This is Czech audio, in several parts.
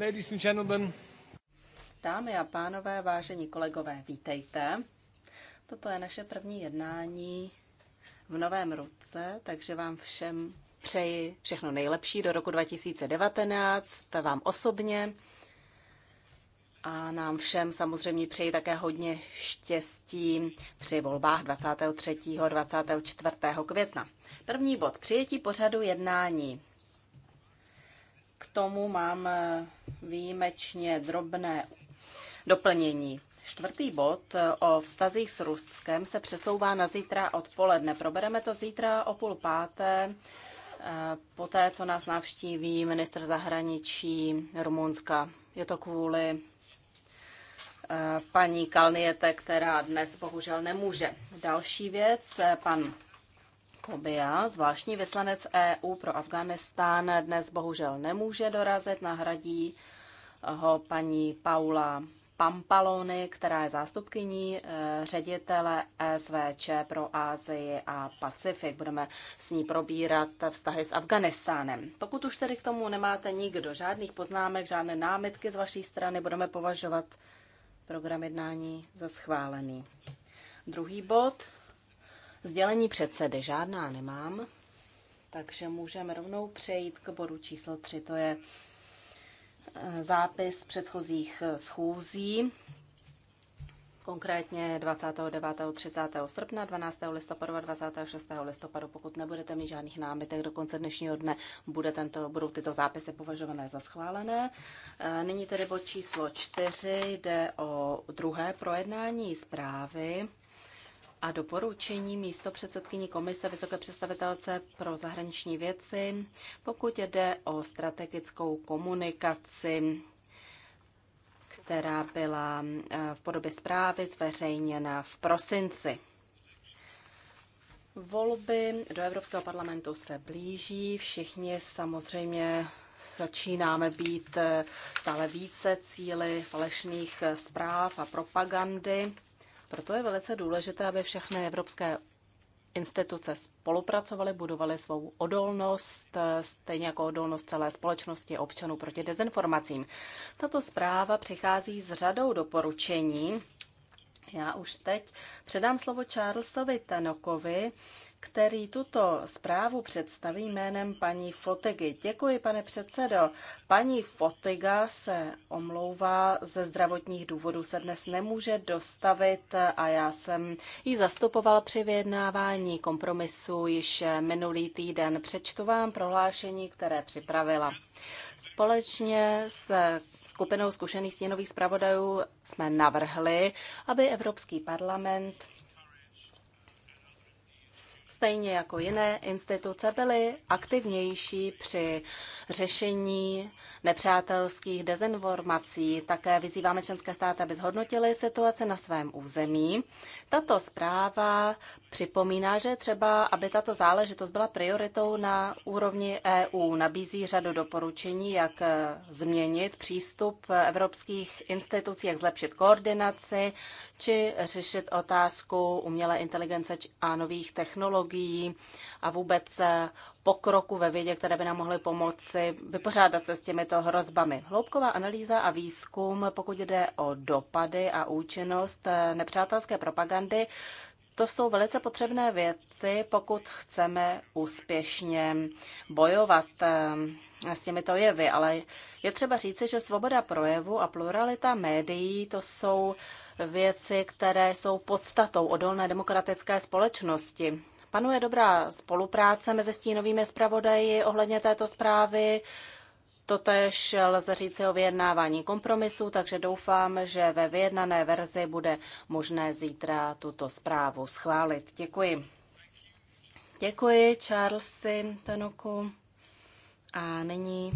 Ladies and gentlemen. Dámy a pánové, vážení kolegové, vítejte. Toto je naše první jednání v novém roce, takže vám všem přeji všechno nejlepší do roku 2019, vám osobně a nám všem samozřejmě přeji také hodně štěstí při volbách 23. a 24. května. První bod přijetí pořadu jednání tomu mám výjimečně drobné doplnění. Čtvrtý bod e, o vztazích s Ruskem se přesouvá na zítra odpoledne. Probereme to zítra o půl páté, e, poté co nás navštíví ministr zahraničí Rumunska. Je to kvůli e, paní Kalniete, která dnes bohužel nemůže. Další věc, pan Kobia, zvláštní vyslanec EU pro Afganistán, dnes bohužel nemůže dorazit, nahradí ho paní Paula Pampalony, která je zástupkyní eh, ředitele SVČ pro Asii a Pacifik. Budeme s ní probírat vztahy s Afganistánem. Pokud už tedy k tomu nemáte nikdo žádných poznámek, žádné námitky z vaší strany, budeme považovat program jednání za schválený. Druhý bod Sdělení předsedy žádná nemám, takže můžeme rovnou přejít k bodu číslo 3, to je eh, zápis předchozích eh, schůzí, konkrétně 29. 30. srpna, 12. listopadu a 26. listopadu. Pokud nebudete mít žádných námitek do konce dnešního dne, bude tento, budou tyto zápisy považované za schválené. Eh, nyní tedy bod číslo 4 jde o druhé projednání zprávy a doporučení místo předsedkyní komise Vysoké představitelce pro zahraniční věci, pokud jde o strategickou komunikaci, která byla eh, v podobě zprávy zveřejněna v prosinci. Volby do Evropského parlamentu se blíží, všichni samozřejmě začínáme být eh, stále více cíly falešných eh, zpráv a propagandy. Proto je velice důležité, aby všechny evropské instituce spolupracovaly, budovaly svou odolnost, stejně jako odolnost celé společnosti občanů proti dezinformacím. Tato zpráva přichází s řadou doporučení, já už teď předám slovo Charlesovi Tanokovi, který tuto zprávu představí jménem paní Fotigy. Děkuji, pane předsedo. Paní Fotiga se omlouvá ze zdravotních důvodů, se dnes nemůže dostavit a já jsem ji zastupoval při vyjednávání kompromisu již minulý týden. Přečtu vám prohlášení, které připravila. Společně s skupinou zkušených stěnových zpravodajů jsme navrhli, aby Evropský parlament stejně jako jiné instituce byly aktivnější při řešení nepřátelských dezinformací. Také vyzýváme členské státy, aby zhodnotili situaci na svém území. Tato zpráva připomíná, že třeba, aby tato záležitost byla prioritou na úrovni EU. Nabízí řadu doporučení, jak změnit přístup evropských institucí, jak zlepšit koordinaci či řešit otázku umělé inteligence a nových technologií technologií a vůbec eh, pokroku ve vědě, které by nám mohly pomoci vypořádat se s těmito hrozbami. Hloubková analýza a výzkum, pokud jde o dopady a účinnost eh, nepřátelské propagandy, to jsou velice potřebné věci, pokud chceme úspěšně bojovat eh, s těmito jevy, ale je třeba říci, že svoboda projevu a pluralita médií to jsou věci, které jsou podstatou odolné demokratické společnosti. Panuje dobrá spolupráce mezi stínovými zpravodaji ohledně této zprávy. Totež lze říci o vyjednávání kompromisu, takže doufám, že ve vyjednané verzi bude možné zítra tuto zprávu schválit. Děkuji. Děkuji Charlesi Tenoku. A nyní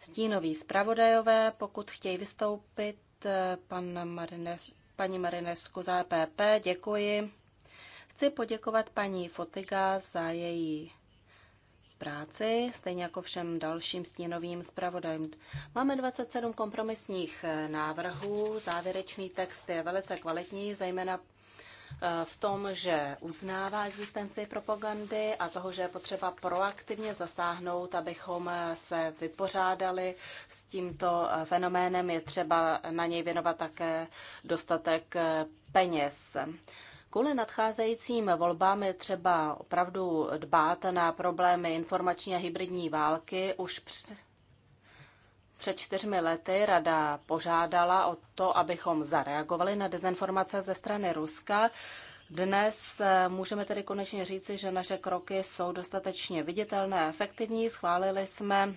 stínoví zpravodajové, pokud chtějí vystoupit, eh, pan Marines, paní Marinesku za EPP, děkuji. Chci poděkovat paní Fotiga za její práci, stejně jako všem dalším stínovým zpravodajům. Máme 27 kompromisních eh, návrhů, závěrečný text je velice kvalitní, zejména eh, v tom, že uznává existenci propagandy a toho, že je potřeba proaktivně zasáhnout, abychom eh, se vypořádali s tímto fenoménem, je třeba na něj věnovat také dostatek peněz. Kvůli nadcházejícím volbám je třeba opravdu dbát na problémy informační a hybridní války. Už před, čtyřmi lety rada požádala o to, abychom zareagovali na dezinformace ze strany Ruska. Dnes eh, můžeme tedy konečně říci, že naše kroky jsou dostatečně viditelné a efektivní. Schválili jsme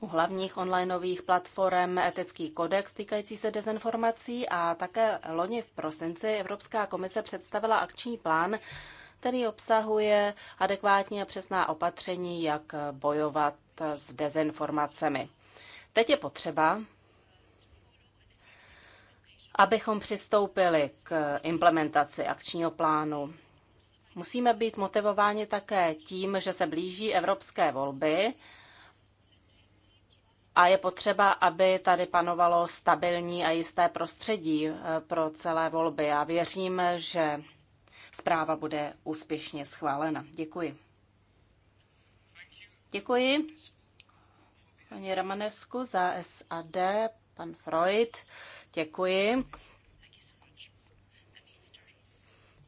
u hlavních onlineových platform etický kodex týkající se dezinformací a také loni v prosinci Evropská komise představila akční plán, který obsahuje adekvátní a přesná opatření, jak bojovat s dezinformacemi. Teď je potřeba, abychom přistoupili k implementaci akčního plánu. Musíme být motivováni také tím, že se blíží evropské volby, a je potřeba, aby tady panovalo stabilní a jisté prostředí eh, pro celé volby. A věřím, že zpráva bude úspěšně schválena. Děkuji. Děkuji paní Ramanesku za SAD, pan Freud. Děkuji.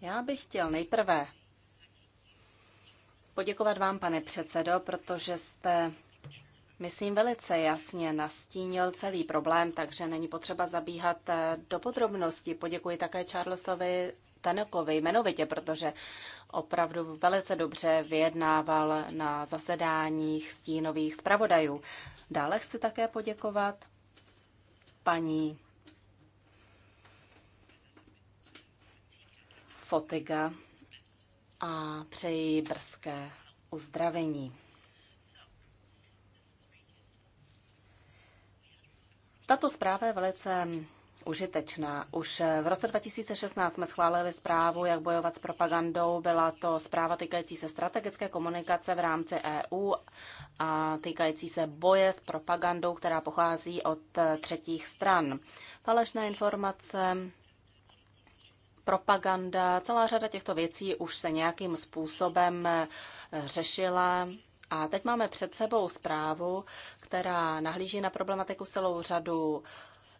Já bych chtěl nejprve poděkovat vám, pane předsedo, protože jste myslím, velice jasně nastínil celý problém, takže není potřeba zabíhat eh, do podrobností. Poděkuji také Charlesovi Tanakovi jmenovitě, protože opravdu velice dobře vyjednával na zasedáních stínových zpravodajů. Dále chci také poděkovat paní Fotiga a přeji brzké uzdravení. Tato zpráva je velice užitečná. Už v roce 2016 jsme schválili zprávu, jak bojovat s propagandou. Byla to zpráva týkající se strategické komunikace v rámci EU a týkající se boje s propagandou, která pochází od třetích stran. Falešné informace, propaganda, celá řada těchto věcí už se nějakým způsobem řešila a teď máme před sebou zprávu, která nahlíží na problematiku celou řadu,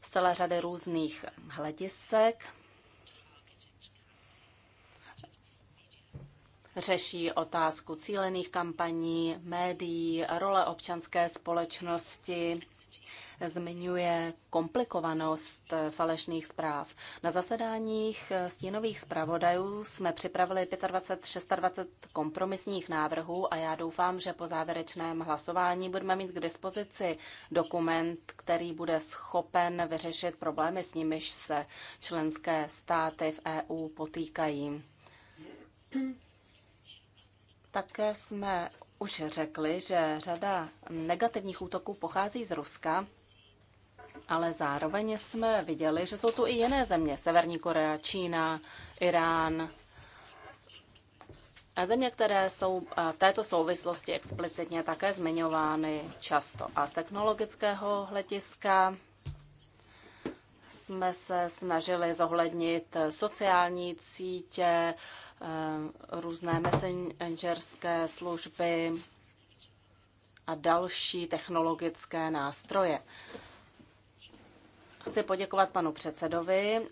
z celé řady různých hledisek. Řeší otázku cílených kampaní, médií, role občanské společnosti, zmiňuje komplikovanost falešných zpráv. Na zasedáních stínových zpravodajů jsme připravili 25, 26 kompromisních návrhů a já doufám, že po závěrečném hlasování budeme mít k dispozici dokument, který bude schopen vyřešit problémy, s nimiž se členské státy v EU potýkají. Také jsme už řekli, že řada negativních útoků pochází z Ruska ale zároveň jsme viděli, že jsou tu i jiné země. Severní Korea, Čína, Irán. A země, které jsou v této souvislosti explicitně také zmiňovány často. A z technologického hlediska jsme se snažili zohlednit sociální cítě, eh, různé messengerské služby a další technologické nástroje. Chci poděkovat panu předsedovi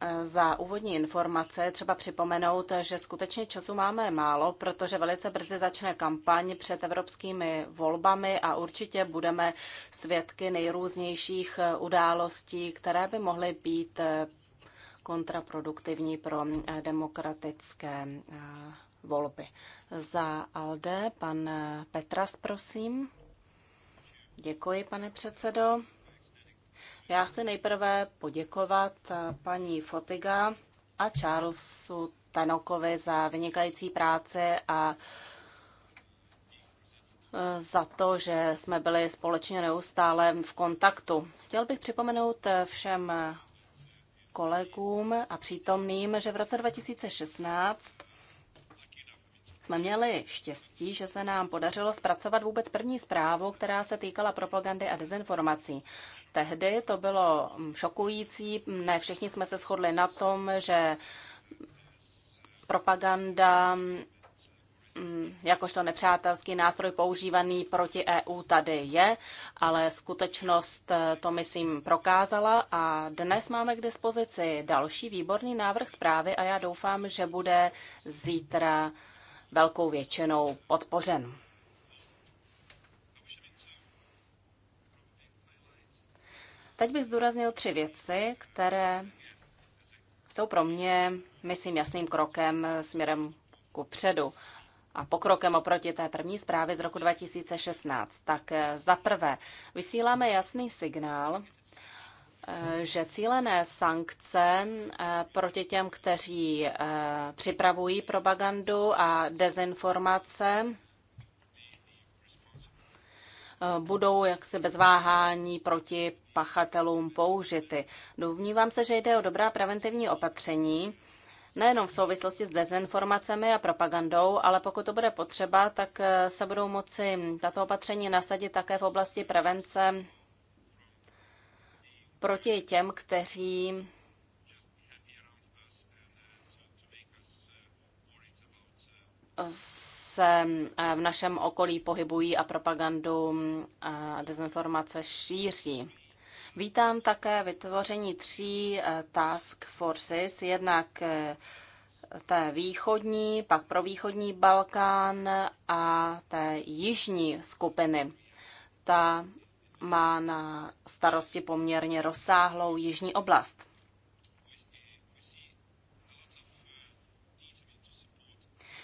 eh, za úvodní informace. Třeba připomenout, že skutečně času máme málo, protože velice brzy začne kampaň před evropskými volbami a určitě budeme svědky nejrůznějších eh, událostí, které by mohly být eh, kontraproduktivní pro demokratické volby. Za ALDE pan Petras, prosím. Děkuji, pane předsedo. Já chci nejprve poděkovat eh, paní Fotiga a Charlesu Tenokovi za vynikající práci a eh, za to, že jsme byli společně neustále v kontaktu. Chtěl bych připomenout eh, všem kolegům a přítomným, že v roce 2016 jsme měli štěstí, že se nám podařilo zpracovat vůbec první zprávu, která se týkala propagandy a dezinformací tehdy. To bylo mm, šokující. Ne všichni jsme se shodli na tom, že propaganda mm, jakožto nepřátelský nástroj používaný proti EU tady je, ale skutečnost eh, to, myslím, prokázala a dnes máme k dispozici další výborný návrh zprávy a já doufám, že bude zítra velkou většinou podpořen. Teď bych zdůraznil tři věci, které jsou pro mě, myslím, jasným krokem směrem ku předu a pokrokem oproti té první zprávě z roku 2016. Tak eh, za prvé, vysíláme jasný signál, eh, že cílené sankce eh, proti těm, kteří připravují propagandu a dezinformace, Eh, budou jaksi bez váhání proti pachatelům použity. Domnívám se, že jde o dobrá preventivní opatření, nejenom v souvislosti s dezinformacemi a propagandou, ale pokud to bude potřeba, tak eh, se budou moci tato opatření nasadit také v oblasti prevence proti těm, kteří s se eh, v našem okolí pohybují a propagandu a eh, dezinformace šíří. Vítám také vytvoření tří eh, task forces, jednak té východní, pak pro východní Balkán a té jižní skupiny. Ta má na starosti poměrně rozsáhlou jižní oblast.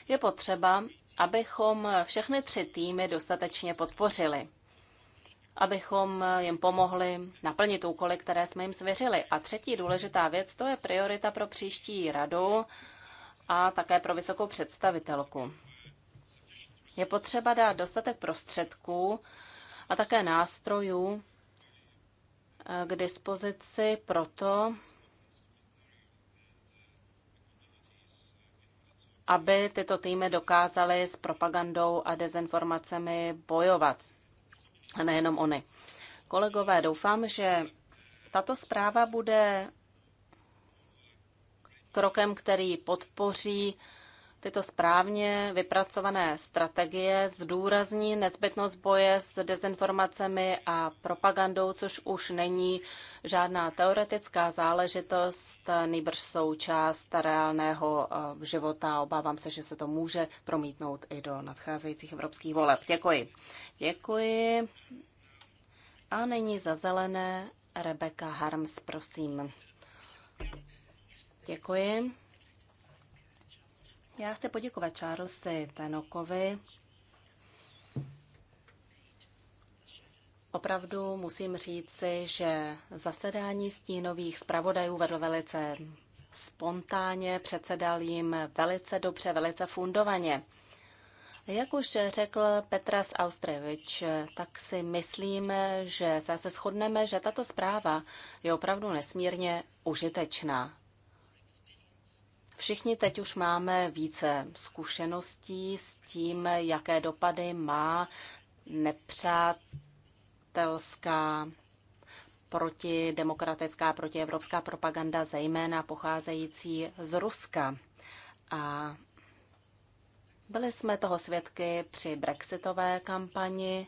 Je potřeba, abychom všechny tři týmy dostatečně podpořili, abychom jim pomohli naplnit úkoly, které jsme jim svěřili. A třetí důležitá věc, to je priorita pro příští radu a také pro vysokou představitelku. Je potřeba dát dostatek prostředků a také nástrojů k dispozici pro to, aby tyto týmy dokázaly s propagandou a dezinformacemi bojovat. A nejenom oni. Kolegové, doufám, že tato zpráva bude krokem, který podpoří tyto správně vypracované strategie zdůrazní nezbytnost boje s dezinformacemi a propagandou, což už není žádná teoretická záležitost, nejbrž součást reálného eh, života. Obávám se, že se to může promítnout i do nadcházejících evropských voleb. Děkuji. Děkuji. A nyní za zelené Rebeka Harms, prosím. Děkuji. Já chci poděkovat Charlesi Tenokovi. Opravdu musím říci, že zasedání stínových zpravodajů vedl velice spontánně, předsedal jim velice dobře, velice fundovaně. Jak už řekl Petras Austrevič, tak si myslíme, že se shodneme, že tato zpráva je opravdu nesmírně užitečná. Všichni teď už máme více zkušeností s tím, jaké dopady má nepřátelská protidemokratická, protievropská propaganda, zejména pocházející z Ruska. A byli jsme toho svědky při brexitové kampani.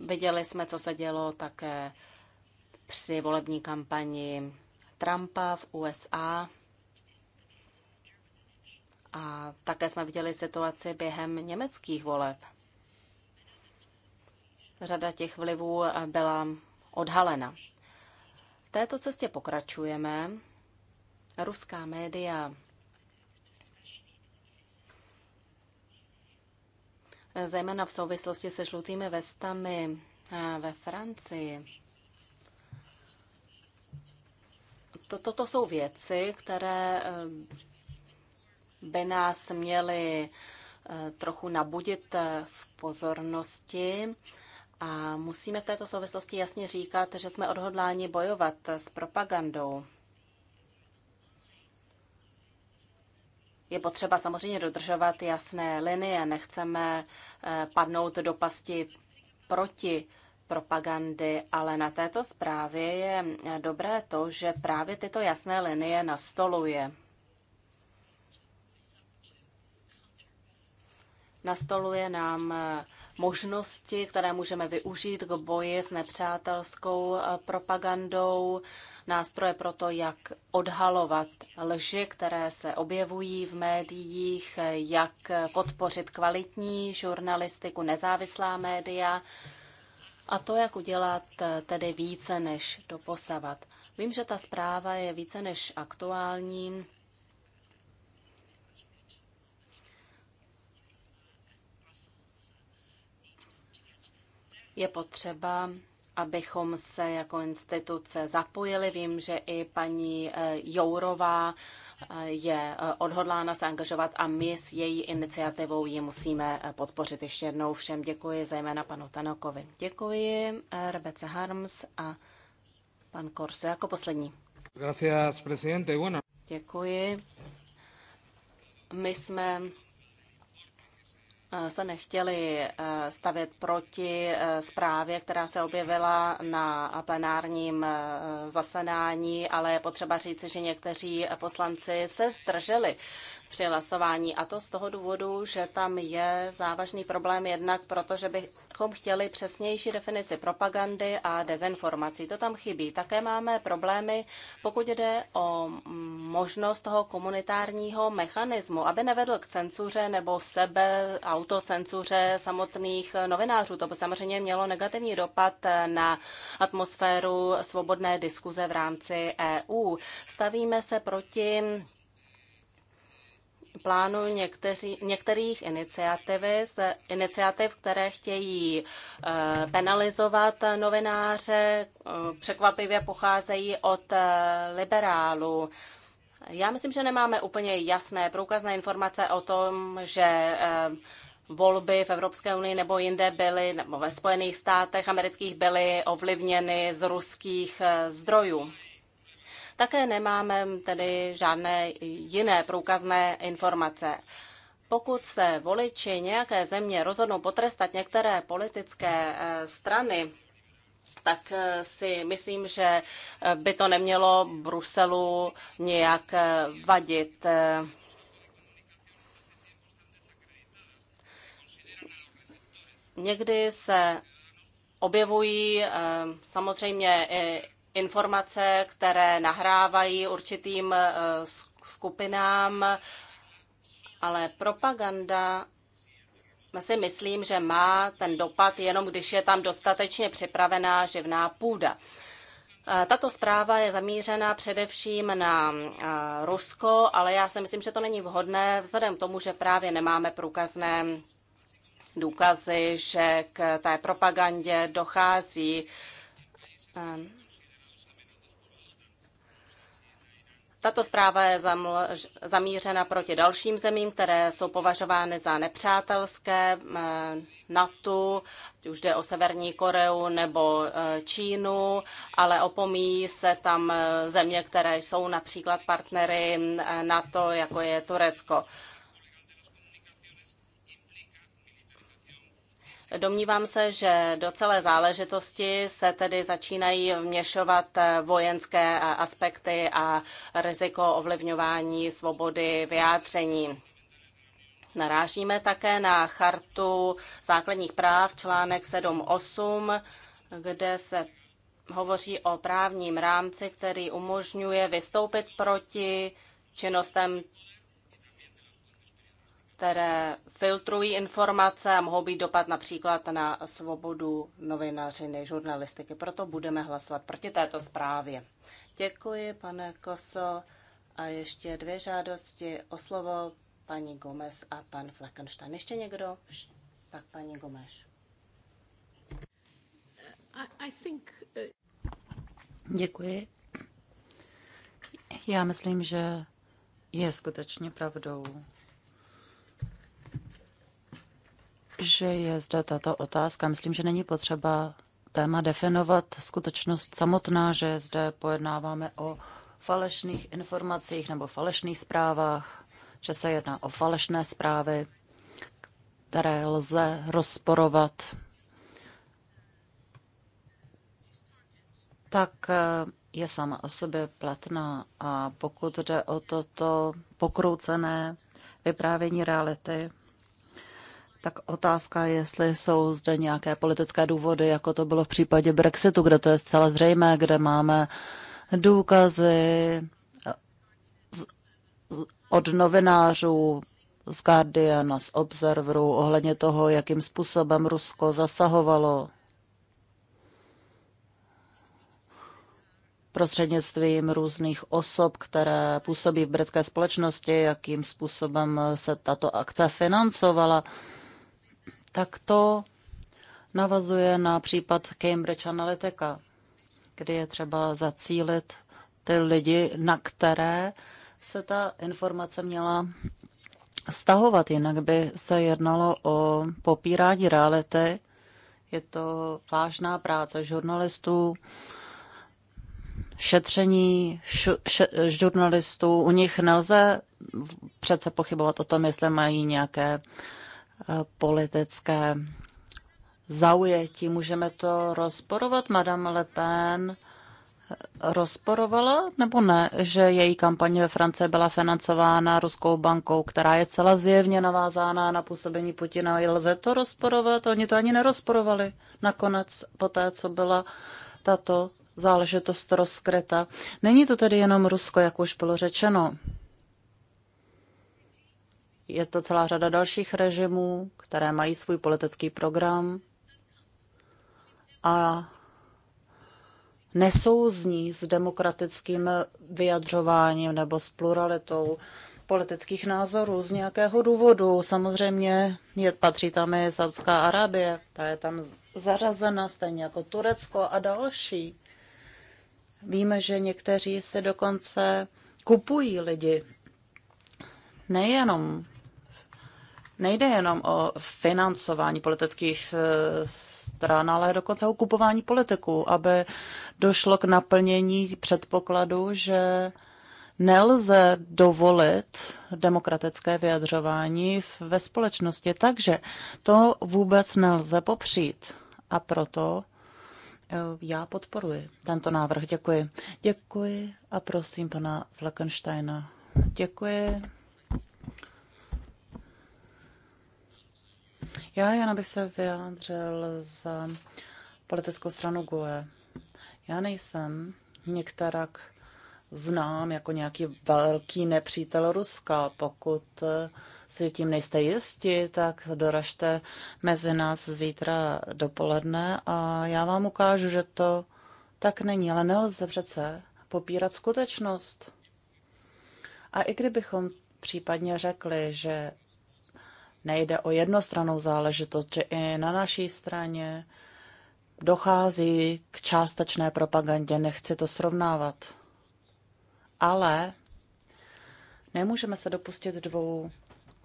Viděli jsme, co se dělo také při volební kampani Trumpa v USA. A také jsme viděli situaci během německých voleb. Řada těch vlivů byla odhalena. V této cestě pokračujeme. Ruská média zejména v souvislosti se žlutými vestami eh, ve Francii. To, toto jsou věci, které eh, by nás měly eh, trochu nabudit eh, v pozornosti. A musíme v této souvislosti jasně říkat, že jsme odhodláni bojovat s propagandou. Je potřeba samozřejmě dodržovat jasné linie, nechceme eh, padnout do pasti proti propagandy, ale na této zprávě je dobré to, že právě tyto jasné linie nastoluje. nastoluje nám eh, možnosti, které můžeme využít k boji s nepřátelskou eh, propagandou, nástroje pro to, jak odhalovat lži, které se objevují v médiích, eh, jak podpořit kvalitní žurnalistiku, nezávislá média a to, jak udělat tedy více než doposavat. Vím, že ta zpráva je více než aktuální, je potřeba abychom se jako instituce zapojili. Vím, že i paní eh, Jourová eh, je eh, odhodlána se angažovat a my s její iniciativou ji musíme podpořit. Ještě jednou všem děkuji, zejména panu Tanokovi. Děkuji Rebece Harms a pan Korso jako poslední. Gracias, presidente. Bueno. Děkuji. My jsme Eh, se nechtěli eh, stavět proti eh, zprávě, která se objevila na plenárním zasedání, ale je potřeba říci, že někteří poslanci se zdrželi při hlasování. A to z toho důvodu, že tam je závažný problém jednak, protože bychom chtěli přesnější definici propagandy a dezinformací. To tam chybí. Také máme problémy, pokud jde o možnost toho komunitárního mechanismu, aby nevedl k cenzuře nebo sebe autocenzuře samotných novinářů. To by samozřejmě mělo negativní dopad na atmosféru svobodné diskuze v rámci EU. Stavíme se proti plánu někteří, některých iniciativ, iniciativ, které chtějí eh, penalizovat novináře, eh, překvapivě pocházejí od eh, liberálů. Já myslím, že nemáme úplně jasné průkazné informace o tom, že volby v Evropské unii nebo jinde byly, nebo ve Spojených státech amerických byly ovlivněny z ruských zdrojů. Také nemáme tedy žádné jiné průkazné informace. Pokud se voliči nějaké země rozhodnou potrestat některé politické eh, strany, tak eh, si myslím, že eh, by to nemělo Bruselu nějak vadit. Někdy se objevují samozřejmě informace, které nahrávají určitým eh, skupinám, ale propaganda si myslím, že má ten dopad jenom, když je tam dostatečně připravená živná půda. Eh, tato zpráva je zamířena především na eh, Rusko, ale já si myslím, že to není vhodné vzhledem k tomu, že právě nemáme průkazné důkazy, že k té propagandě dochází. Ehm, Tato zpráva je zamířena proti dalším zemím, které jsou považovány za nepřátelské eh, NATO, už jde o Severní Koreu nebo eh, Čínu, ale opomíjí se tam eh, země, které jsou například partnery NATO, jako je Turecko. Domnívám se, že do celé záležitosti se tedy začínají vměšovat eh, vojenské eh, aspekty a riziko ovlivňování svobody vyjádření. Narážíme také na chartu základních práv článek 7.8, kde se hovoří o právním rámci, který umožňuje vystoupit proti činnostem které filtrují informace a mohou být dopad například na svobodu novinařiny, žurnalistiky. Proto budeme hlasovat proti této zprávě. Děkuji, pane Koso. A ještě dvě žádosti o slovo paní Gomez a pan Fleckenstein. Ještě někdo? Tak paní Gomez. Uh, Děkuji. Já myslím, že je skutečně pravdou, že je zde tato otázka. Myslím, že není potřeba téma definovat. Skutečnost samotná, že zde pojednáváme o falešných informacích nebo falešných zprávách, že se jedná o falešné zprávy, které lze rozporovat. Tak eh, je sama o sobě platná a pokud jde o toto pokroucené vyprávění reality, tak otázka, jestli jsou zde nějaké politické důvody, jako to bylo v případě Brexitu, kde to je zcela zřejmé, kde máme důkazy od novinářů z Guardian z Observeru ohledně toho, jakým způsobem Rusko zasahovalo prostřednictvím různých osob, které působí v britské společnosti, jakým způsobem se tato akce financovala tak to navazuje na případ Cambridge Analytica, kdy je třeba zacílit ty lidi, na které se ta informace měla stahovat, jinak by se jednalo o popírání reality. Je to vážná práce žurnalistů, šetření šu, še, žurnalistů. U nich nelze přece pochybovat o tom, jestli mají nějaké uh, politické zaujetí. Můžeme to rozporovat? Madame Le Pen rozporovala nebo ne, že její kampaně ve Francii byla financována ruskou bankou, která je celá zjevně navázána na působení Putina. Lze to rozporovat? Oni to ani nerozporovali. Nakonec, po té, co byla tato záležitost rozkryta. Není to tedy jenom Rusko, jak už bylo řečeno. Je to celá řada dalších režimů, které mají svůj politický program a nesouzní s demokratickým vyjadřováním nebo s pluralitou politických názorů z nějakého důvodu. Samozřejmě je, patří tam i Saudská Arábie, ta je tam zařazena stejně jako Turecko a další. Víme, že někteří se dokonce kupují lidi. Nejenom Nejde jenom o financování politických eh, stran, ale dokonce o kupování politiků, aby došlo k naplnění předpokladu, že nelze dovolit demokratické vyjadřování ve společnosti. Takže to vůbec nelze popřít. A proto eh, já podporuji tento návrh. Děkuji. Děkuji a prosím pana Fleckensteina. Děkuji. Já jen abych se vyjádřil za politickou stranu GUE. Já nejsem některak znám jako nějaký velký nepřítel Ruska. Pokud si tím nejste jisti, tak doražte mezi nás zítra dopoledne a já vám ukážu, že to tak není, ale nelze přece popírat skutečnost. A i kdybychom případně řekli, že nejde o jednostranou záležitost, že i na naší straně dochází k částečné propagandě, nechci to srovnávat. Ale nemůžeme se dopustit dvou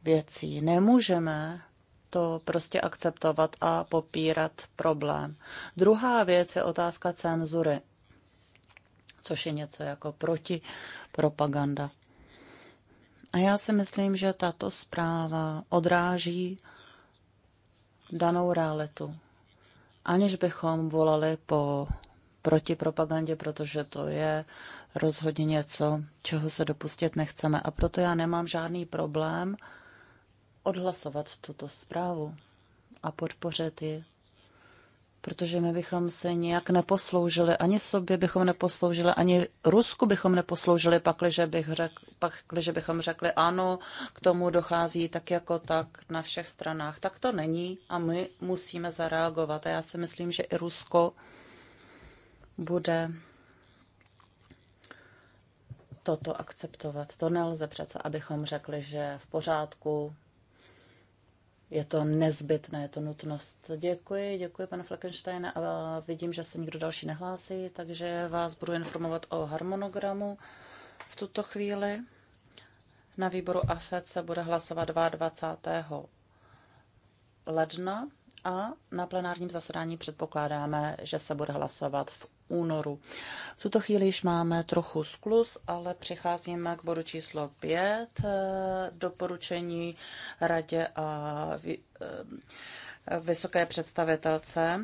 věcí. Nemůžeme to prostě akceptovat a popírat problém. Druhá věc je otázka cenzury, což je něco jako protipropaganda. A já si myslím, že tato zpráva odráží danou realitu. Aniž bychom volali po protipropagandě, protože to je rozhodně něco, čeho se dopustit nechceme. A proto já nemám žádný problém odhlasovat tuto zprávu a podpořit ji protože my bychom se nijak neposloužili, ani sobě bychom neposloužili, ani Rusku bychom neposloužili, pakliže, bych řekl, pakliže bychom řekli ano, k tomu dochází tak jako tak na všech stranách. Tak to není a my musíme zareagovat. A já si myslím, že i Rusko bude toto akceptovat. To nelze přece, abychom řekli, že v pořádku, je to nezbytné, je to nutnost. Děkuji, děkuji pane Fleckensteine a vidím, že se nikdo další nehlásí, takže vás budu informovat o harmonogramu v tuto chvíli. Na výboru AFED se bude hlasovat 22. ledna a na plenárním zasedání předpokládáme, že se bude hlasovat v únoru. V tuto chvíli již máme trochu sklus, ale přicházíme k bodu číslo 5, eh, doporučení radě a eh, vysoké představitelce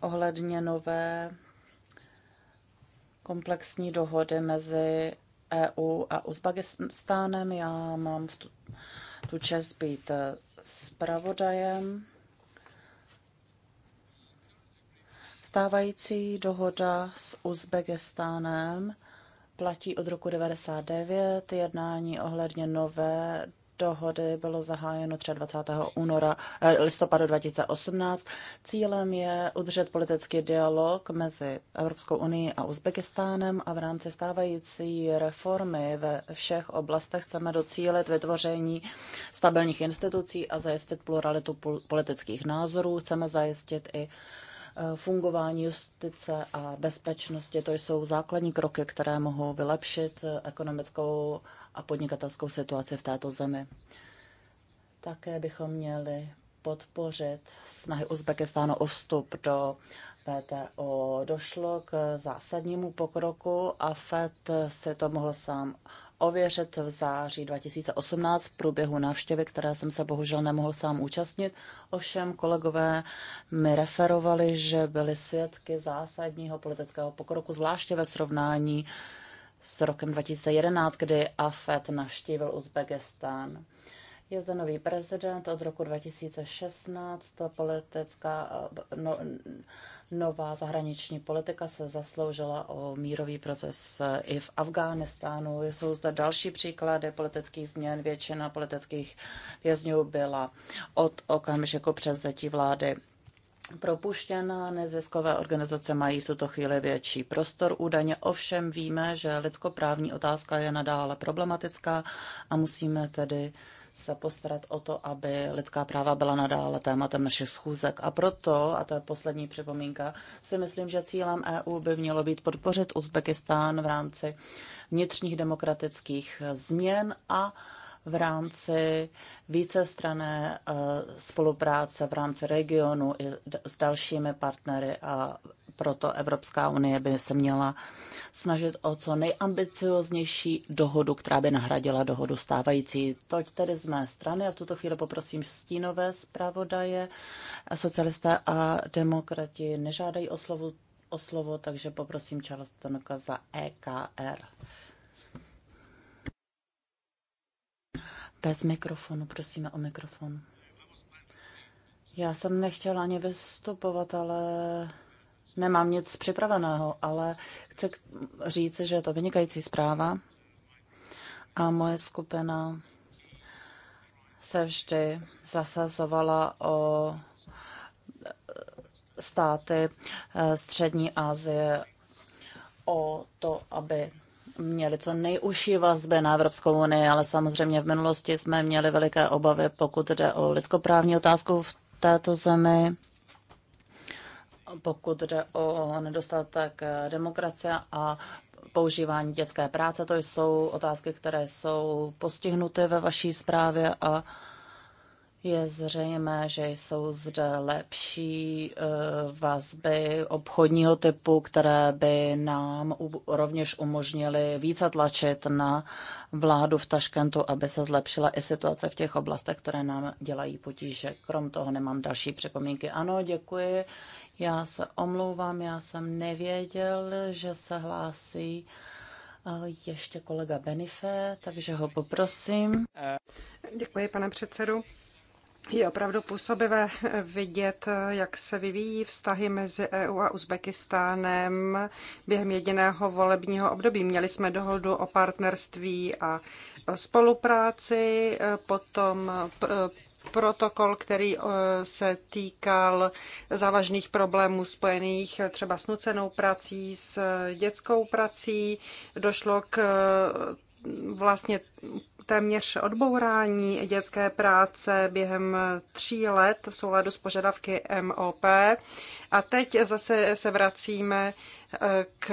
ohledně nové komplexní dohody mezi EU a Uzbekistánem. Já mám tu čest být eh, zpravodajem. Stávající dohoda s Uzbekistánem platí od roku 1999. Jednání ohledně nové dohody bylo zahájeno 23. února eh, listopadu 2018. Cílem je udržet politický dialog mezi Evropskou unii a Uzbekistánem a v rámci stávající reformy ve všech oblastech chceme docílit vytvoření stabilních institucí a zajistit pluralitu politických názorů. Chceme zajistit i Eh, fungování justice a bezpečnosti. To jsou základní kroky, které mohou vylepšit eh, ekonomickou a podnikatelskou situaci v této zemi. Také bychom měli podpořit snahy Uzbekistánu o vstup do VTO. Došlo k zásadnímu pokroku a FED si to mohl sám ověřit v září 2018 v průběhu návštěvy, které jsem se bohužel nemohl sám účastnit. Ovšem kolegové mi referovali, že byly svědky zásadního politického pokroku, zvláště ve srovnání s rokem 2011, kdy AFET navštívil Uzbekistán. Je zde nový prezident od roku 2016. Politická, no, nová zahraniční politika se zasloužila o mírový proces i v Afghánistánu. Jsou zde další příklady politických změn. Většina politických vězňů byla od okamžiku převzetí vlády propuštěna, neziskové organizace mají v tuto chvíli větší prostor. Údajně ovšem víme, že lidskoprávní otázka je nadále problematická a musíme tedy se postarat o to, aby lidská práva byla nadále tématem našich schůzek. A proto, a to je poslední připomínka, si myslím, že cílem EU by mělo být podpořit Uzbekistán v rámci vnitřních demokratických změn a v rámci vícestrané eh, spolupráce v rámci regionu i s dalšími partnery a proto Evropská unie by se měla snažit o co nejambicioznější dohodu, která by nahradila dohodu stávající. Toť tedy z mé strany a v tuto chvíli poprosím stínové zpravodaje. Socialisté a demokrati nežádají o slovo, o slovo takže poprosím Charles Tanoka za EKR. Bez mikrofonu, prosíme o mikrofon. Já jsem nechtěla ani vystupovat, ale nemám nic připraveného, ale chci říct, že je to vynikající zpráva a moje skupina se vždy zasazovala o státy eh, Střední Asie o to, aby měli co nejužší vazby na Evropskou unii, ale samozřejmě v minulosti jsme měli veliké obavy, pokud jde o lidskoprávní otázku v této zemi, pokud jde o nedostatek eh, demokracie a používání dětské práce. To jsou otázky, které jsou postihnuty ve vaší zprávě a je zřejmé, že jsou zde lepší eh, vazby obchodního typu, které by nám rovněž umožnily více tlačit na vládu v Taškentu, aby se zlepšila i situace v těch oblastech, které nám dělají potíže. Krom toho nemám další připomínky. Ano, děkuji. Já se omlouvám, já jsem nevěděl, že se hlásí eh, ještě kolega Benifé, takže ho poprosím. Děkuji, pane předsedu. Je opravdu působivé eh, vidět, eh, jak se vyvíjí vztahy mezi EU a Uzbekistánem během jediného volebního období. Měli jsme dohodu o partnerství a spolupráci, eh, potom protokol, který se týkal závažných problémů spojených třeba s nucenou prací, s dětskou prací. Došlo k vlastně téměř odbourání dětské práce během tří let v souladu s požadavky MOP. A teď zase se vracíme eh, k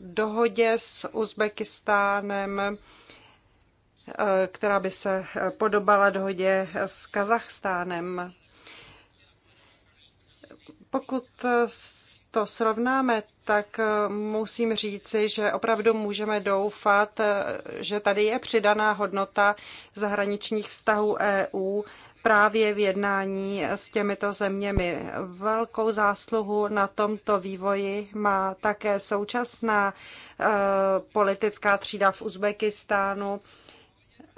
dohodě s Uzbekistánem, eh, která by se podobala dohodě s Kazachstánem. Pokud to srovnáme, tak eh, musím říci, že opravdu můžeme doufat, eh, že tady je přidaná hodnota zahraničních vztahů EU právě v jednání s těmito zeměmi. Velkou zásluhu na tomto vývoji má také současná eh, politická třída v Uzbekistánu,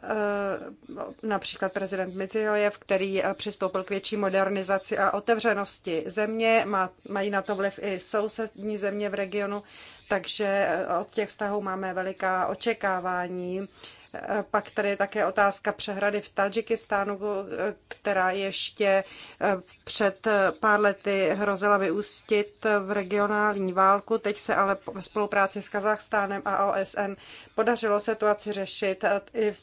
Eh, například prezident Midziojev, který eh, přistoupil k větší modernizaci a otevřenosti země. Mají na to vliv i sousední země v regionu takže eh, od těch vztahů máme veliká očekávání. Eh, pak tady je také otázka přehrady v Tadžikistánu, eh, která ještě před pár lety hrozila vyústit v regionální válku. Teď se ale ve spolupráci s Kazachstánem a OSN podařilo situaci řešit.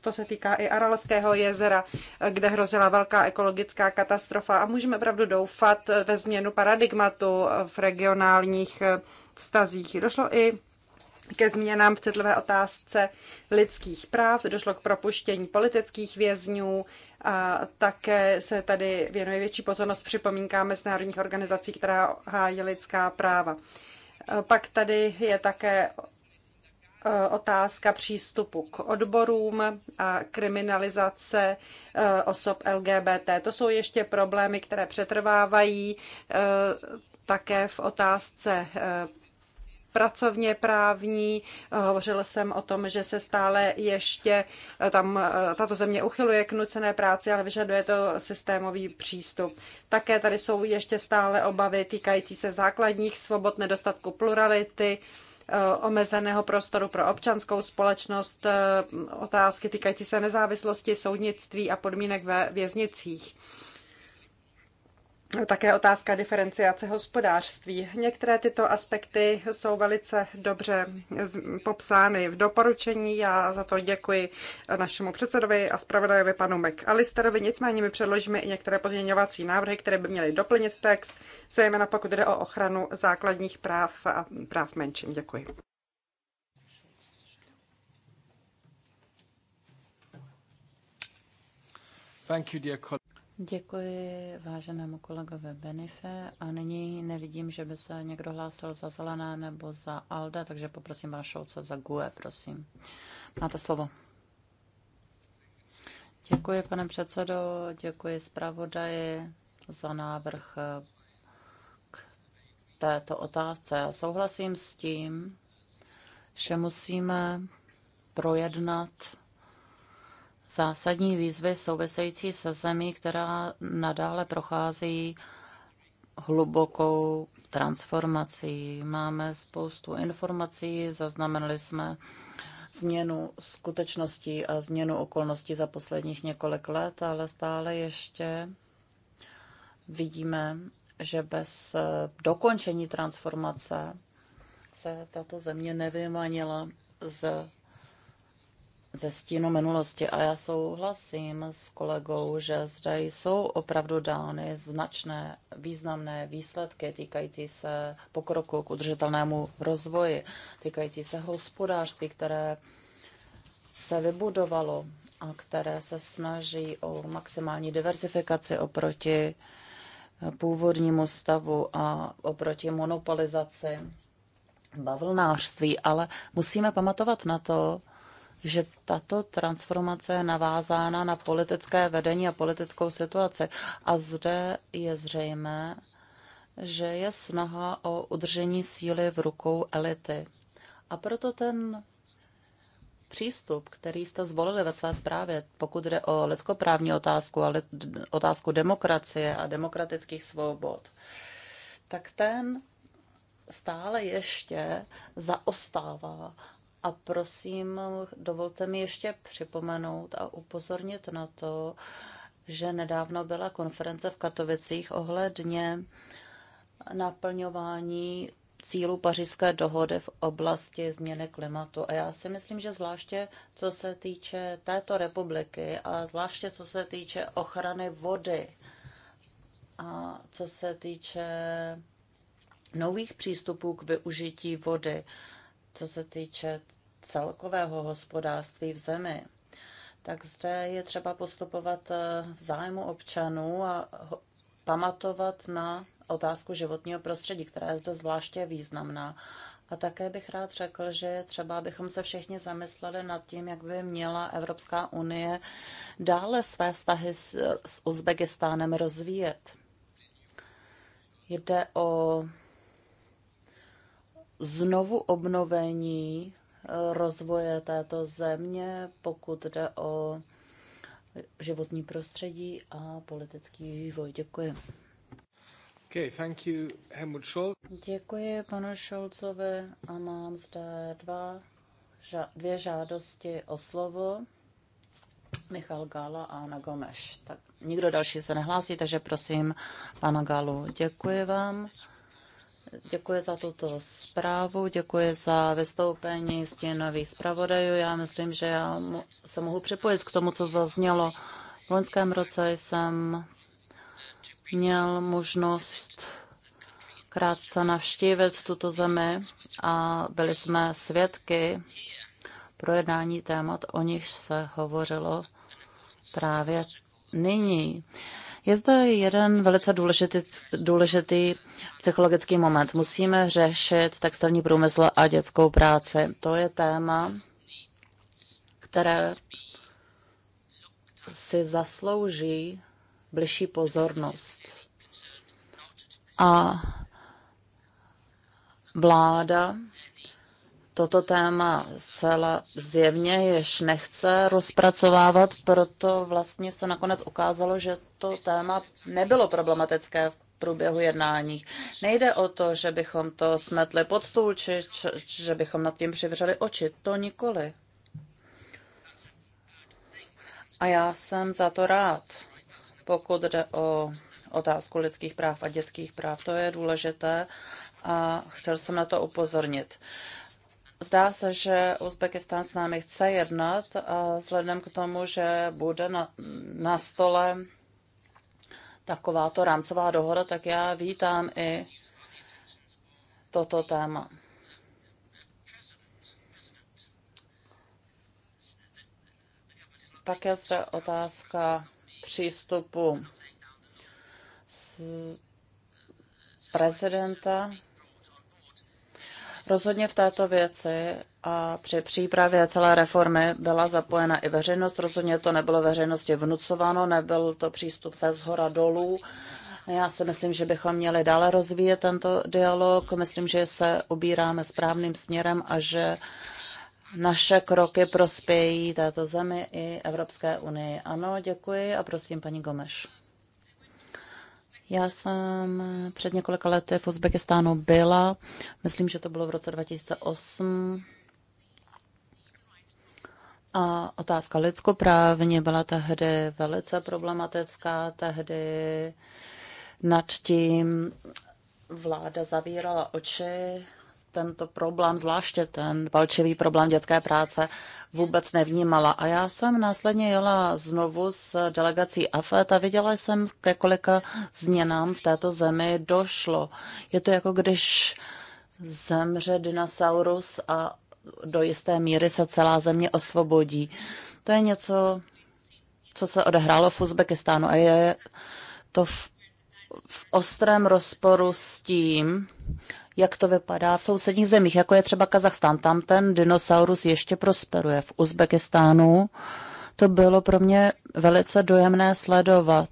To se týká i Aralského jezera, kde hrozila velká ekologická katastrofa. A můžeme opravdu doufat ve změnu paradigmatu v regionálních vztazích. Došlo i ke změnám v citlivé otázce lidských práv, došlo k propuštění politických vězňů a také se tady věnuje větší pozornost připomínkám mezinárodních organizací, která hájí lidská práva. Pak tady je také e, otázka přístupu k odborům a kriminalizace e, osob LGBT. To jsou ještě problémy, které přetrvávají e, také v otázce pracovně právní. Eh, hovořil jsem o tom, že se stále ještě eh, tam eh, tato země uchyluje k nucené práci, ale vyžaduje to systémový přístup. Také tady jsou ještě stále obavy týkající se základních svobod, nedostatku plurality, omezeného prostoru pro občanskou společnost, otázky týkající se nezávislosti, soudnictví a podmínek ve věznicích také otázka diferenciace hospodářství. Některé tyto aspekty jsou velice dobře popsány v doporučení. Já za to děkuji našemu předsedovi a zpravodajovi panu McAllisterovi. Nicméně my předložíme i některé pozměňovací návrhy, které by měly doplnit text, zejména pokud jde o ochranu základních práv a práv menšin. Děkuji. Thank you, dear colleague. Děkuji váženému kolegovi Benife a nyní nevidím, že by se někdo hlásil za zelené nebo za ALDE, takže poprosím pana Šouce za GUE, prosím. Máte slovo. Děkuji, pane předsedo, děkuji zpravodaji za návrh k této otázce. Já souhlasím s tím, že musíme projednat zásadní výzvy související se zemí, která nadále prochází hlubokou transformací. Máme spoustu informací, zaznamenali jsme změnu skutečností a změnu okolností za posledních několik let, ale stále ještě vidíme, že bez dokončení transformace se tato země nevymanila z ze stínu minulosti a já souhlasím s kolegou, že zde jsou opravdu dány značné, významné výsledky týkající se pokroku k udržitelnému rozvoji, týkající se hospodářství, které se vybudovalo a které se snaží o maximální diversifikaci oproti původnímu stavu a oproti monopolizaci bavlnářství, ale musíme pamatovat na to, že tato transformace je navázána na politické vedení a politickou situaci. A zde je zřejmé, že je snaha o udržení síly v rukou elity. A proto ten přístup, který jste zvolili ve své zprávě, pokud jde o lidskoprávní otázku a otázku demokracie a demokratických svobod, tak ten stále ještě zaostává a prosím, dovolte mi ještě připomenout a upozornit na to, že nedávno byla konference v Katovicích ohledně naplňování cílu pařížské dohody v oblasti změny klimatu. A já si myslím, že zvláště co se týče této republiky a zvláště co se týče ochrany vody a co se týče nových přístupů k využití vody, co se týče celkového hospodářství v zemi, tak zde je třeba postupovat eh, v zájmu občanů a pamatovat na otázku životního prostředí, která je zde zvláště významná. A také bych rád řekl, že třeba bychom se všichni zamysleli nad tím, jak by měla Evropská unie dále své vztahy s, s Uzbekistánem rozvíjet. Jde o znovu obnovení eh, rozvoje této země, pokud jde o životní prostředí a politický vývoj. Děkuji. Okay, thank you, Helmut Scholz. Děkuji panu Šolcovi a mám zde dva, dvě žádosti o slovo. Michal Gala a Ana Gomeš. Tak nikdo další se nehlásí, takže prosím pana Galu. Děkuji vám. Děkuji za tuto zprávu, děkuji za vystoupení stěnových zpravodajů. Já myslím, že já se mohu připojit k tomu, co zaznělo. V loňském roce jsem měl možnost krátce navštívit tuto zemi a byli jsme svědky projednání témat, o nich se hovořilo právě nyní. Je zde jeden velice důležitý, důležitý psychologický moment. Musíme řešit textilní průmysl a dětskou práci. To je téma, které si zaslouží bližší pozornost. A vláda toto téma zcela zjevně jež nechce rozpracovávat, proto vlastně se nakonec ukázalo, že to téma nebylo problematické v průběhu jednání. Nejde o to, že bychom to smetli pod stůl, či, či že bychom nad tím přivřeli oči. To nikoli. A já jsem za to rád, pokud jde o otázku lidských práv a dětských práv. To je důležité a chtěl jsem na to upozornit. Zdá se, že Uzbekistán s námi chce jednat a vzhledem k tomu, že bude na, na stole takováto rámcová dohoda, tak já vítám i toto téma. Pak je zde otázka přístupu z prezidenta Rozhodně v této věci a při přípravě celé reformy byla zapojena i veřejnost. Rozhodně to nebylo veřejnosti vnucováno, nebyl to přístup se zhora dolů. Já si myslím, že bychom měli dále rozvíjet tento dialog. Myslím, že se ubíráme správným směrem a že naše kroky prospějí této zemi i Evropské unii. Ano, děkuji a prosím paní Gomeš. Já jsem před několika lety v Uzbekistánu byla, myslím, že to bylo v roce 2008. A otázka lidskoprávně byla tehdy velice problematická, tehdy nad tím vláda zavírala oči tento problém, zvláště ten palčivý problém dětské práce, vůbec nevnímala. A já jsem následně jela znovu s delegací AFET a viděla jsem, ke kolika změnám v této zemi došlo. Je to jako když zemře dinosaurus a do jisté míry se celá země osvobodí. To je něco, co se odehrálo v Uzbekistánu a je to v, v ostrém rozporu s tím, jak to vypadá v sousedních zemích, jako je třeba Kazachstán. Tam ten dinosaurus ještě prosperuje. V Uzbekistánu to bylo pro mě velice dojemné sledovat.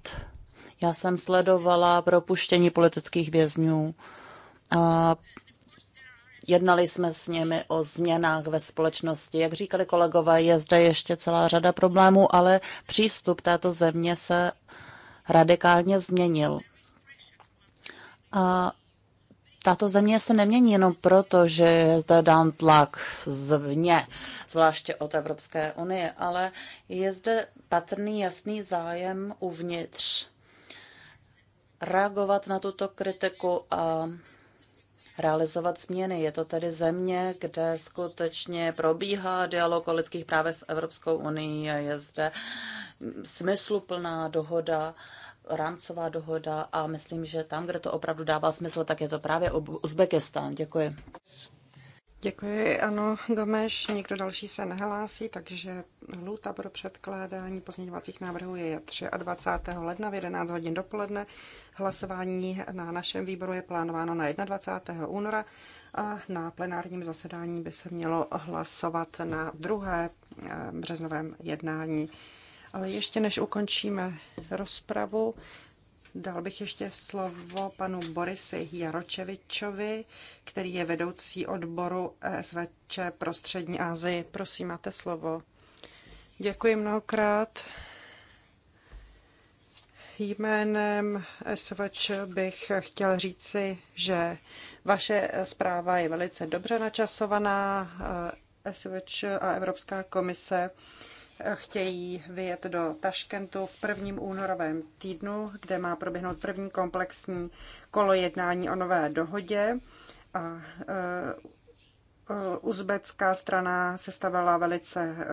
Já jsem sledovala propuštění politických vězňů a jednali jsme s nimi o změnách ve společnosti. Jak říkali kolegové, je zde ještě celá řada problémů, ale přístup této země se radikálně změnil. A tato země se nemění jenom proto, že je zde dán tlak zvně, zvláště od Evropské unie, ale je zde patrný jasný zájem uvnitř reagovat na tuto kritiku a realizovat změny. Je to tedy země, kde skutečně probíhá dialog o lidských právech s Evropskou unii, je zde smysluplná dohoda rámcová dohoda a myslím, že tam, kde to opravdu dává smysl, tak je to právě Uzbekistán. Děkuji. Děkuji, ano, Gomeš, nikdo další se nehlásí, takže lhůta pro předkládání pozměňovacích návrhů je 23. ledna v 11 hodin dopoledne. Hlasování na našem výboru je plánováno na 21. února a na plenárním zasedání by se mělo hlasovat na druhé eh, březnovém jednání. Ale ještě než ukončíme rozpravu, dal bych ještě slovo panu Borisi Jaročevičovi, který je vedoucí odboru SVČ pro střední Asii. Prosím, máte slovo. Děkuji mnohokrát. Jménem SVČ bych chtěl říci, že vaše zpráva je velice dobře načasovaná. SVČ a Evropská komise chtějí vyjet do Taškentu v prvním únorovém týdnu, kde má proběhnout první komplexní kolo jednání o nové dohodě. A, e, e, uzbecká strana sestavila velice e,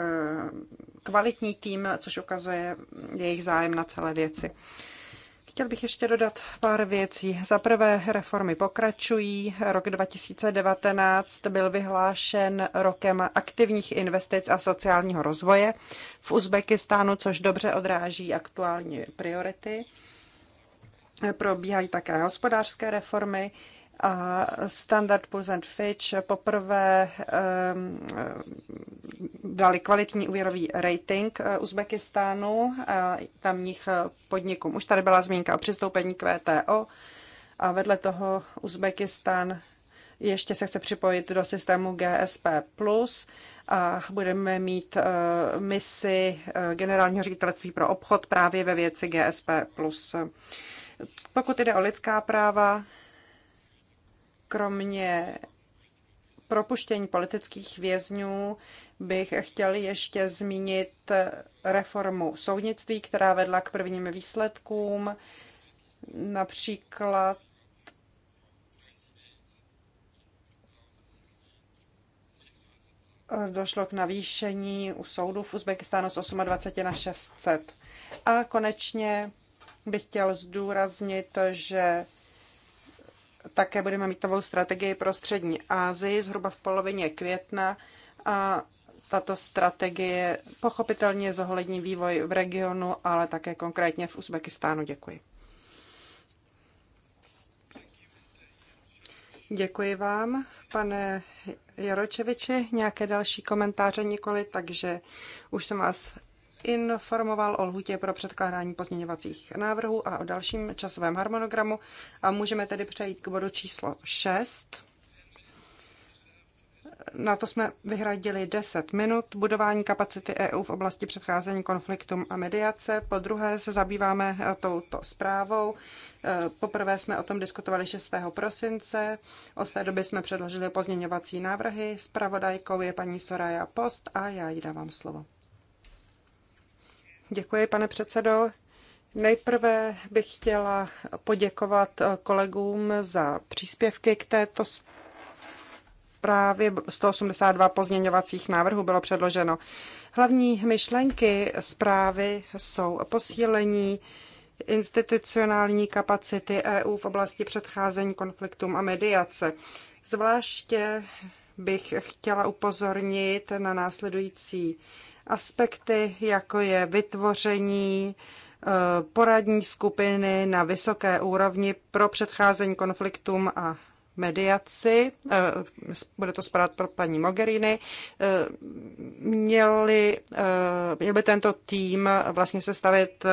kvalitní tým, což ukazuje jejich zájem na celé věci. Chtěl bych ještě dodat pár věcí. Za prvé, reformy pokračují. Rok 2019 byl vyhlášen rokem aktivních investic a sociálního rozvoje v Uzbekistánu, což dobře odráží aktuální priority. Probíhají také hospodářské reformy a Standard Poor's and Fitch poprvé ehm, dali kvalitní úvěrový rating eh, Uzbekistánu tamních podnikům. Už tady byla zmínka o přistoupení k VTO a vedle toho Uzbekistán ještě se chce připojit do systému GSP+, a budeme mít uh, misi uh, generálního ředitelství pro obchod právě ve věci GSP+. Pokud jde o lidská práva, kromě propuštění politických vězňů bych chtěl ještě zmínit reformu soudnictví, která vedla k prvním výsledkům, například došlo k navýšení u soudů v Uzbekistánu z 28 na 600. A konečně bych chtěl zdůraznit, že také budeme mít novou strategii pro střední Asii zhruba v polovině května a tato strategie pochopitelně zohlední vývoj v regionu, ale také konkrétně v Uzbekistánu. Děkuji. Děkuji vám, pane Jaročeviči. Nějaké další komentáře nikoli, takže už jsem vás informoval o lhutě pro předkládání pozměňovacích návrhů a o dalším časovém harmonogramu. A můžeme tedy přejít k bodu číslo 6. Na to jsme vyhradili 10 minut. Budování kapacity EU v oblasti předcházení konfliktům a mediace. Po druhé se zabýváme eh, touto zprávou. Eh, poprvé jsme o tom diskutovali 6. prosince. Od té doby jsme předložili pozměňovací návrhy. Spravodajkou je paní Soraya Post a já jí dávám slovo. Děkuji, pane předsedo. Nejprve bych chtěla poděkovat eh, kolegům za příspěvky k této zprávě. 182 pozměňovacích návrhů bylo předloženo. Hlavní myšlenky zprávy jsou posílení institucionální kapacity EU v oblasti předcházení konfliktům a mediace. Zvláště bych chtěla upozornit na následující aspekty, jako je vytvoření eh, poradní skupiny na vysoké úrovni pro předcházení konfliktům a mediaci, eh, bude to spadat pro paní Mogherini, eh, měli, měl by tento tým vlastně se stavit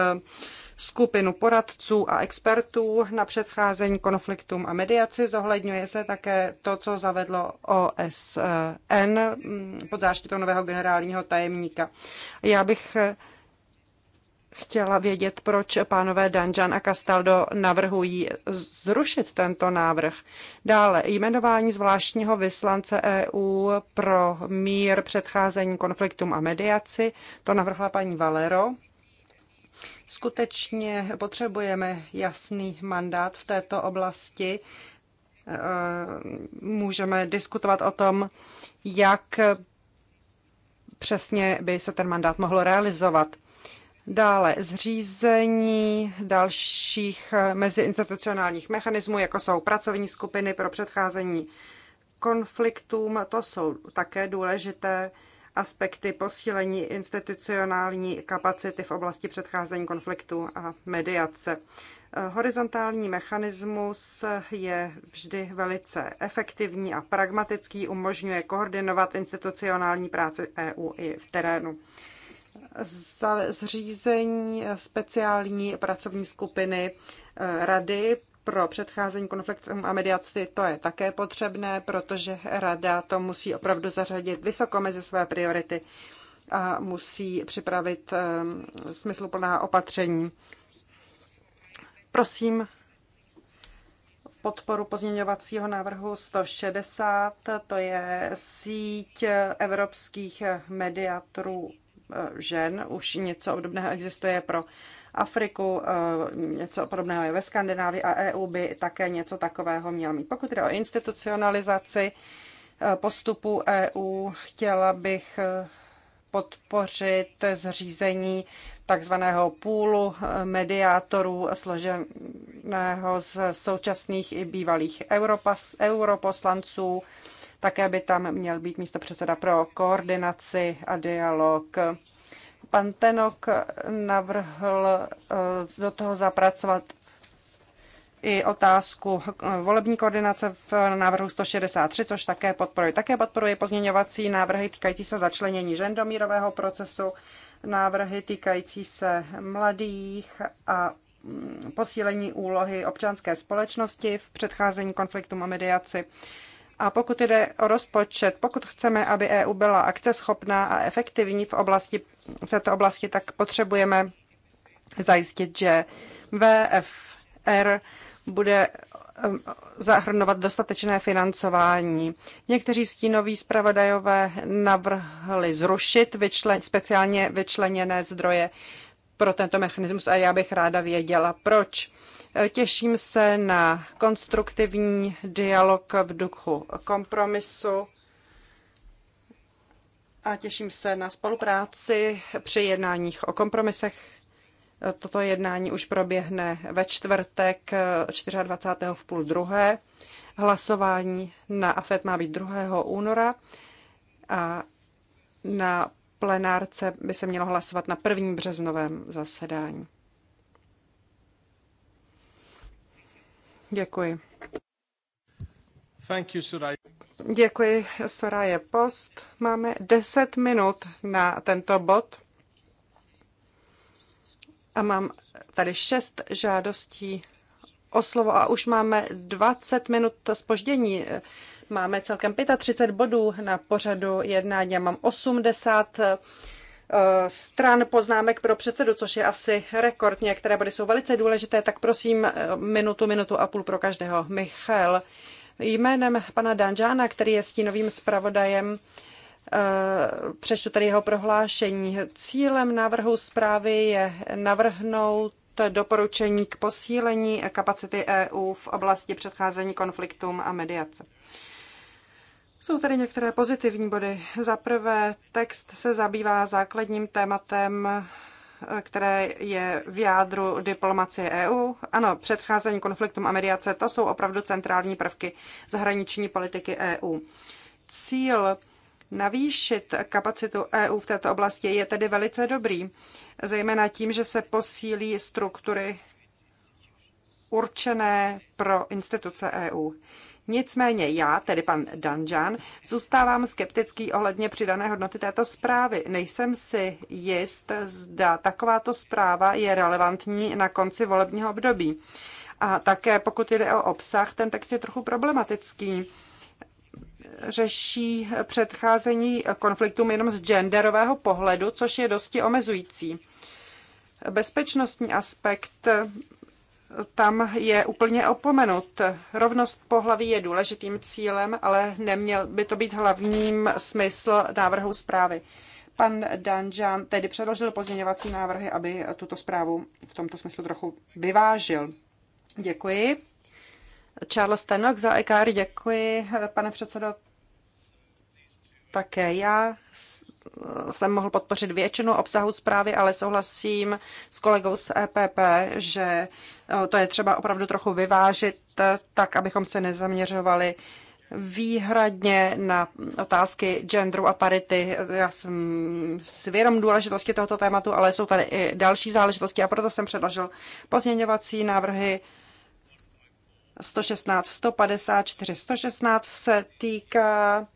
skupinu poradců a expertů na předcházení konfliktům a mediaci. Zohledňuje se také to, co zavedlo OSN pod záštitou nového generálního tajemníka. Já bych chtěla vědět, proč pánové Danjan a Castaldo navrhují zrušit tento návrh. Dále jmenování zvláštního vyslance EU pro mír, předcházení konfliktům a mediaci. To navrhla paní Valero. Skutečně potřebujeme jasný mandát v této oblasti. Eh, můžeme diskutovat o tom, jak přesně by se ten mandát mohl realizovat. Dále zřízení dalších eh, meziinstitucionálních mechanismů, jako jsou pracovní skupiny pro předcházení konfliktům. To jsou také důležité aspekty posílení institucionální kapacity v oblasti předcházení konfliktu a mediace. Eh, horizontální mechanismus je vždy velice efektivní a pragmatický, umožňuje koordinovat institucionální práci EU i v terénu. Za zřízení speciální pracovní skupiny eh, Rady pro předcházení konfliktům a mediaci to je také potřebné, protože rada to musí opravdu zařadit vysoko mezi své priority a musí připravit ehm, smysluplná opatření. Prosím podporu pozměňovacího návrhu 160, to je síť evropských mediatorů ehm, žen, už něco obdobného existuje pro Afriku, eh, něco podobného je ve Skandinávii a EU by také něco takového měla mít. Pokud jde o institucionalizaci eh, postupu EU, chtěla bych eh, podpořit zřízení takzvaného půlu mediátorů složeného z současných i bývalých europas, europoslanců. Také by tam měl být místo předseda pro koordinaci a dialog Pan Tenok navrhl eh, do toho zapracovat i otázku volební koordinace v návrhu 163, což také podporuje. Také podporuje pozměňovací návrhy týkající se začlenění žen do mírového procesu, návrhy týkající se mladých a mm, posílení úlohy občanské společnosti v předcházení konfliktům a mediaci. A pokud jde o rozpočet, pokud chceme, aby EU byla akceschopná a efektivní v oblasti v této oblasti, tak potřebujeme zajistit, že VFR bude um, zahrnovat dostatečné financování. Někteří stínoví zpravodajové navrhli zrušit vyčlen, speciálně vyčleněné zdroje pro tento mechanismus a já bych ráda věděla, proč. Eh, těším se na konstruktivní dialog v duchu kompromisu a těším se na spolupráci při jednáních o kompromisech. Toto jednání už proběhne ve čtvrtek 24. v půl druhé. Hlasování na AFET má být 2. února a na plenárce by se mělo hlasovat na prvním březnovém zasedání. Děkuji. Thank you, Suraj. Děkuji, je Post. Máme 10 minut na tento bod. A mám tady šest žádostí o slovo a už máme 20 minut spoždění. Máme celkem 35 bodů na pořadu jednání. Já mám 80 eh, stran poznámek pro předsedu, což je asi rekord. Některé body jsou velice důležité, tak prosím eh, minutu, minutu a půl pro každého. Michal, Jménem pana Danžána, který je stínovým zpravodajem, eh, přečtu tady jeho prohlášení. Cílem návrhu zprávy je navrhnout doporučení k posílení kapacity EU v oblasti předcházení konfliktům a mediace. Jsou tady některé pozitivní body. Za prvé, text se zabývá základním tématem Eh, které je v jádru diplomacie EU. Ano, předcházení konfliktům a mediace, to jsou opravdu centrální prvky zahraniční politiky EU. Cíl navýšit kapacitu EU v této oblasti je tedy velice dobrý, zejména tím, že se posílí struktury určené pro instituce EU. Nicméně já, tedy pan Danžan, zůstávám skeptický ohledně přidané hodnoty této zprávy. Nejsem si jist, zda takováto zpráva je relevantní na konci volebního období. A také pokud jde o obsah, ten text je trochu problematický řeší předcházení konfliktům jenom z genderového pohledu, což je dosti omezující. Bezpečnostní aspekt tam je úplně opomenut. Rovnost pohlaví je důležitým cílem, ale neměl by to být hlavním smysl návrhu zprávy. Pan Danžan tedy předložil pozměňovací návrhy, aby tuto zprávu v tomto smyslu trochu vyvážil. Děkuji. Charles Tenok za EKR, děkuji, pane předsedo. Také já jsem mohl podpořit většinu obsahu zprávy, ale souhlasím s kolegou z EPP, že eh, to je třeba opravdu trochu vyvážit eh, tak, abychom se nezaměřovali výhradně na otázky genderu a parity. Já jsem svědom důležitosti tohoto tématu, ale jsou tady i další záležitosti a proto jsem předložil pozměňovací návrhy 116, 154, 116 se týká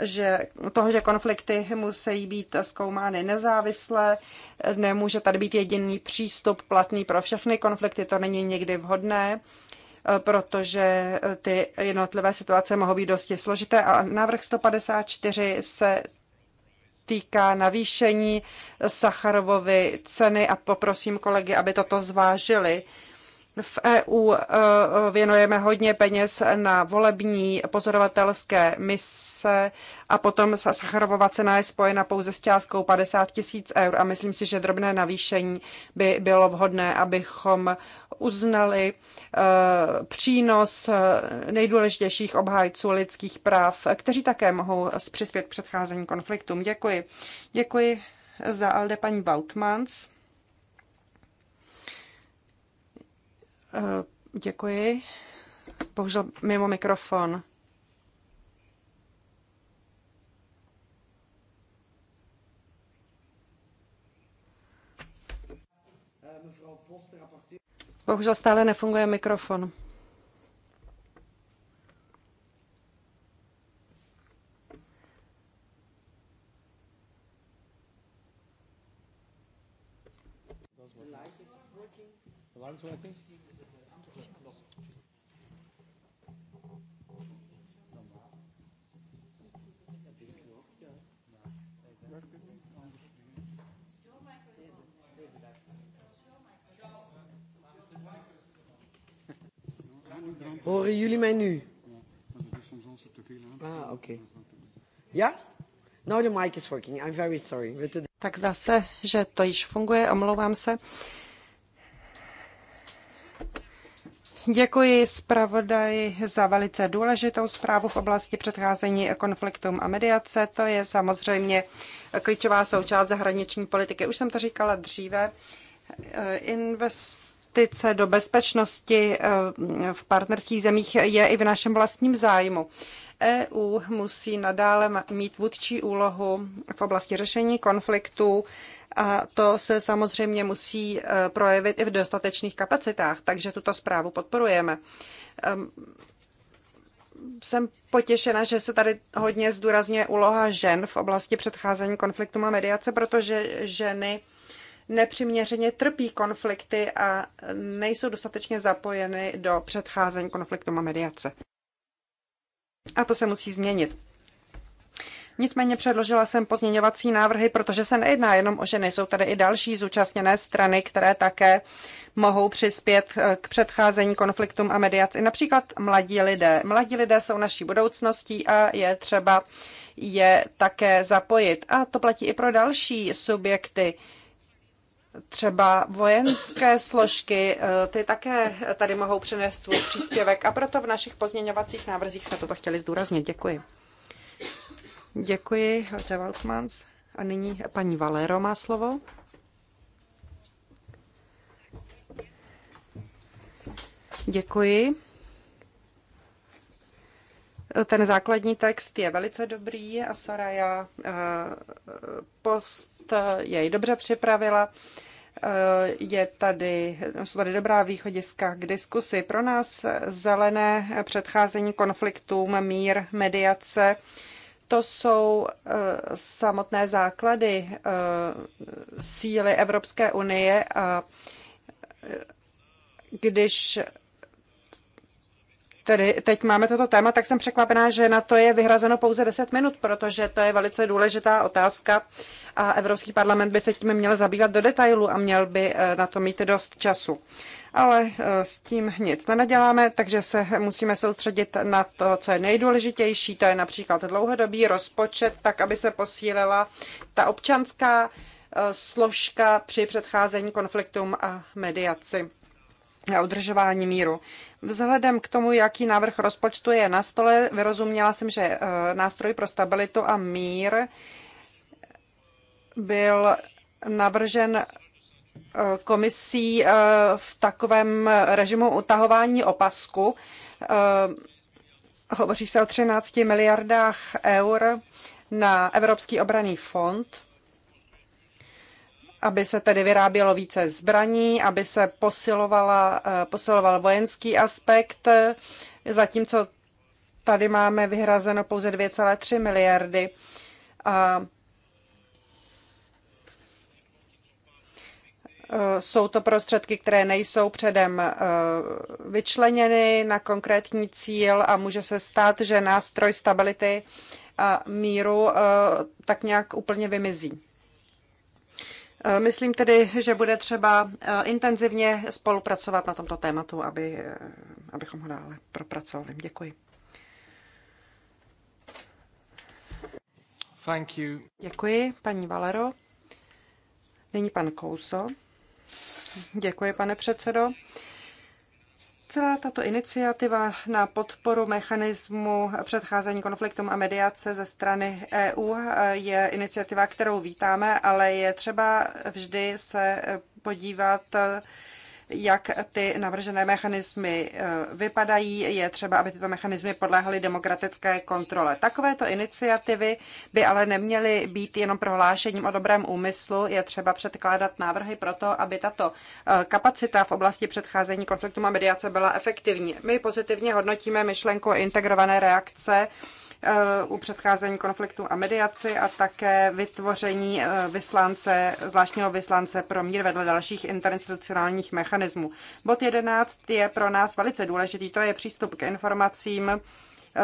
že toho, že konflikty musí být zkoumány nezávisle, nemůže tady být jediný přístup platný pro všechny konflikty, to není někdy vhodné, protože ty jednotlivé situace mohou být dosti složité a návrh 154 se týká navýšení Sacharovovy ceny a poprosím kolegy, aby toto zvážili. V EU e, věnujeme hodně peněz na volební pozorovatelské mise a potom Sacharovova cena je spojena pouze s částkou 50 tisíc eur a myslím si, že drobné navýšení by bylo vhodné, abychom uznali e, přínos e, nejdůležitějších obhájců lidských práv, kteří také mohou přispět k předcházení konfliktům. Děkuji. Děkuji za Alde paní Bautmans. Eh, děkuji. Bohužel mimo mikrofon. Bohužel stále nefunguje mikrofon. The light is working. The Tak zdá se, Tak zase, že to již funguje, omlouvám se. Děkuji zpravodaji za velice důležitou zprávu v oblasti předcházení konfliktům a mediace. To je samozřejmě klíčová součást zahraniční politiky. Už jsem to říkala dříve. Investice do bezpečnosti eh, v partnerských zemích je i v našem vlastním zájmu. EU musí nadále mít vůdčí úlohu v oblasti řešení konfliktů a to se samozřejmě musí e, projevit i v dostatečných kapacitách, takže tuto zprávu podporujeme. Jsem potěšena, že se tady hodně zdůrazňuje úloha žen v oblasti předcházení konfliktům a mediace, protože ženy nepřiměřeně trpí konflikty a nejsou dostatečně zapojeny do předcházení konfliktům a mediace. A to se musí změnit. Nicméně předložila jsem pozměňovací návrhy, protože se nejedná jenom o ženy, jsou tady i další zúčastněné strany, které také mohou přispět eh, k předcházení konfliktům a mediaci. Například mladí lidé. Mladí lidé jsou naší budoucností a je třeba je také zapojit. A to platí i pro další subjekty třeba vojenské složky, eh, ty také tady mohou přinést svůj příspěvek a proto v našich pozměňovacích návrzích jsme toto chtěli zdůraznit. Děkuji. Děkuji, Hrta Waltmans. A nyní paní Valero má slovo. Děkuji. Ten základní text je velice dobrý a Soraya eh, post Eh, jej dobře připravila. Eh, je tady, jsou tady dobrá východiska k diskusi. Pro nás zelené předcházení konfliktům, mír, mediace, to jsou eh, samotné základy síly Evropské unie a když tedy teď máme toto téma, tak jsem překvapená, že na to je vyhrazeno pouze 10 minut, protože to je velice důležitá otázka a Evropský parlament by se tím měl zabývat do detailu a měl by eh, na to mít dost času. Ale eh, s tím nic nenaděláme, takže se musíme soustředit na to, co je nejdůležitější, to je například dlouhodobý rozpočet, tak aby se posílila ta občanská eh, složka při předcházení konfliktům a mediaci a udržování míru. Vzhledem k tomu, jaký návrh rozpočtu je na stole, vyrozuměla jsem, že eh, nástroj pro stabilitu a mír byl navržen eh, komisí eh, v takovém režimu utahování opasku. Hovoří se o 13 miliardách eur na Evropský obraný fond aby se tedy vyrábělo více zbraní, aby se posilovala, eh, posiloval vojenský aspekt, zatímco tady máme vyhrazeno pouze 2,3 miliardy. A eh, Jsou to prostředky, které nejsou předem eh, vyčleněny na konkrétní cíl a může se stát, že nástroj stability a míru tak nějak úplně vymizí. Myslím tedy, že bude třeba e, intenzivně spolupracovat na tomto tématu, aby, e, abychom ho dále propracovali. Děkuji. Thank you. Děkuji, paní Valero. Nyní pan Kouso. Děkuji, pane předsedo. Celá tato iniciativa na podporu mechanismu předcházení konfliktům a mediace ze strany EU je iniciativa, kterou vítáme, ale je třeba vždy se podívat jak ty navržené mechanismy eh, vypadají. Je třeba, aby tyto mechanismy podléhaly demokratické kontrole. Takovéto iniciativy by ale neměly být jenom prohlášením o dobrém úmyslu. Je třeba předkládat návrhy pro to, aby tato eh, kapacita v oblasti předcházení konfliktům a mediace byla efektivní. My pozitivně hodnotíme myšlenku integrované reakce Eh, u předcházení konfliktu a mediaci a také vytvoření eh, vyslance, zvláštního vyslance pro mír vedle dalších interinstitucionálních mechanismů. Bod 11 je pro nás velice důležitý, to je přístup k informacím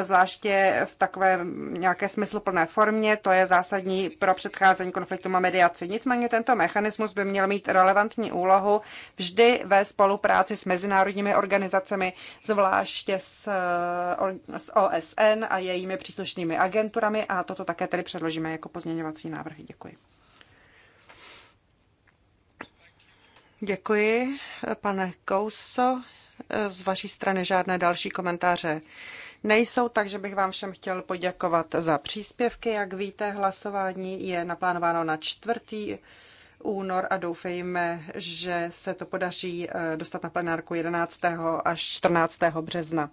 zvláště v takové nějaké smysluplné formě. To je zásadní pro předcházení konfliktům a mediaci. Nicméně tento mechanismus by měl mít relevantní úlohu vždy ve spolupráci s mezinárodními organizacemi, zvláště s, s OSN a jejími příslušnými agenturami a toto také tedy předložíme jako pozměňovací návrhy. Děkuji. Děkuji, pane Kouso. Z vaší strany žádné další komentáře nejsou, takže bych vám všem chtěl poděkovat za příspěvky. Jak víte, hlasování je naplánováno na čtvrtý únor a doufejme, že se to podaří eh, dostat na plenárku 11. až 14. března.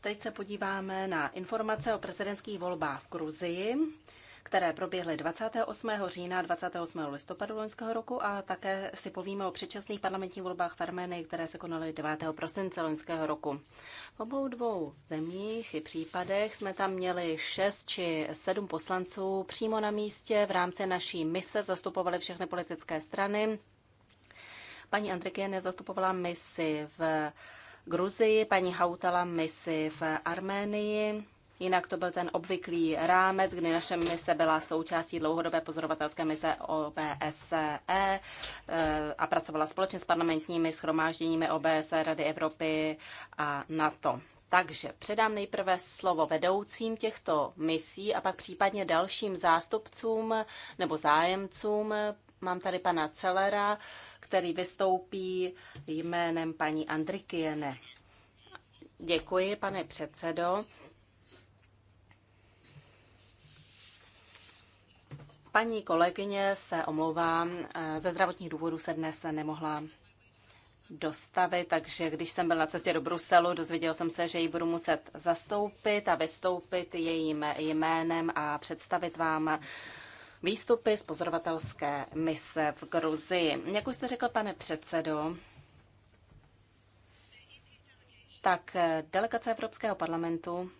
Teď se podíváme na informace o prezidentských volbách v Gruzii které proběhly 28. října 28. listopadu loňského roku a také si povíme o předčasných parlamentních volbách v Arménii, které se konaly 9. prosince loňského roku. V obou dvou zemích i případech jsme tam měli 6 či 7 poslanců přímo na místě. V rámci naší mise zastupovali všechny politické strany. Paní Andrikiene nezastupovala misi v Gruzii, paní Hautala misi v Arménii Jinak to byl ten obvyklý rámec, kdy naše mise byla součástí dlouhodobé pozorovatelské mise OBSE eh, a pracovala společně s parlamentními schromážděními OBSE Rady Evropy a NATO. Takže předám nejprve slovo vedoucím těchto misí a pak případně dalším zástupcům nebo zájemcům. Mám tady pana Celera, který vystoupí jménem paní Andrikiene. Děkuji, pane předsedo. Paní kolegyně se omlouvá, eh, ze zdravotních důvodů se dnes nemohla dostavit, takže když jsem byl na cestě do Bruselu, dozvěděl jsem se, že ji budu muset zastoupit a vystoupit jejím jménem a představit vám výstupy z pozorovatelské mise v Gruzii. Jak už jste řekl, pane předsedo, tak delegace Evropského parlamentu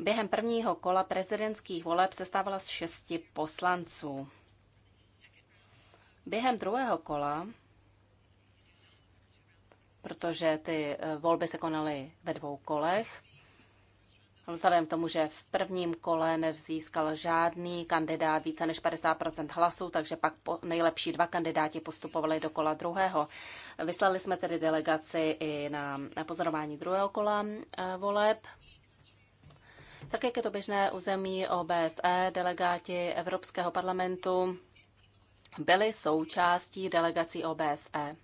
během prvního kola prezidentských voleb se stávala z šesti poslanců. Během druhého kola, protože ty eh, volby se konaly ve dvou kolech, Vzhledem tomu, že v prvním kole nezískal žádný kandidát více než 50 hlasů, takže pak nejlepší dva kandidáti postupovali do kola druhého. Vyslali jsme tedy delegaci i na pozorování druhého kola eh, voleb. Tak jak je to běžné u zemí OBSE, delegáti Evropského parlamentu byli součástí delegací OBSE.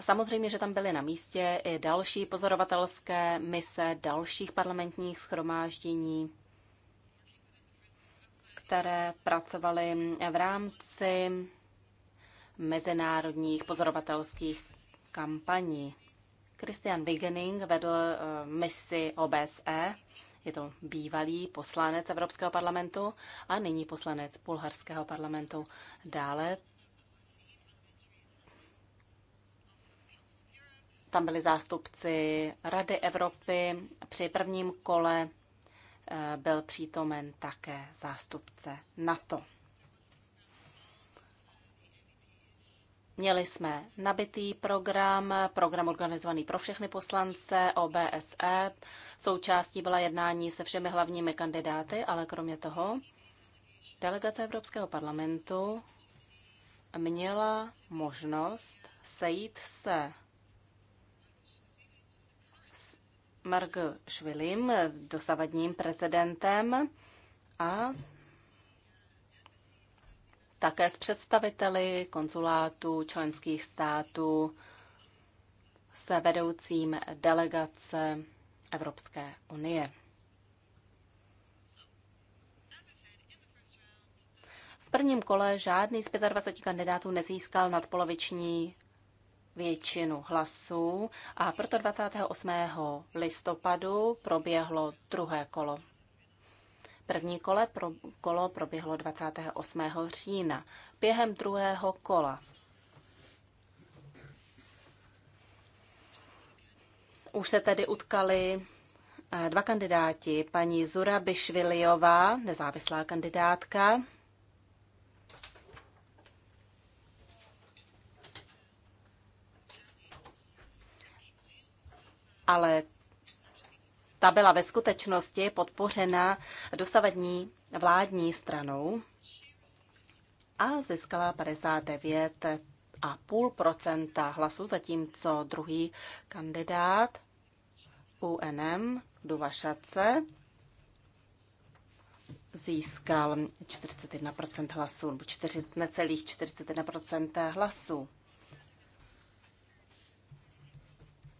Samozřejmě, že tam byly na místě i další pozorovatelské mise dalších parlamentních schromáždění, které pracovaly v rámci mezinárodních pozorovatelských Kampani Christian Wigening vedl eh, misi OBSE, je to bývalý poslanec Evropského parlamentu a nyní poslanec Bulharského parlamentu. Dále tam byli zástupci Rady Evropy. Při prvním kole eh, byl přítomen také zástupce NATO. Měli jsme nabitý program, program organizovaný pro všechny poslance, OBSE. Součástí byla jednání se všemi hlavními kandidáty, ale kromě toho delegace Evropského parlamentu měla možnost sejít se s Margo Švilim, dosavadním prezidentem, a také s představiteli konzulátů členských států, se vedoucím delegace Evropské unie. V prvním kole žádný z 25 kandidátů nezískal nadpoloviční většinu hlasů a proto 28. listopadu proběhlo druhé kolo. První kole pro, kolo proběhlo 28. října. Během druhého kola už se tedy utkali eh, dva kandidáti, paní Zura Bišviliová, nezávislá kandidátka, ale ta byla ve skutečnosti podpořena dosavadní vládní stranou a získala 59,5 hlasů, zatímco druhý kandidát UNM Duvašace získal 41 hlasů, nebo necelých 41 hlasů.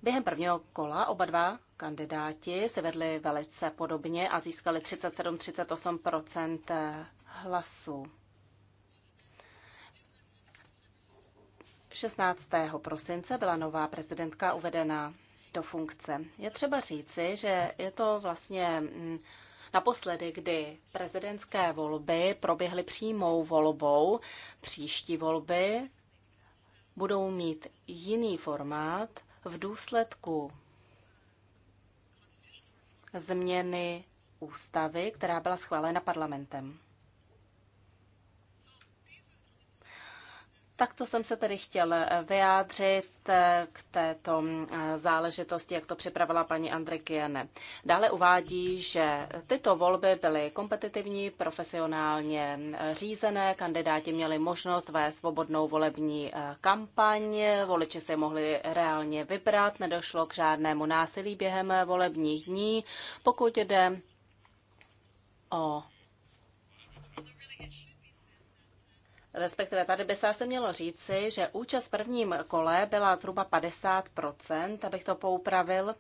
Během prvního kola oba dva kandidáti se vedli velice podobně a získali 37-38 eh, hlasů. 16. prosince byla nová prezidentka uvedena do funkce. Je třeba říci, že je to vlastně mm, naposledy, kdy prezidentské volby proběhly přímou volbou. Příští volby budou mít jiný formát v důsledku změny ústavy, která byla schválena parlamentem. Takto jsem se tedy chtěl eh, vyjádřit eh, k této eh, záležitosti, jak to připravila paní Kiene. Dále uvádí, že tyto volby byly kompetitivní, profesionálně řízené, kandidáti měli možnost ve svobodnou volební kampaň, voliči si mohli reálně vybrat, nedošlo k žádnému násilí během volebních dní. Pokud jde o respektive tady by se asi mělo říci, že účast v prvním kole byla zhruba 50%, abych to poupravil.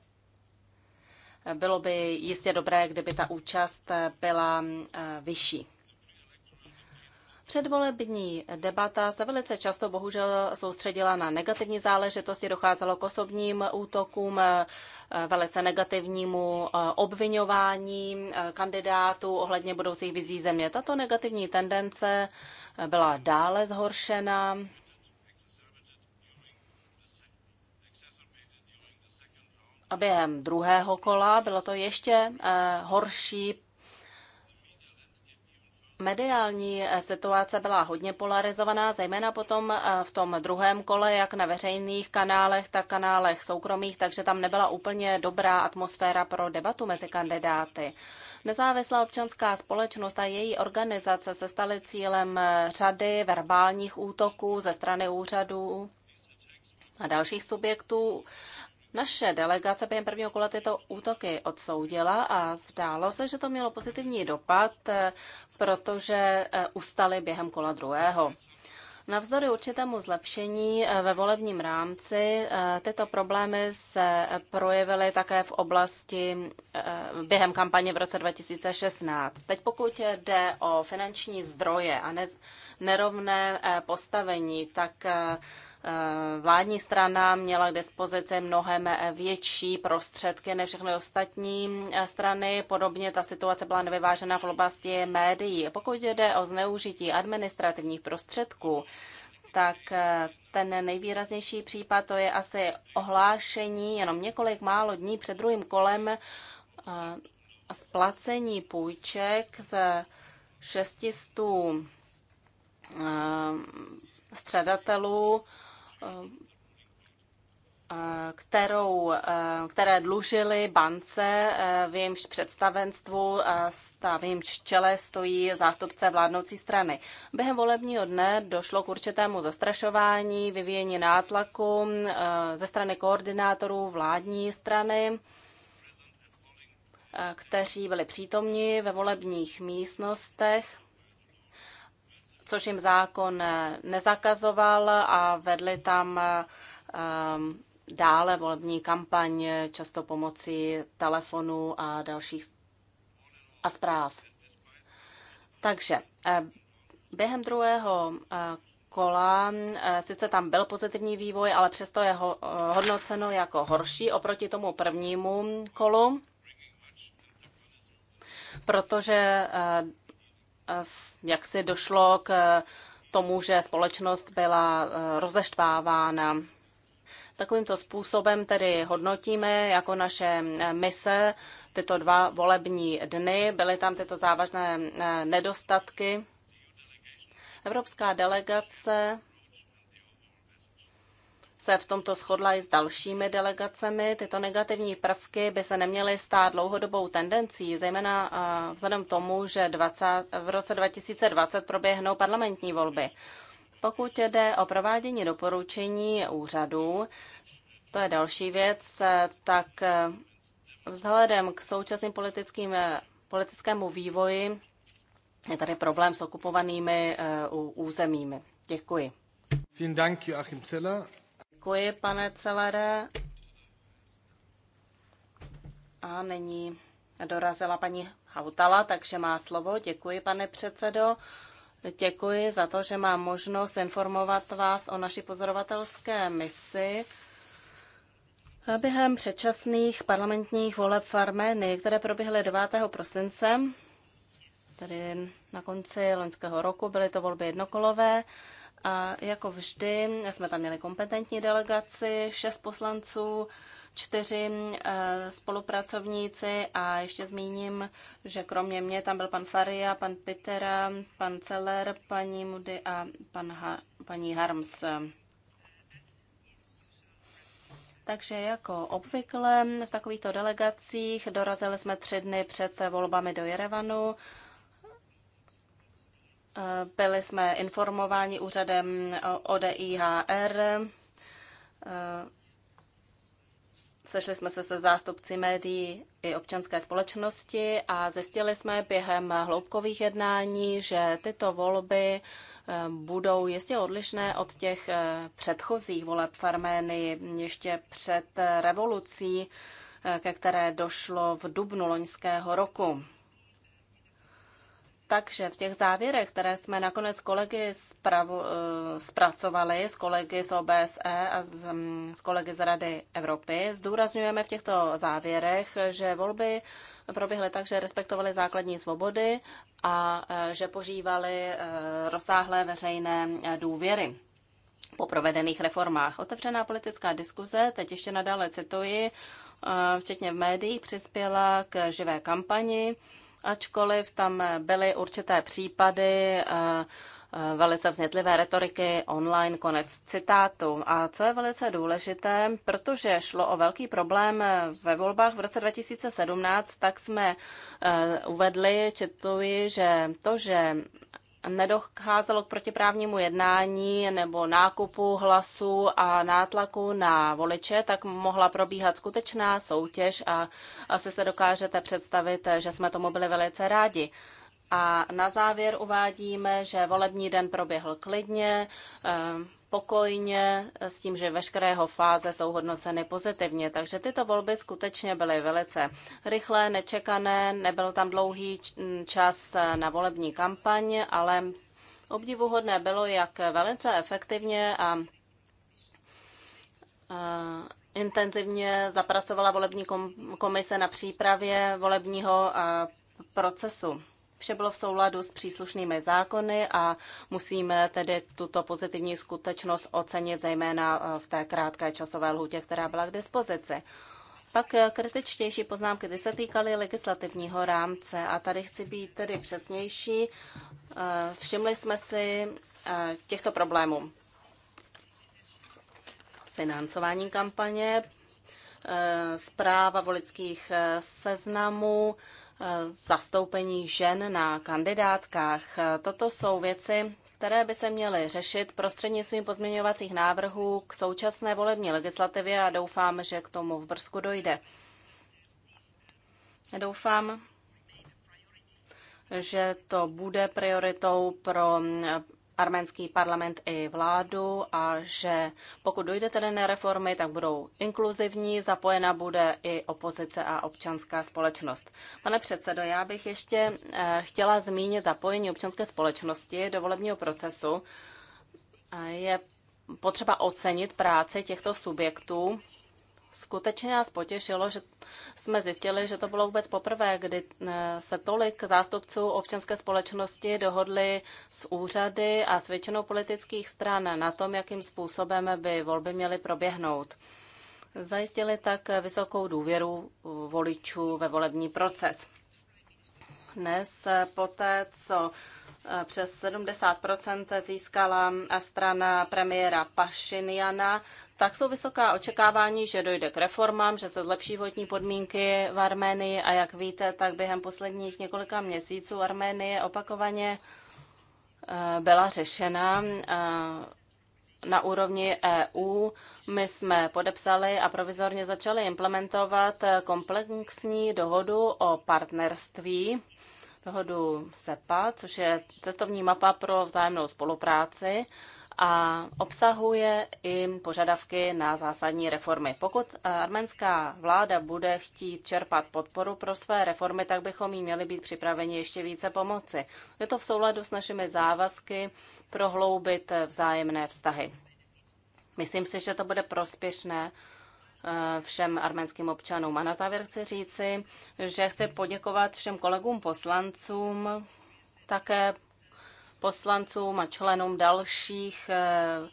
Bylo by jistě dobré, kdyby ta účast byla eh, vyšší. Předvolební debata se velice často bohužel soustředila na negativní záležitosti, docházelo k osobním útokům, eh, velice negativnímu eh, obvinování eh, kandidátů ohledně budoucích vizí země. Tato negativní tendence byla dále zhoršena. A během druhého kola bylo to ještě horší mediální eh, situace byla hodně polarizovaná, zejména potom eh, v tom druhém kole, jak na veřejných kanálech, tak kanálech soukromých, takže tam nebyla úplně dobrá atmosféra pro debatu mezi kandidáty. Nezávislá občanská společnost a její organizace se staly cílem eh, řady verbálních útoků ze strany úřadů a dalších subjektů. Naše delegace během prvního kola tyto útoky odsoudila a zdálo se, že to mělo pozitivní dopad, eh, protože eh, ustali během kola druhého. Navzdory určitému zlepšení eh, ve volebním rámci tyto problémy se projevily také v oblasti během kampaně v roce 2016. Teď pokud jde o finanční zdroje a nerovné postavení, tak Eh, vládní strana měla k dispozici mnohem větší prostředky než všechny ostatní eh, strany. Podobně ta situace byla nevyvážená v oblasti médií. Pokud jde o zneužití administrativních prostředků, tak eh, ten nejvýraznější případ to je asi ohlášení jenom několik málo dní před druhým kolem splacení půjček ze 600 středatelů Eh, eh, kterou, eh, které dlužili bance, v jejímž představenstvu, v jejímž čele stojí zástupce vládnoucí strany. Během volebního dne došlo k určitému zastrašování, vyvíjení nátlaku ze strany koordinátorů vládní strany, kteří byli přítomni ve volebních místnostech což jim zákon eh, nezakazoval a vedli tam eh, ehm, dále volební kampaň, často pomocí telefonu a dalších a zpráv. Takže eh, během druhého kola sice tam byl pozitivní vývoj, ale přesto je hodnoceno jako horší oproti tomu prvnímu kolu, protože jak si došlo k tomu, že společnost byla eh, rozeštvávána. Takovýmto způsobem tedy hodnotíme jako naše eh, mise tyto dva volební dny. Byly tam tyto závažné eh, nedostatky. Evropská delegace se v tomto shodla i s dalšími delegacemi. Tyto negativní prvky by se neměly stát dlouhodobou tendencí, zejména vzhledem tomu, že 20, v roce 2020 proběhnou parlamentní volby. Pokud jde o provádění doporučení úřadů, to je další věc, tak e, vzhledem k současným politickým, e, politickému vývoji je tady problém s okupovanými e, územími. Děkuji. Vielen Dank, Joachim Zeller. Děkuji, pane Celere. A nyní dorazila paní Hautala, takže má slovo. Děkuji, pane předsedo. Děkuji za to, že mám možnost informovat vás o naší pozorovatelské misi. Během předčasných parlamentních voleb v Arménii, které proběhly 9. prosince, tedy na konci loňského roku, byly to volby jednokolové, a jako vždy jsme tam měli kompetentní delegaci, šest poslanců, čtyři eh, spolupracovníci a ještě zmíním, že kromě mě tam byl pan Faria, pan Pitera, pan Celer, paní Mudy a pan ha- paní Harms. Takže jako obvykle v takovýchto delegacích dorazili jsme tři dny před volbami do Jerevanu. Byli jsme informováni úřadem ODIHR, Sešli jsme se se zástupci médií i občanské společnosti a zjistili jsme během hloubkových jednání, že tyto volby eh, budou jistě odlišné od těch eh, předchozích voleb v Arménii ještě před revolucí, eh, ke které došlo v dubnu loňského roku. Takže v těch závěrech, které jsme nakonec kolegy zpravu, eh, zpracovali, s kolegy z OBSE a z, z mm, kolegy z Rady Evropy, zdůrazňujeme v těchto závěrech, že volby proběhly tak, že respektovaly základní svobody a eh, že požívali eh, rozsáhlé veřejné důvěry po provedených reformách. Otevřená politická diskuze, teď ještě nadále cituji, včetně v médiích, přispěla k živé kampani, ačkoliv tam byly určité případy eh, eh, velice vznětlivé retoriky online, konec citátu. A co je velice důležité, protože šlo o velký problém eh, ve volbách v roce 2017, tak jsme uvedli, četuji, že to, že nedocházelo k protiprávnímu jednání nebo nákupu hlasů a nátlaku na voliče, tak mohla probíhat skutečná soutěž a asi se dokážete představit, že jsme tomu byli velice rádi. A na závěr uvádíme, že volební den proběhl klidně, eh, pokojně, s tím, že veškerého fáze jsou hodnoceny pozitivně. Takže tyto volby skutečně byly velice rychlé, nečekané, nebyl tam dlouhý čas na volební kampaň, ale obdivuhodné bylo, jak velice efektivně a eh, intenzivně zapracovala volební komise na přípravě volebního eh, procesu. Vše bylo v souladu s příslušnými zákony a musíme tedy tuto pozitivní skutečnost ocenit zejména eh, v té krátké časové lhůtě, která byla k dispozici. Pak eh, kritičtější poznámky, ty se týkaly legislativního rámce a tady chci být tedy přesnější. Eh, všimli jsme si těchto problémů. Financování kampaně, zpráva volických seznamů, zastoupení žen na kandidátkách. Toto jsou věci, které by se měly řešit prostřednictvím pozměňovacích návrhů k současné volební legislativě a doufám, že k tomu v Brzku dojde. Doufám, že to bude prioritou pro arménský parlament i vládu a že pokud dojde tedy na reformy, tak budou inkluzivní, zapojena bude i opozice a občanská společnost. Pane předsedo, já bych ještě eh, chtěla zmínit zapojení občanské společnosti do volebního procesu. Eh, je potřeba ocenit práci těchto subjektů skutečně nás potěšilo, že jsme zjistili, že to bylo vůbec poprvé, kdy eh, se tolik zástupců občanské společnosti dohodli s úřady a s většinou politických stran na tom, jakým způsobem by volby měly proběhnout. Zajistili tak vysokou důvěru voličů ve volební proces. Dnes poté, co eh, přes 70 získala strana premiéra Pašiniana, tak jsou vysoká očekávání, že dojde k reformám, že se zlepší životní podmínky v Arménii a jak víte, tak během posledních několika měsíců Arménie opakovaně eh, byla řešena eh, na úrovni EU. My jsme podepsali a provizorně začali implementovat eh, komplexní dohodu o partnerství, dohodu SEPA, což je cestovní mapa pro vzájemnou spolupráci a obsahuje i požadavky na zásadní reformy. Pokud eh, arménská vláda bude chtít čerpat podporu pro své reformy, tak bychom jí měli být připraveni ještě více pomoci. Je to v souladu s našimi závazky prohloubit eh, vzájemné vztahy. Myslím si, že to bude prospěšné eh, všem arménským občanům. A na závěr chci říci, že chci poděkovat všem kolegům poslancům, také poslancům a členům dalších eh,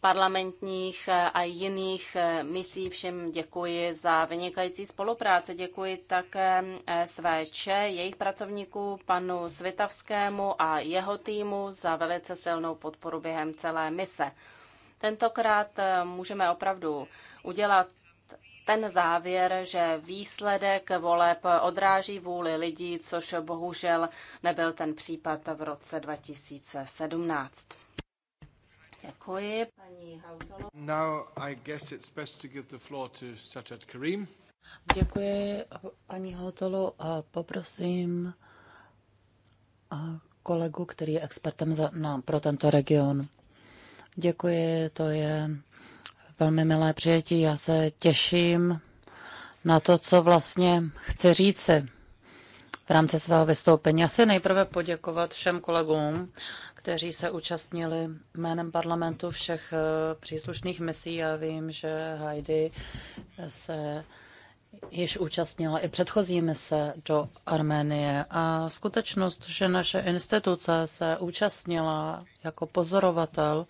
parlamentních eh, a jiných eh, misí. Všem děkuji za vynikající spolupráci. Děkuji také SVČ, jejich pracovníků, panu Svitavskému a jeho týmu za velice silnou podporu během celé mise. Tentokrát můžeme opravdu udělat ten závěr, že výsledek voleb odráží vůli lidí, což bohužel nebyl ten případ v roce 2017. Děkuji, paní Hautalo. Now I guess it's best to give the floor to Sajad Karim. Děkuji, paní Hautalo, a poprosím kolegu, který je expertem za, na, pro tento region. Děkuji, to je velmi milé přijetí. Já se těším na to, co vlastně chci si v rámci svého vystoupení. Já chci nejprve poděkovat všem kolegům, kteří se účastnili jménem parlamentu všech eh, příslušných misí. Já vím, že Heidi se již účastnila i předchozí mise do Arménie a skutečnost, že naše instituce se účastnila jako pozorovatel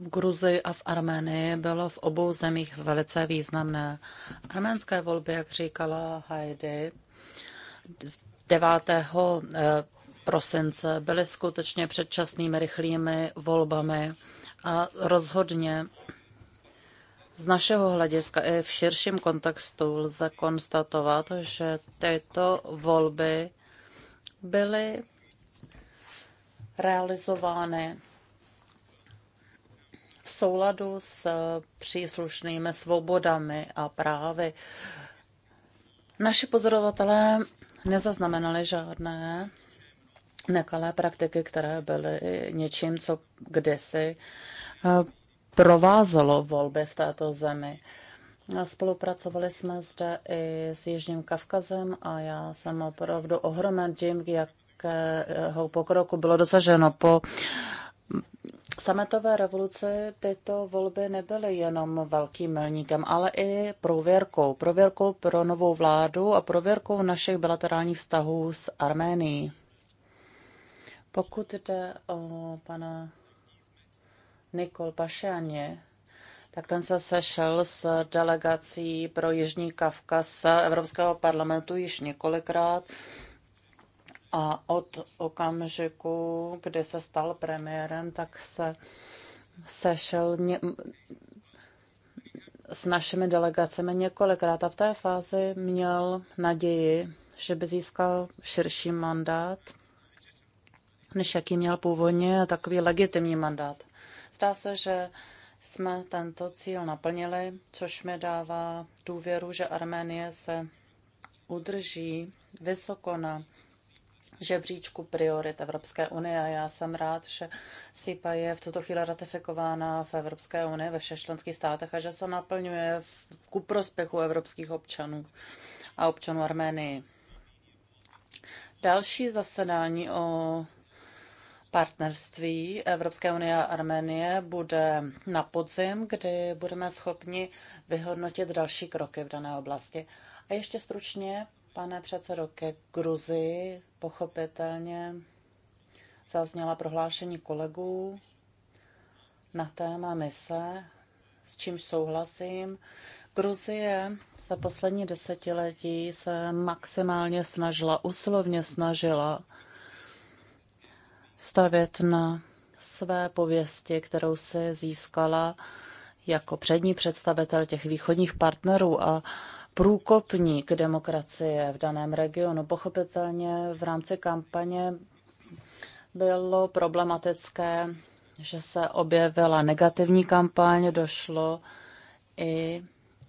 v Gruzi a v Arménii bylo v obou zemích velice významné. Arménské volby, jak říkala Heidi, 9. Eh, prosince byly skutečně předčasnými rychlými volbami a rozhodně z našeho hlediska i v širším kontextu lze konstatovat, že tyto volby byly realizovány v souladu s eh, příslušnými svobodami a právy. Naši pozorovatelé nezaznamenali žádné nekalé praktiky, které byly něčím, co kdysi eh, provázelo volby v této zemi. Spolupracovali jsme zde i s Jižním Kavkazem a já jsem opravdu ohromen tím, jakého eh, pokroku bylo dosaženo po sametové revoluci tyto volby nebyly jenom velkým milníkem, ale i prověrkou. Prověrkou pro novou vládu a prověrkou našich bilaterálních vztahů s Arménií. Pokud jde o pana Nikol Pašáně, tak ten se sešel s delegací pro Jižní Kavkaz Evropského parlamentu již několikrát. A od okamžiku, kdy se stal premiérem, tak se sešel ně, s našimi delegacemi několikrát a v té fázi měl naději, že by získal širší mandát, než jaký měl původně, a takový legitimní mandát. Zdá se, že jsme tento cíl naplnili, což mi dává důvěru, že Arménie se udrží vysoko na žebříčku priorit Evropské unie a já jsem rád, že SIPA je v tuto chvíli ratifikována v Evropské unii ve všech členských státech a že se naplňuje v, ku prospěchu evropských občanů a občanů Arménie. Další zasedání o partnerství Evropské unie a Arménie bude na podzim, kdy budeme schopni vyhodnotit další kroky v dané oblasti. A ještě stručně Pane předsedo, ke Gruzii pochopitelně zazněla prohlášení kolegů na téma mise, s čím souhlasím. Gruzie za poslední desetiletí se maximálně snažila, uslovně snažila stavět na své pověsti, kterou se získala jako přední představitel těch východních partnerů a průkopník demokracie v daném regionu. Pochopitelně v rámci kampaně bylo problematické, že se objevila negativní kampaň, došlo i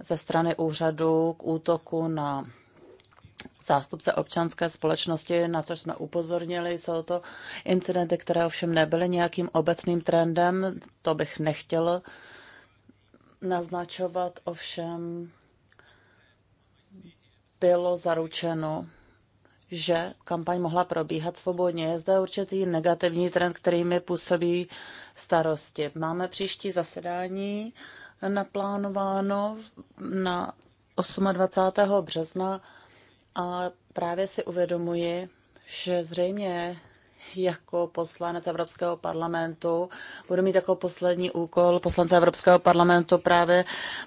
ze strany úřadu k útoku na zástupce občanské společnosti, na což jsme upozornili. Jsou to incidenty, které ovšem nebyly nějakým obecným trendem, to bych nechtěl naznačovat, ovšem bylo zaručeno, že kampaň mohla probíhat svobodně. Je zde určitý negativní trend, který mi působí starosti. Máme příští zasedání naplánováno na 28. března a právě si uvědomuji, že zřejmě jako poslanec Evropského parlamentu, budu mít jako poslední úkol poslance Evropského parlamentu právě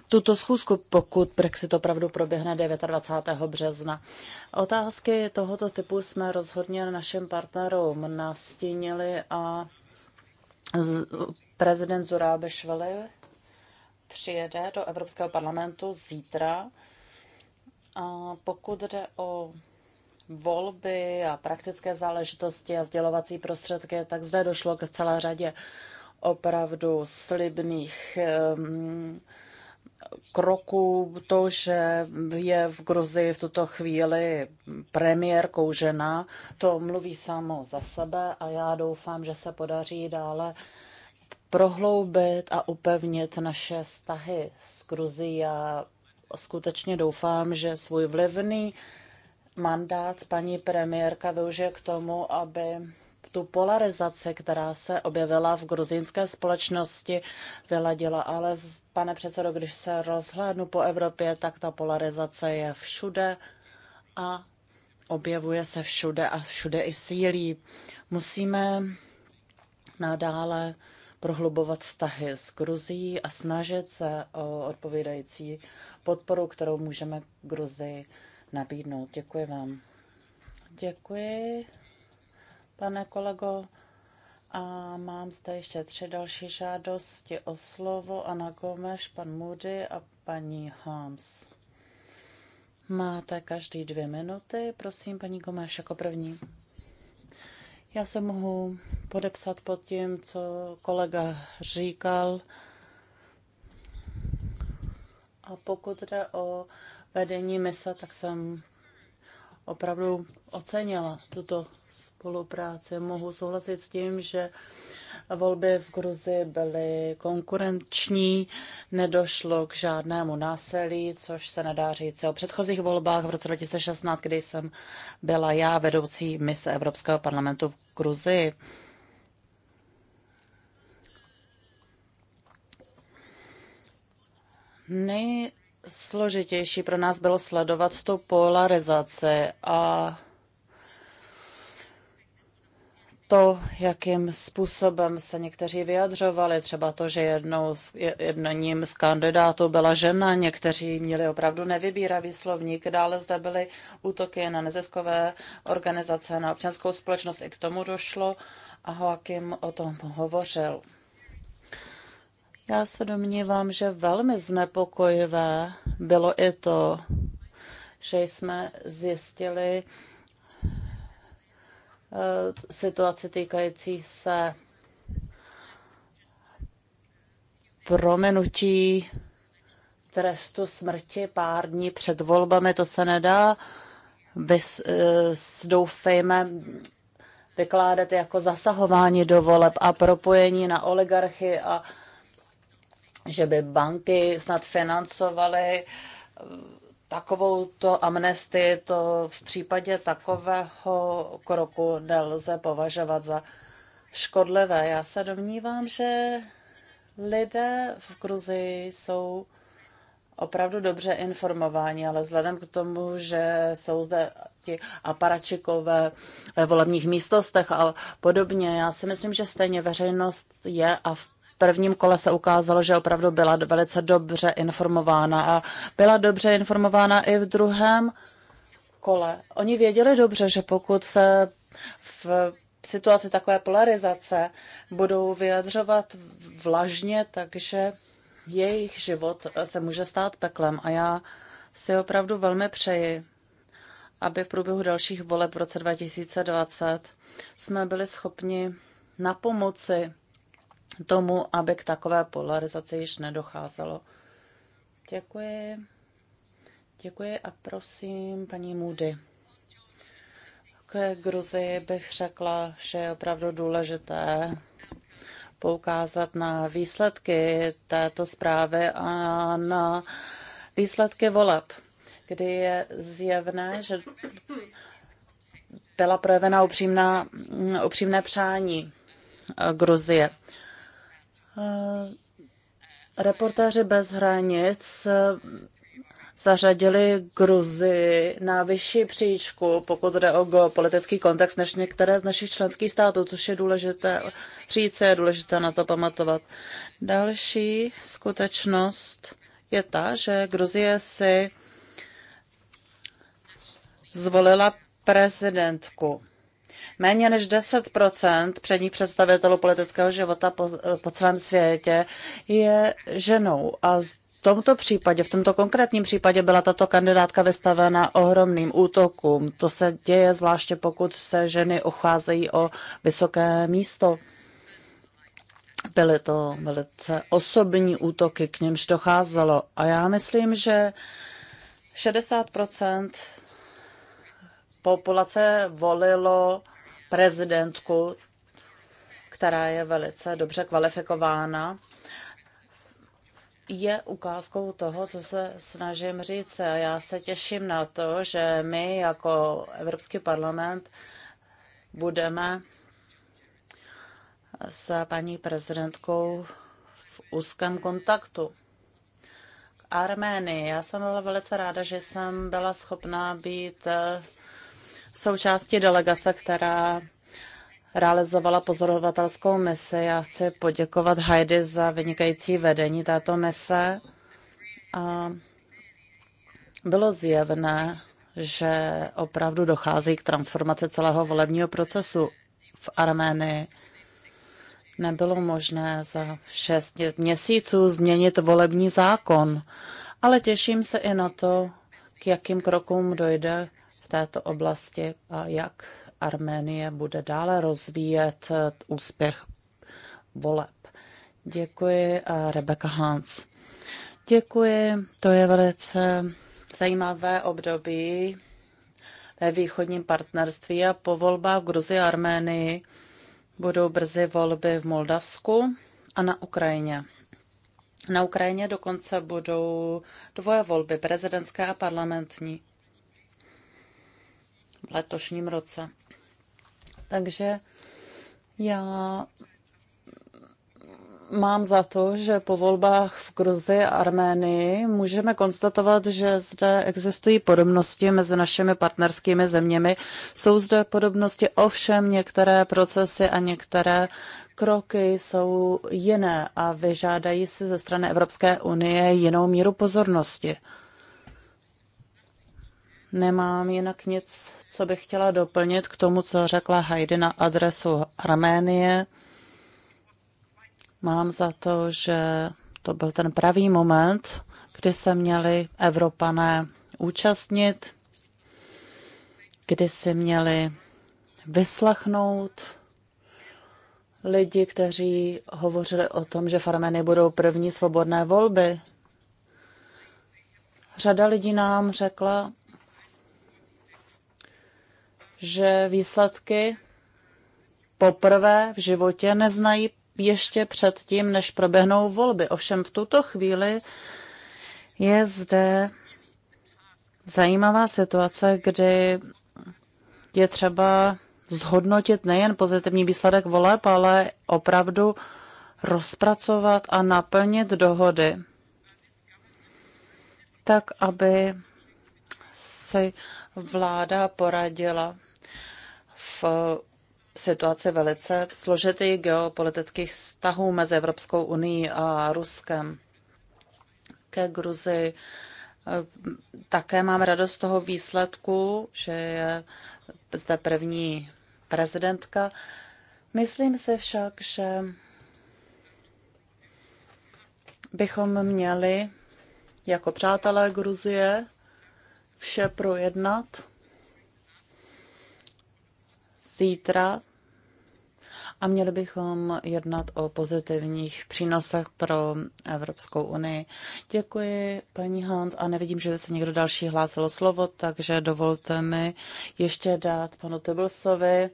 tuto schůzku, pokud Brexit opravdu proběhne 29. března. Otázky tohoto typu jsme rozhodně našim partnerům nastínili a prezident Zurábešvili přijede do Evropského parlamentu zítra. A pokud jde o volby a praktické záležitosti a sdělovací prostředky, tak zde došlo k celé řadě opravdu slibných kroků. To, že je v Gruzii v tuto chvíli premiérkou žena, to mluví samo za sebe a já doufám, že se podaří dále prohloubit a upevnit naše vztahy s Gruzií. Já skutečně doufám, že svůj vlivný mandát paní premiérka využije k tomu, aby tu polarizaci, která se objevila v gruzínské společnosti, vyladila. Ale, pane předsedo, když se rozhlédnu po Evropě, tak ta polarizace je všude a objevuje se všude a všude i sílí. Musíme nadále prohlubovat vztahy s Gruzií a snažit se o odpovídající podporu, kterou můžeme Gruzii nabídnout. Děkuji vám. Děkuji, pane kolego. A mám zde ještě tři další žádosti o slovo. Ana Gomeš, pan Moody a paní Hams. Máte každý dvě minuty. Prosím, paní Gomeš, jako první. Já se mohu podepsat pod tím, co kolega říkal. A pokud jde o vedení mise, tak jsem opravdu ocenila tuto spolupráci. Mohu souhlasit s tím, že volby v Gruzi byly konkurenční, nedošlo k žádnému násilí, což se nedá říct o předchozích volbách v roce 2016, kdy jsem byla já vedoucí mise Evropského parlamentu v Gruzii. Nej, složitější pro nás bylo sledovat tu polarizaci a to, jakým způsobem se někteří vyjadřovali, třeba to, že jednou, jedním z kandidátů byla žena, někteří měli opravdu nevybíravý slovník, dále zde byly útoky na neziskové organizace, na občanskou společnost, i k tomu došlo a Joachim o tom hovořil. Já se domnívám, že velmi znepokojivé bylo i to, že jsme zjistili eh, situaci týkající se promenutí trestu smrti pár dní před volbami. To se nedá, vys, eh, doufejme, vykládat jako zasahování do voleb a propojení na oligarchy a že by banky snad financovaly eh, takovou to amnestii, to v případě takového kroku nelze považovat za škodlivé. Já se domnívám, že lidé v Gruzii jsou opravdu dobře informováni, ale vzhledem k tomu, že jsou zde ti aparačikové ve volebních místostech a podobně, já si myslím, že stejně veřejnost je a v prvním kole se ukázalo, že opravdu byla velice dobře informována a byla dobře informována i v druhém kole. Oni věděli dobře, že pokud se v situaci takové polarizace budou vyjadřovat vlažně, takže jejich život se může stát peklem a já si opravdu velmi přeji, aby v průběhu dalších voleb v roce 2020 jsme byli schopni na pomoci tomu, aby k takové polarizaci již nedocházelo. Děkuji. Děkuji a prosím paní Moody. K Gruzii bych řekla, že je opravdu důležité poukázat na výsledky této zprávy a na výsledky voleb, kdy je zjevné, že byla projevena upřímná, upřímné přání Gruzie. Eh, reportéři bez hranic eh, zařadili Gruzi na vyšší příčku, pokud jde o politický kontext, než některé z našich členských států, což je důležité říct, je důležité na to pamatovat. Další skutečnost je ta, že Gruzie si zvolila prezidentku. Méně než 10 předních představitelů politického života po, po celém světě je ženou a v tomto případě, v tomto konkrétním případě byla tato kandidátka vystavena ohromným útokům. To se děje zvláště pokud se ženy ocházejí o vysoké místo. Byly to velice osobní útoky, k němž docházelo. A já myslím, že 60 populace volilo prezidentku, která je velice dobře kvalifikována, je ukázkou toho, co se snažím říct. A já se těším na to, že my jako Evropský parlament budeme s paní prezidentkou v úzkém kontaktu. Arménii. Já jsem byla velice ráda, že jsem byla schopná být součástí delegace, která realizovala pozorovatelskou misi. Já chci poděkovat Heidi za vynikající vedení této mise. A bylo zjevné, že opravdu dochází k transformaci celého volebního procesu v Arménii. Nebylo možné za šest měsíců změnit volební zákon, ale těším se i na to, k jakým krokům dojde této oblasti a jak Arménie bude dále rozvíjet eh, úspěch voleb. Děkuji, eh, Rebecca Hans. Děkuji, to je velice zajímavé období ve východním partnerství a po volbách v Gruzii a Arménii budou brzy volby v Moldavsku a na Ukrajině. Na Ukrajině dokonce budou dvoje volby, prezidentská a parlamentní v letošním roce. Takže já mám za to, že po volbách v Gruzi a Arménii můžeme konstatovat, že zde existují podobnosti mezi našimi partnerskými zeměmi. Jsou zde podobnosti, ovšem některé procesy a některé kroky jsou jiné a vyžádají si ze strany Evropské unie jinou míru pozornosti. Nemám jinak nic, co bych chtěla doplnit k tomu, co řekla Heidi na adresu Arménie. Mám za to, že to byl ten pravý moment, kdy se měli Evropané účastnit, kdy si měli vyslachnout lidi, kteří hovořili o tom, že v budou první svobodné volby. Řada lidí nám řekla, že výsledky poprvé v životě neznají ještě předtím, než proběhnou volby. Ovšem v tuto chvíli je zde zajímavá situace, kdy je třeba zhodnotit nejen pozitivní výsledek voleb, ale opravdu rozpracovat a naplnit dohody tak, aby si vláda poradila v eh, situaci velice složitých geopolitických vztahů mezi Evropskou unii a Ruskem. Ke Gruzi eh, také mám radost z toho výsledku, že je zde první prezidentka. Myslím si však, že bychom měli jako přátelé Gruzie vše projednat zítra a měli bychom jednat o pozitivních přínosech pro Evropskou unii. Děkuji, paní Hans, a nevidím, že by se někdo další hlásil slovo, takže dovolte mi ještě dát panu Teblsovi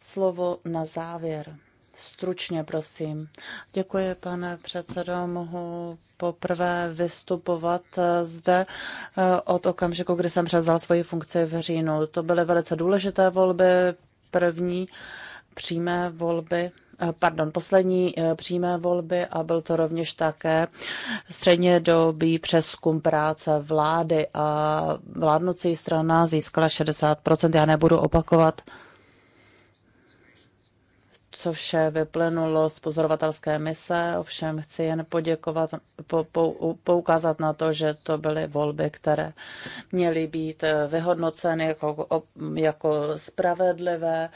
slovo na závěr. Stručně, prosím. Děkuji, pane předsedo. Mohu poprvé vystupovat zde eh, od okamžiku, kdy jsem převzal svoji funkci v říjnu. To byly velice důležité volby první přímé volby eh, pardon, poslední eh, přímé volby a byl to rovněž také středně dobý přeskum práce vlády a vládnoucí strana získala 60%. Já nebudu opakovat co vše vyplynulo z pozorovatelské mise. Ovšem chci jen poděkovat, po, po, poukázat na to, že to byly volby, které měly být eh, vyhodnoceny jako, jako spravedlivé,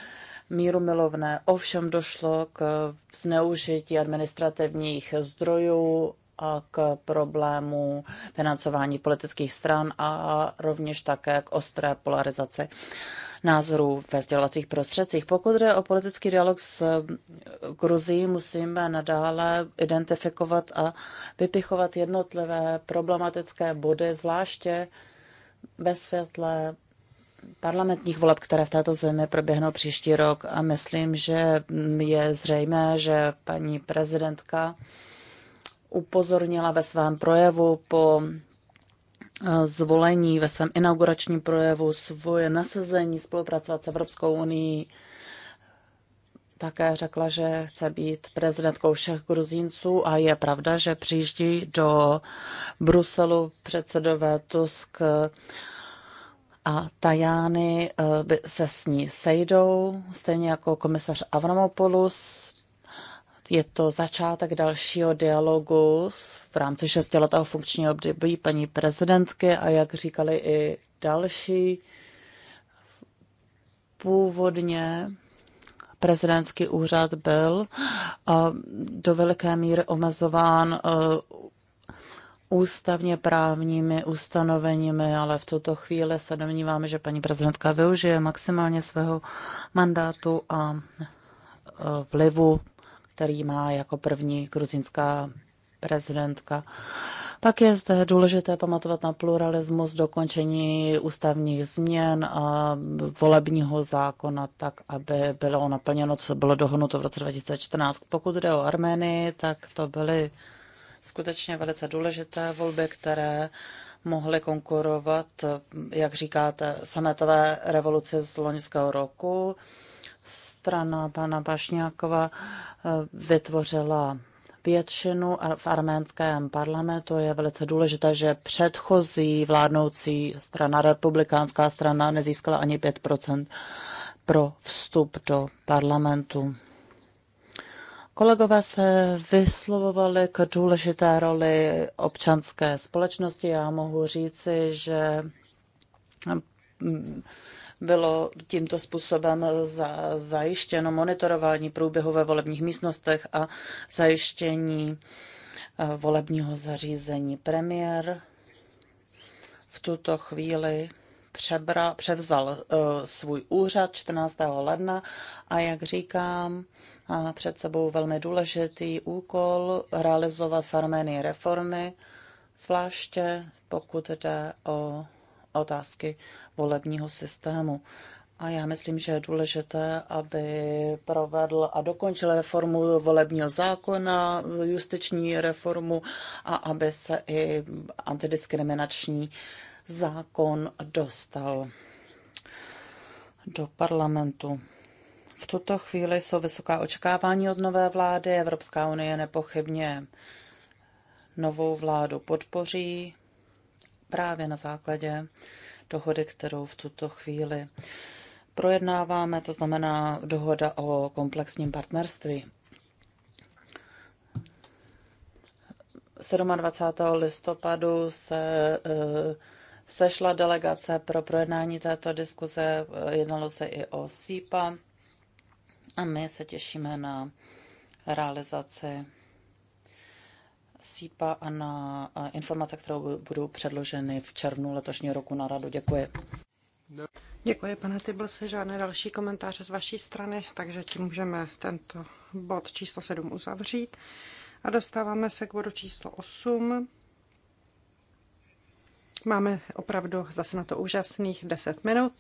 mírumilovné. Ovšem došlo k eh, zneužití administrativních zdrojů a k problému financování politických stran a rovněž také k ostré polarizaci názorů ve sdělovacích prostředcích. Pokud jde o politický dialog s eh, Gruzií, musíme nadále identifikovat a vypichovat jednotlivé problematické body, zvláště ve světle parlamentních voleb, které v této zemi proběhnou příští rok. A myslím, že je zřejmé, že paní prezidentka upozornila ve svém projevu po eh, zvolení, ve svém inauguračním projevu svoje nasazení spolupracovat s Evropskou unii. Také řekla, že chce být prezidentkou všech Gruzínců a je pravda, že přijíždí do Bruselu předsedové Tusk a Tajány eh, se s ní sejdou, stejně jako komisař Avramopoulos je to začátek dalšího dialogu v rámci šestiletého funkčního období paní prezidentky a jak říkali i další, původně prezidentský úřad byl do veliké míry omezován e, ústavně právními ustanoveními, ale v tuto chvíli se domníváme, že paní prezidentka využije maximálně svého mandátu a e, vlivu který má jako první gruzinská prezidentka. Pak je zde důležité pamatovat na pluralismus, dokončení ústavních změn a volebního zákona tak, aby bylo naplněno, co bylo dohodnuto v roce 2014. Pokud jde o Arménii, tak to byly skutečně velice důležité volby, které mohly konkurovat, jak říkáte, sametové revoluce z loňského roku strana pana Bašňákova eh, vytvořila většinu v arménském parlamentu. Je velice důležité, že předchozí vládnoucí strana, republikánská strana, nezískala ani 5% pro vstup do parlamentu. Kolegové se vyslovovali k důležité roli občanské společnosti. Já mohu říci, že bylo tímto způsobem za, zajištěno monitorování průběhu ve volebních místnostech a zajištění eh, volebního zařízení. Premiér v tuto chvíli přebra, převzal uh, svůj úřad 14. ledna a jak říkám, má před sebou velmi důležitý úkol realizovat farmény reformy, zvláště pokud jde o otázky volebního systému. A já myslím, že je důležité, aby provedl a dokončil reformu volebního zákona, justiční reformu a aby se i antidiskriminační zákon dostal do parlamentu. V tuto chvíli jsou vysoká očekávání od nové vlády. Evropská unie nepochybně novou vládu podpoří právě na základě dohody, kterou v tuto chvíli projednáváme, to znamená dohoda o komplexním partnerství. 27. listopadu se eh, sešla delegace pro projednání této diskuze, eh, jednalo se i o SIPA a my se těšíme na realizaci SIPA a na informace, kterou budou předloženy v červnu letošního roku na radu. Děkuji. Děkuji, pane Tyblse. Žádné další komentáře z vaší strany, takže tím můžeme tento bod číslo 7 uzavřít. A dostáváme se k bodu číslo 8. Máme opravdu zase na to úžasných 10 minut.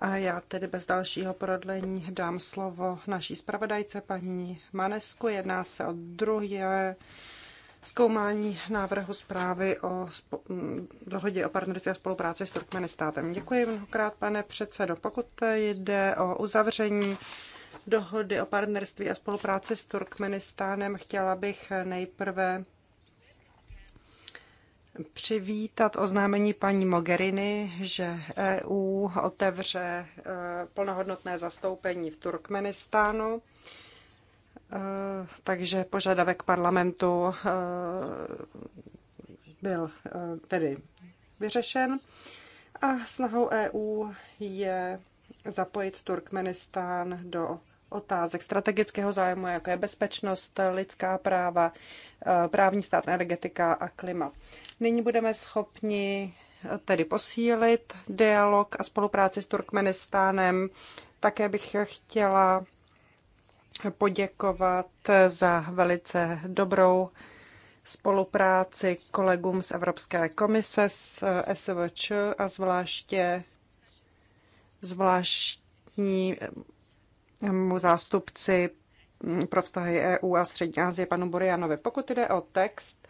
A já tedy bez dalšího prodlení dám slovo naší zpravodajce paní Manesku. Jedná se o druhé zkoumání návrhu zprávy o dohodě o partnerství a spolupráci s Turkmenistátem. Děkuji mnohokrát, pane předsedo. Pokud jde o uzavření dohody o partnerství a spolupráci s Turkmenistánem, chtěla bych nejprve přivítat oznámení paní Mogherini, že EU otevře e, plnohodnotné zastoupení v Turkmenistánu. Eh, takže požadavek parlamentu eh, byl eh, tedy vyřešen. A snahou EU je zapojit Turkmenistán do otázek strategického zájmu, jako je bezpečnost, lidská práva, právní stát, energetika a klima. Nyní budeme schopni tedy posílit dialog a spolupráci s Turkmenistánem. Také bych chtěla poděkovat za velice dobrou spolupráci kolegům z Evropské komise, z eh, SVČ a zvláště zvláštnímu eh, zástupci hm, pro vztahy EU a Střední Asie panu Borianovi. Pokud jde o text,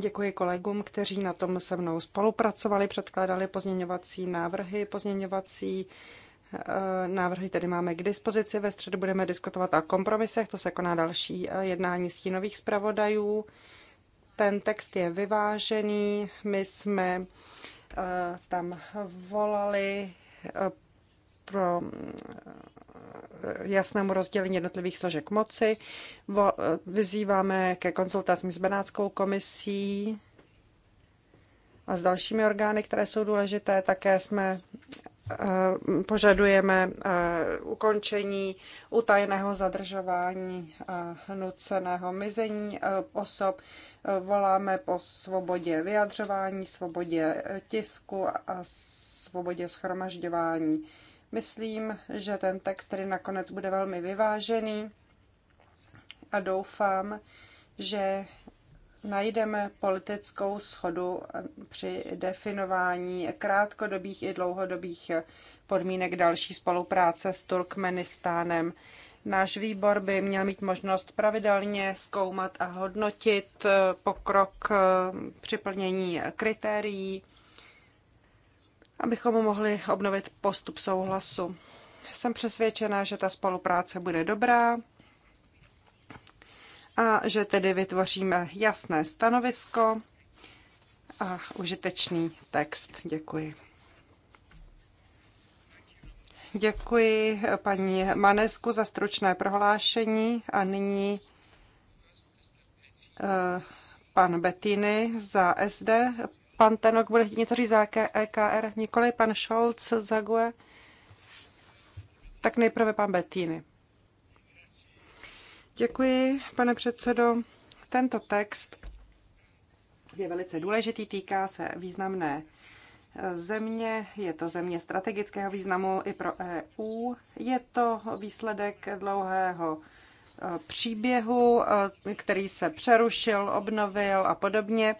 Děkuji kolegům, kteří na tom se mnou spolupracovali, předkládali pozměňovací návrhy. Pozměňovací Eh, návrhy tedy máme k dispozici. Ve středu budeme diskutovat o kompromisech. To se koná další eh, jednání stínových zpravodajů. Ten text je vyvážený. My jsme eh, tam volali pro jasnému rozdělení jednotlivých složek moci. Vyzýváme ke konzultacím s Benátskou komisí a s dalšími orgány, které jsou důležité. Také jsme Eh, požadujeme eh, ukončení utajeného zadržování a eh, nuceného mizení osob. Voláme po svobodě vyjadřování, svobodě tisku a svobodě schromažďování. Myslím, že ten text tedy nakonec bude velmi vyvážený a doufám, že najdeme politickou schodu při definování krátkodobých i dlouhodobých podmínek další spolupráce s Turkmenistánem. Náš výbor by měl mít možnost pravidelně zkoumat a hodnotit pokrok při plnění kritérií, abychom mohli obnovit postup souhlasu. Jsem přesvědčena, že ta spolupráce bude dobrá a že tedy vytvoříme jasné stanovisko a užitečný text. Děkuji. Děkuji paní Manesku za stručné prohlášení a nyní eh, pan Bettiny za SD. Pan Tenok bude chtít něco říct za EKR, nikoli pan Scholz za GUE. Tak nejprve pan Bettiny. Děkuji, pane předsedo. Tento text je velice důležitý, týká se významné země, je to země strategického významu i pro EU. Je to výsledek dlouhého e, příběhu, e, který se přerušil, obnovil a podobně.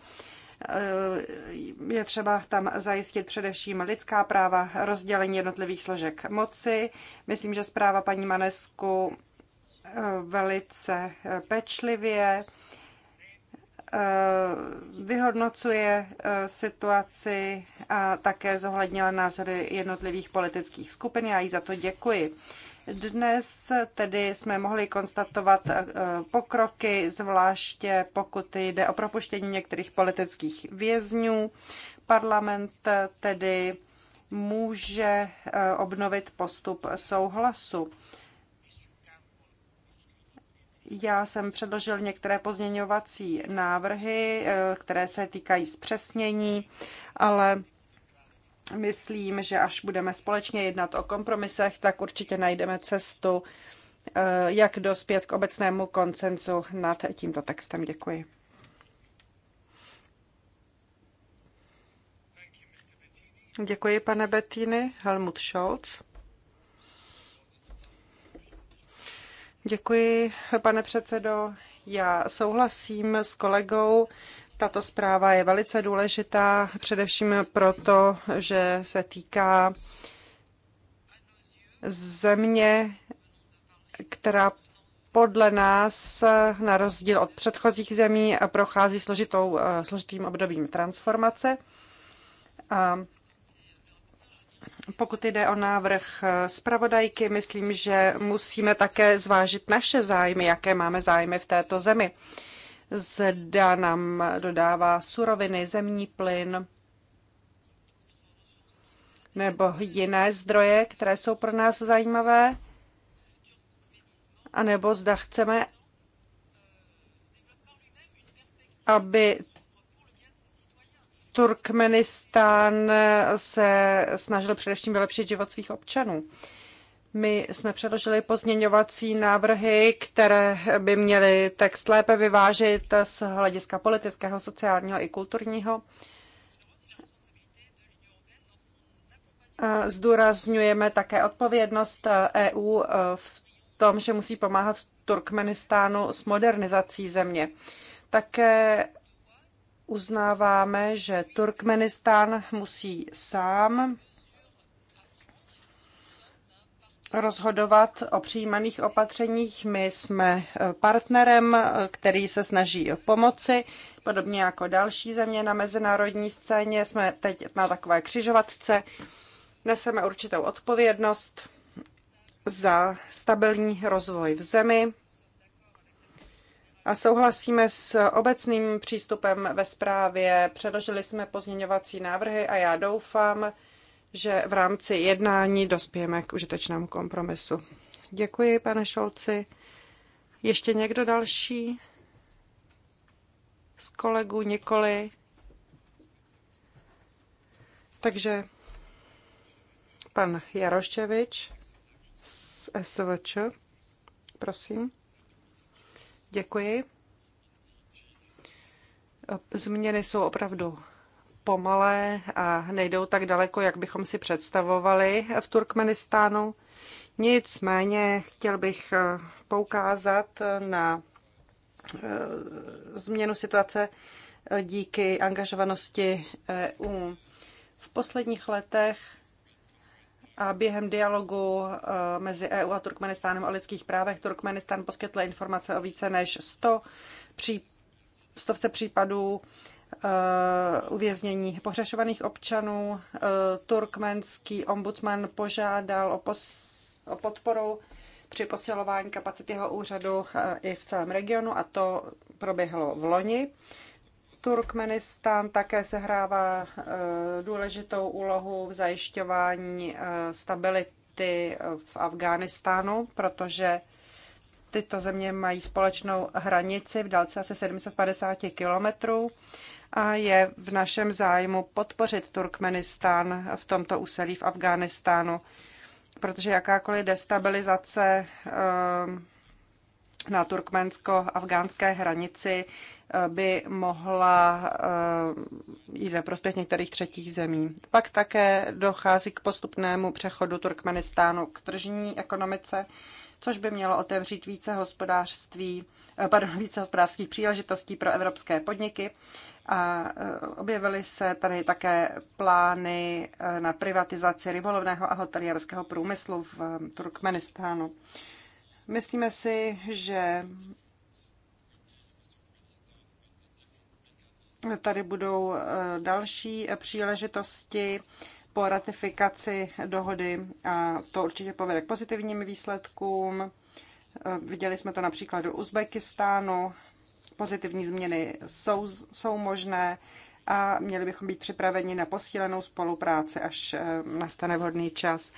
E, je třeba tam zajistit především lidská práva, rozdělení jednotlivých složek moci. Myslím, že zpráva paní Manesku velice eh, pečlivě, eh, vyhodnocuje eh, situaci a také zohlednila názory jednotlivých politických skupin. Já jí za to děkuji. Dnes tedy jsme mohli konstatovat pokroky, zvláště pokud jde o propuštění některých politických vězňů. Parlament tedy může obnovit postup souhlasu. Já jsem předložil některé pozměňovací návrhy, eh, které se týkají zpřesnění, ale myslím, že až budeme společně jednat o kompromisech, tak určitě najdeme cestu, eh, jak dospět k obecnému koncenzu nad tímto textem. Děkuji. Děkuji, pane Bettini. Helmut Scholz. Děkuji, pane předsedo. Já souhlasím s kolegou. Tato zpráva je velice důležitá, především proto, že se týká země, která podle nás, na rozdíl od předchozích zemí, prochází složitou, složitým obdobím transformace. A pokud jde o návrh eh, zpravodajky, myslím, že musíme také zvážit naše zájmy, jaké máme zájmy v této zemi. Zda nám dodává suroviny, zemní plyn nebo jiné zdroje, které jsou pro nás zajímavé, anebo zda chceme, aby Turkmenistán se snažil především vylepšit život svých občanů. My jsme předložili pozměňovací návrhy, které by měly text lépe vyvážit z hlediska politického, sociálního i kulturního. Zdůrazňujeme také odpovědnost EU v tom, že musí pomáhat Turkmenistánu s modernizací země. Také uznáváme, že Turkmenistán musí sám rozhodovat o přijímaných opatřeních. My jsme eh, partnerem, eh, který se snaží o pomoci, podobně jako další země na mezinárodní scéně. Jsme teď na takové křižovatce, neseme určitou odpovědnost za stabilní rozvoj v zemi a souhlasíme s obecným přístupem ve zprávě. Předložili jsme pozměňovací návrhy a já doufám, že v rámci jednání dospějeme k užitečnému kompromisu. Děkuji, pane Šolci. Ještě někdo další? Z kolegů nikoli. Takže pan Jaroščevič z SVČ, prosím. Děkuji. Změny jsou opravdu pomalé a nejdou tak daleko, jak bychom si představovali v Turkmenistánu. Nicméně chtěl bych eh, poukázat na eh, změnu situace eh, díky angažovanosti EU. V posledních letech a během dialogu eh, mezi EU a Turkmenistánem o lidských právech Turkmenistán poskytl informace o více než 100 pří, stovce případů eh, uvěznění pohřešovaných občanů. Eh, turkmenský ombudsman požádal o, pos, o podporu při posilování kapacit jeho úřadu i v celém regionu a to proběhlo v loni. Turkmenistán také sehrává eh, důležitou úlohu v zajišťování eh, stability eh, v Afghánistánu, protože tyto země mají společnou hranici v délce asi 750 kilometrů a je v našem zájmu podpořit Turkmenistán v tomto úsilí v Afghánistánu, protože jakákoliv destabilizace na turkmensko-afgánské hranici eh, by mohla eh, jít ve prospěch některých třetích zemí. Pak také dochází k postupnému přechodu Turkmenistánu k tržní ekonomice, což by mělo otevřít více, hospodářství, eh, pardon, více hospodářských příležitostí pro evropské podniky. A objevily se tady také plány na privatizaci rybolovného a hotelierského průmyslu v Turkmenistánu. Myslíme si, že tady budou eh, další příležitosti po ratifikaci dohody a to určitě povede k pozitivním výsledkům. Eh, viděli jsme to například u Uzbekistánu. Pozitivní změny jsou, jsou možné a měli bychom být připraveni na posílenou spolupráci, až eh, nastane vhodný čas.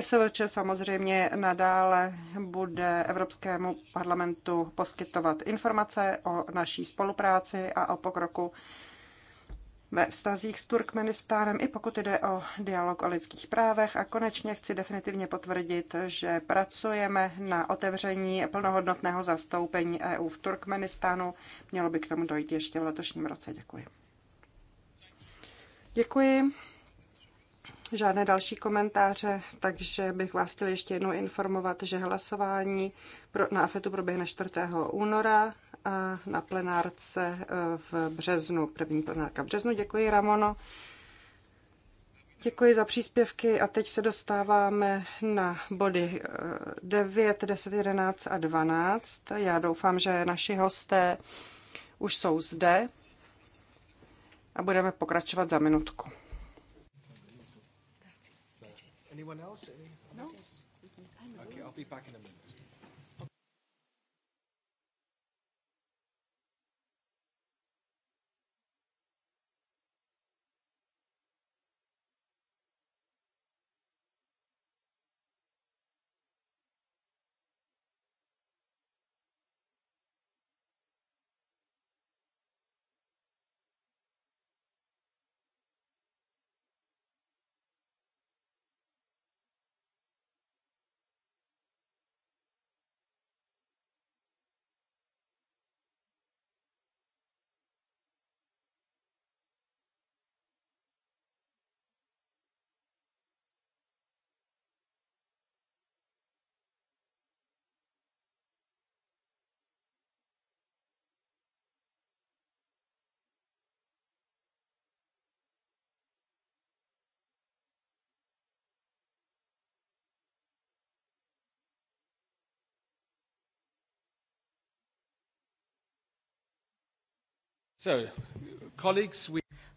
SVČ samozřejmě nadále bude Evropskému parlamentu poskytovat informace o naší spolupráci a o pokroku ve vztazích s Turkmenistánem, i pokud jde o dialog o lidských právech. A konečně chci definitivně potvrdit, že pracujeme na otevření plnohodnotného zastoupení EU v Turkmenistánu. Mělo by k tomu dojít ještě v letošním roce. Děkuji. Děkuji. Žádné další komentáře, takže bych vás chtěl ještě jednou informovat, že hlasování pro, na AFETu proběhne 4. února a na plenárce eh, v březnu, první plenárka v březnu. Děkuji, Ramono. Děkuji za příspěvky a teď se dostáváme na body 9, 10, 11 a 12. Já doufám, že naši hosté už jsou zde a budeme pokračovat za minutku. Anyone else? Any? No. Okay, I'll be back in a minute.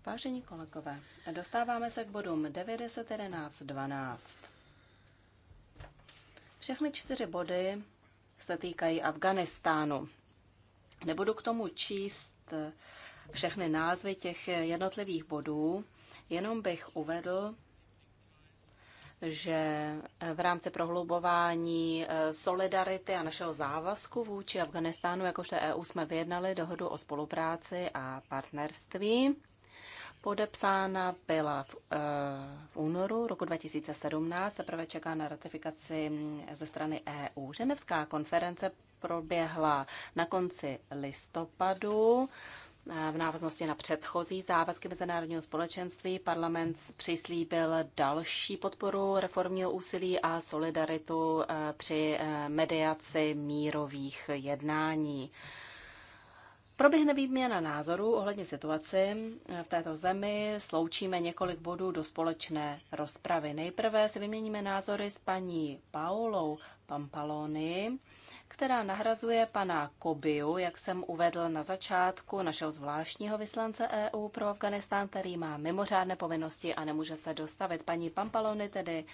Vážení kolegové, dostáváme se k bodům 9, 11, 12. Všechny čtyři body se týkají Afganistánu. Nebudu k tomu číst všechny názvy těch jednotlivých bodů, jenom bych uvedl, že eh, v rámci prohlubování eh, solidarity a našeho závazku vůči Afganistánu, jakožto EU, jsme vyjednali dohodu o spolupráci a partnerství. Podepsána byla v, eh, v únoru roku 2017 a prvé čeká na ratifikaci mm, ze strany EU. Ženevská konference proběhla na konci listopadu v návaznosti na předchozí závazky mezinárodního společenství parlament přislíbil další podporu reformního úsilí a solidaritu eh, při eh, mediaci mírových jednání. Proběhne výměna názorů ohledně situaci eh, v této zemi, sloučíme několik bodů do společné rozpravy. Nejprve si vyměníme názory s paní Paulou Pampaloni která nahrazuje pana Kobiu, jak jsem uvedl na začátku, našeho zvláštního vyslance EU pro Afganistán, který má mimořádné povinnosti a nemůže se dostavit. Paní Pampalony tedy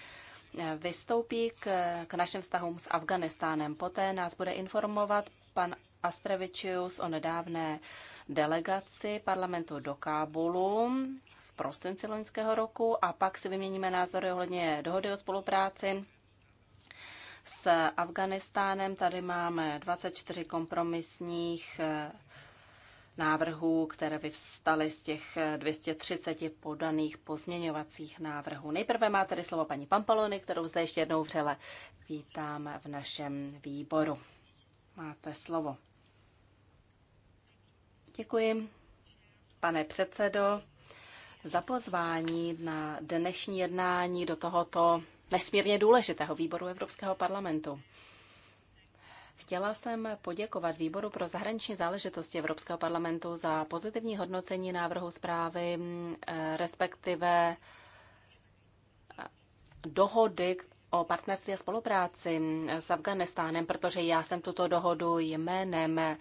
eh, vystoupí k, k našim vztahům s Afganistánem. Poté nás bude informovat pan Astrevičius o nedávné delegaci parlamentu do Kábulu v prosinci loňského roku a pak si vyměníme názory ohledně dohody o spolupráci s Afganistánem. Tady máme 24 kompromisních eh, návrhů, které vyvstaly z těch 230 eh, podaných pozměňovacích návrhů. Nejprve má tedy slovo paní Pampalony, kterou zde ještě jednou vřele vítám v našem výboru. Máte slovo. Děkuji, pane předsedo, za pozvání na dnešní jednání do tohoto nesmírně důležitého výboru Evropského parlamentu. Chtěla jsem poděkovat Výboru pro zahraniční záležitosti Evropského parlamentu za pozitivní hodnocení návrhu zprávy, mm, eh, respektive eh, dohody o partnerství a spolupráci mm, s Afganistánem, protože já jsem tuto dohodu jménem eh,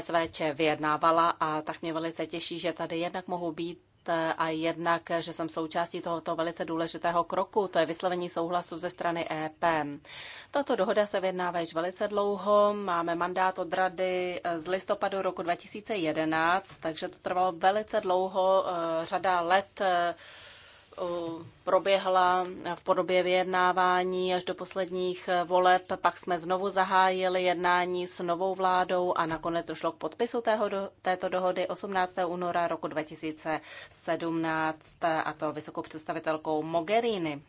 SVČ vyjednávala a tak mě velice těší, že tady jednak mohu být a jednak, že jsem součástí tohoto velice důležitého kroku, to je vyslovení souhlasu ze strany EP. Tato dohoda se vyjednává již velice dlouho, máme mandát od rady eh, z listopadu roku 2011, takže to trvalo velice dlouho, eh, řada let eh, proběhla v podobě vyjednávání až do posledních e, voleb. Pak jsme znovu zahájili jednání s novou vládou a nakonec došlo k podpisu tého, této dohody 18. února roku 2017 a to vysokou představitelkou Mogherini.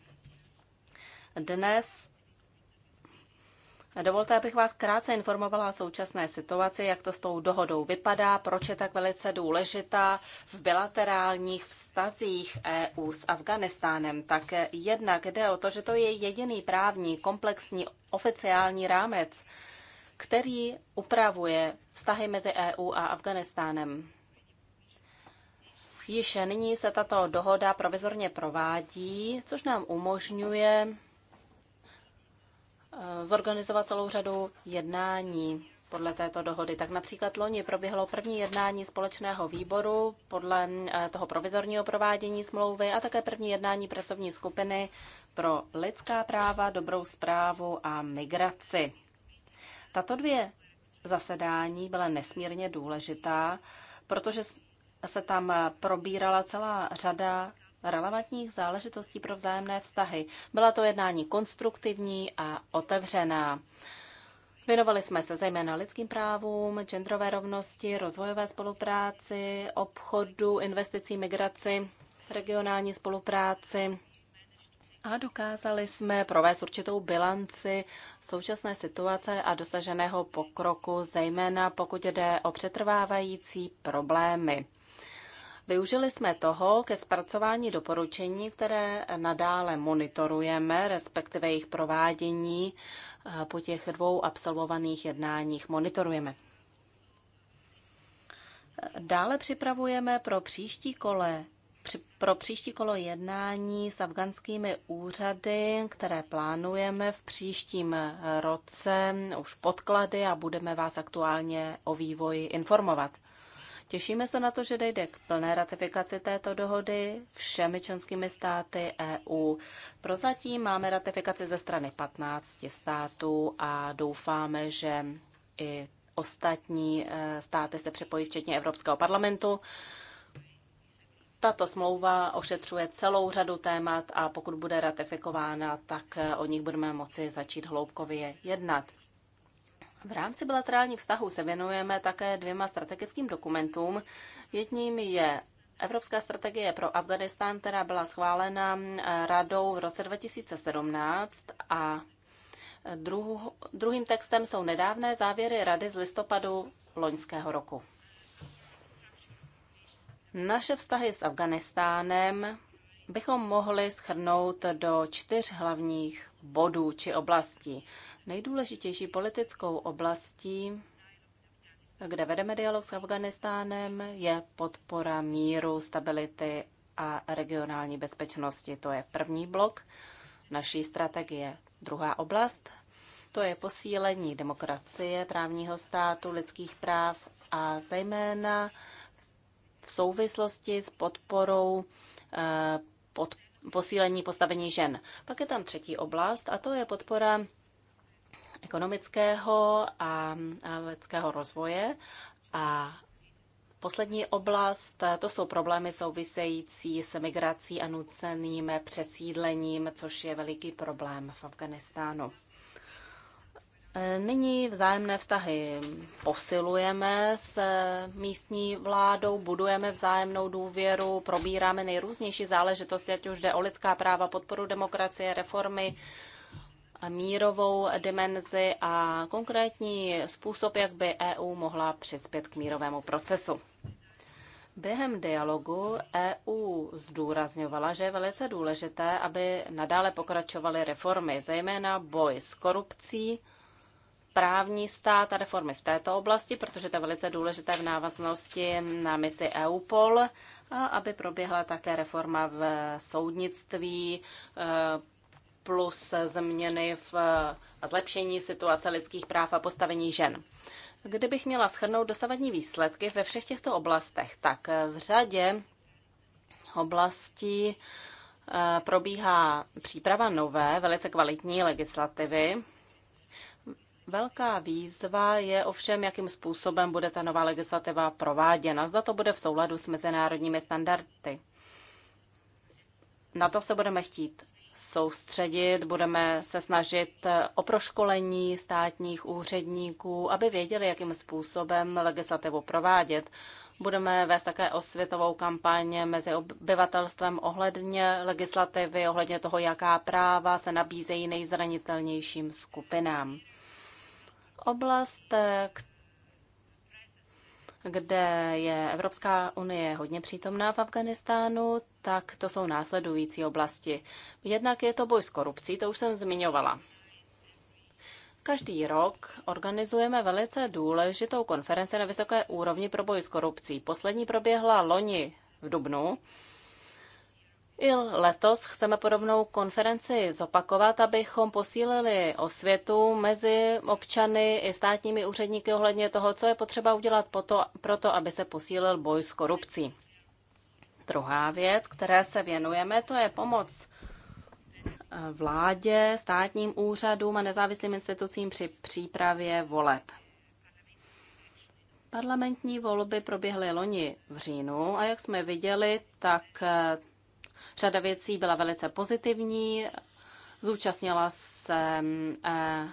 Dnes Dovolte, abych vás krátce informovala o současné situaci, jak to s tou dohodou vypadá, proč je tak velice důležitá v bilaterálních vztazích EU s Afganistánem. Tak jednak jde o to, že to je jediný právní komplexní oficiální rámec, který upravuje vztahy mezi EU a Afganistánem. Již nyní se tato dohoda provizorně provádí, což nám umožňuje Eh, zorganizovat celou řadu jednání podle této dohody. Tak například loni proběhlo první jednání společného výboru podle eh, toho provizorního provádění smlouvy a také první jednání pracovní skupiny pro lidská práva, dobrou zprávu a migraci. Tato dvě zasedání byla nesmírně důležitá, protože se tam probírala celá řada relevantních záležitostí pro vzájemné vztahy. Byla to jednání konstruktivní a otevřená. Věnovali jsme se zejména lidským právům, genderové rovnosti, rozvojové spolupráci, obchodu, investicí, migraci, regionální spolupráci a dokázali jsme provést určitou bilanci současné situace a dosaženého pokroku, zejména pokud jde o přetrvávající problémy. Využili jsme toho ke zpracování doporučení, které nadále monitorujeme, respektive jejich provádění eh, po těch dvou absolvovaných jednáních monitorujeme. Dále připravujeme pro příští kole pro příští kolo jednání s afganskými úřady, které plánujeme v příštím eh, roce, už podklady a budeme vás aktuálně o vývoji informovat. Těšíme se na to, že dojde k plné ratifikaci této dohody všemi členskými státy EU. Prozatím máme ratifikaci ze strany 15 států a doufáme, že i ostatní eh, státy se připojí, včetně Evropského parlamentu. Tato smlouva ošetřuje celou řadu témat a pokud bude ratifikována, tak eh, o nich budeme moci začít hloubkově jednat. V rámci bilaterálních vztahů se věnujeme také dvěma strategickým dokumentům. Jedním je Evropská strategie pro Afganistán, která byla schválena eh, radou v roce 2017 a druhým textem jsou nedávné závěry rady z listopadu loňského roku. Naše vztahy s Afganistánem bychom mohli schrnout do čtyř hlavních bodů či oblastí. Nejdůležitější politickou oblastí, kde vedeme dialog s Afganistánem, je podpora míru, stability a regionální bezpečnosti. To je první blok naší strategie. Druhá oblast, to je posílení demokracie, právního státu, lidských práv a zejména v souvislosti s podporou eh, pod, posílení postavení žen. Pak je tam třetí oblast a to je podpora ekonomického a lidského rozvoje a Poslední oblast, to jsou problémy související s migrací a nuceným přesídlením, což je veliký problém v Afganistánu. E, nyní vzájemné vztahy posilujeme s e, místní vládou, budujeme vzájemnou důvěru, probíráme nejrůznější záležitosti, ať už jde o lidská práva, podporu demokracie, reformy, mírovou dimenzi a konkrétní způsob, jak by EU mohla přispět k mírovému procesu. Během dialogu EU zdůrazňovala, že je velice důležité, aby nadále pokračovaly reformy, zejména boj s korupcí, právní stát a reformy v této oblasti, protože to je velice důležité v návaznosti na misi EUPOL, a aby proběhla také reforma v soudnictví eh, plus změny v zlepšení situace lidských práv a postavení žen. Kdybych měla shrnout dosavadní výsledky ve všech těchto oblastech, tak v řadě oblastí eh, probíhá příprava nové, velice kvalitní legislativy, Velká výzva je ovšem, jakým způsobem bude ta nová legislativa prováděna. Zda to bude v souladu s mezinárodními standardy. Na to se budeme chtít soustředit, budeme se snažit o proškolení státních úředníků, aby věděli, jakým způsobem legislativu provádět. Budeme vést také osvětovou kampaň mezi obyvatelstvem ohledně legislativy, ohledně toho, jaká práva se nabízejí nejzranitelnějším skupinám. Oblast, kde je Evropská unie hodně přítomná v Afganistánu, tak to jsou následující oblasti. Jednak je to boj s korupcí, to už jsem zmiňovala. Každý rok organizujeme velice důležitou konferenci na vysoké úrovni pro boj s korupcí. Poslední proběhla loni v Dubnu i letos chceme podobnou konferenci zopakovat, abychom posílili osvětu mezi občany i státními úředníky ohledně toho, co je potřeba udělat proto, aby se posílil boj s korupcí. Druhá věc, které se věnujeme, to je pomoc eh, vládě, státním úřadům a nezávislým institucím při přípravě voleb. Parlamentní volby proběhly loni v říjnu a jak jsme viděli, tak eh, Řada věcí byla velice pozitivní. Zúčastnila se eh,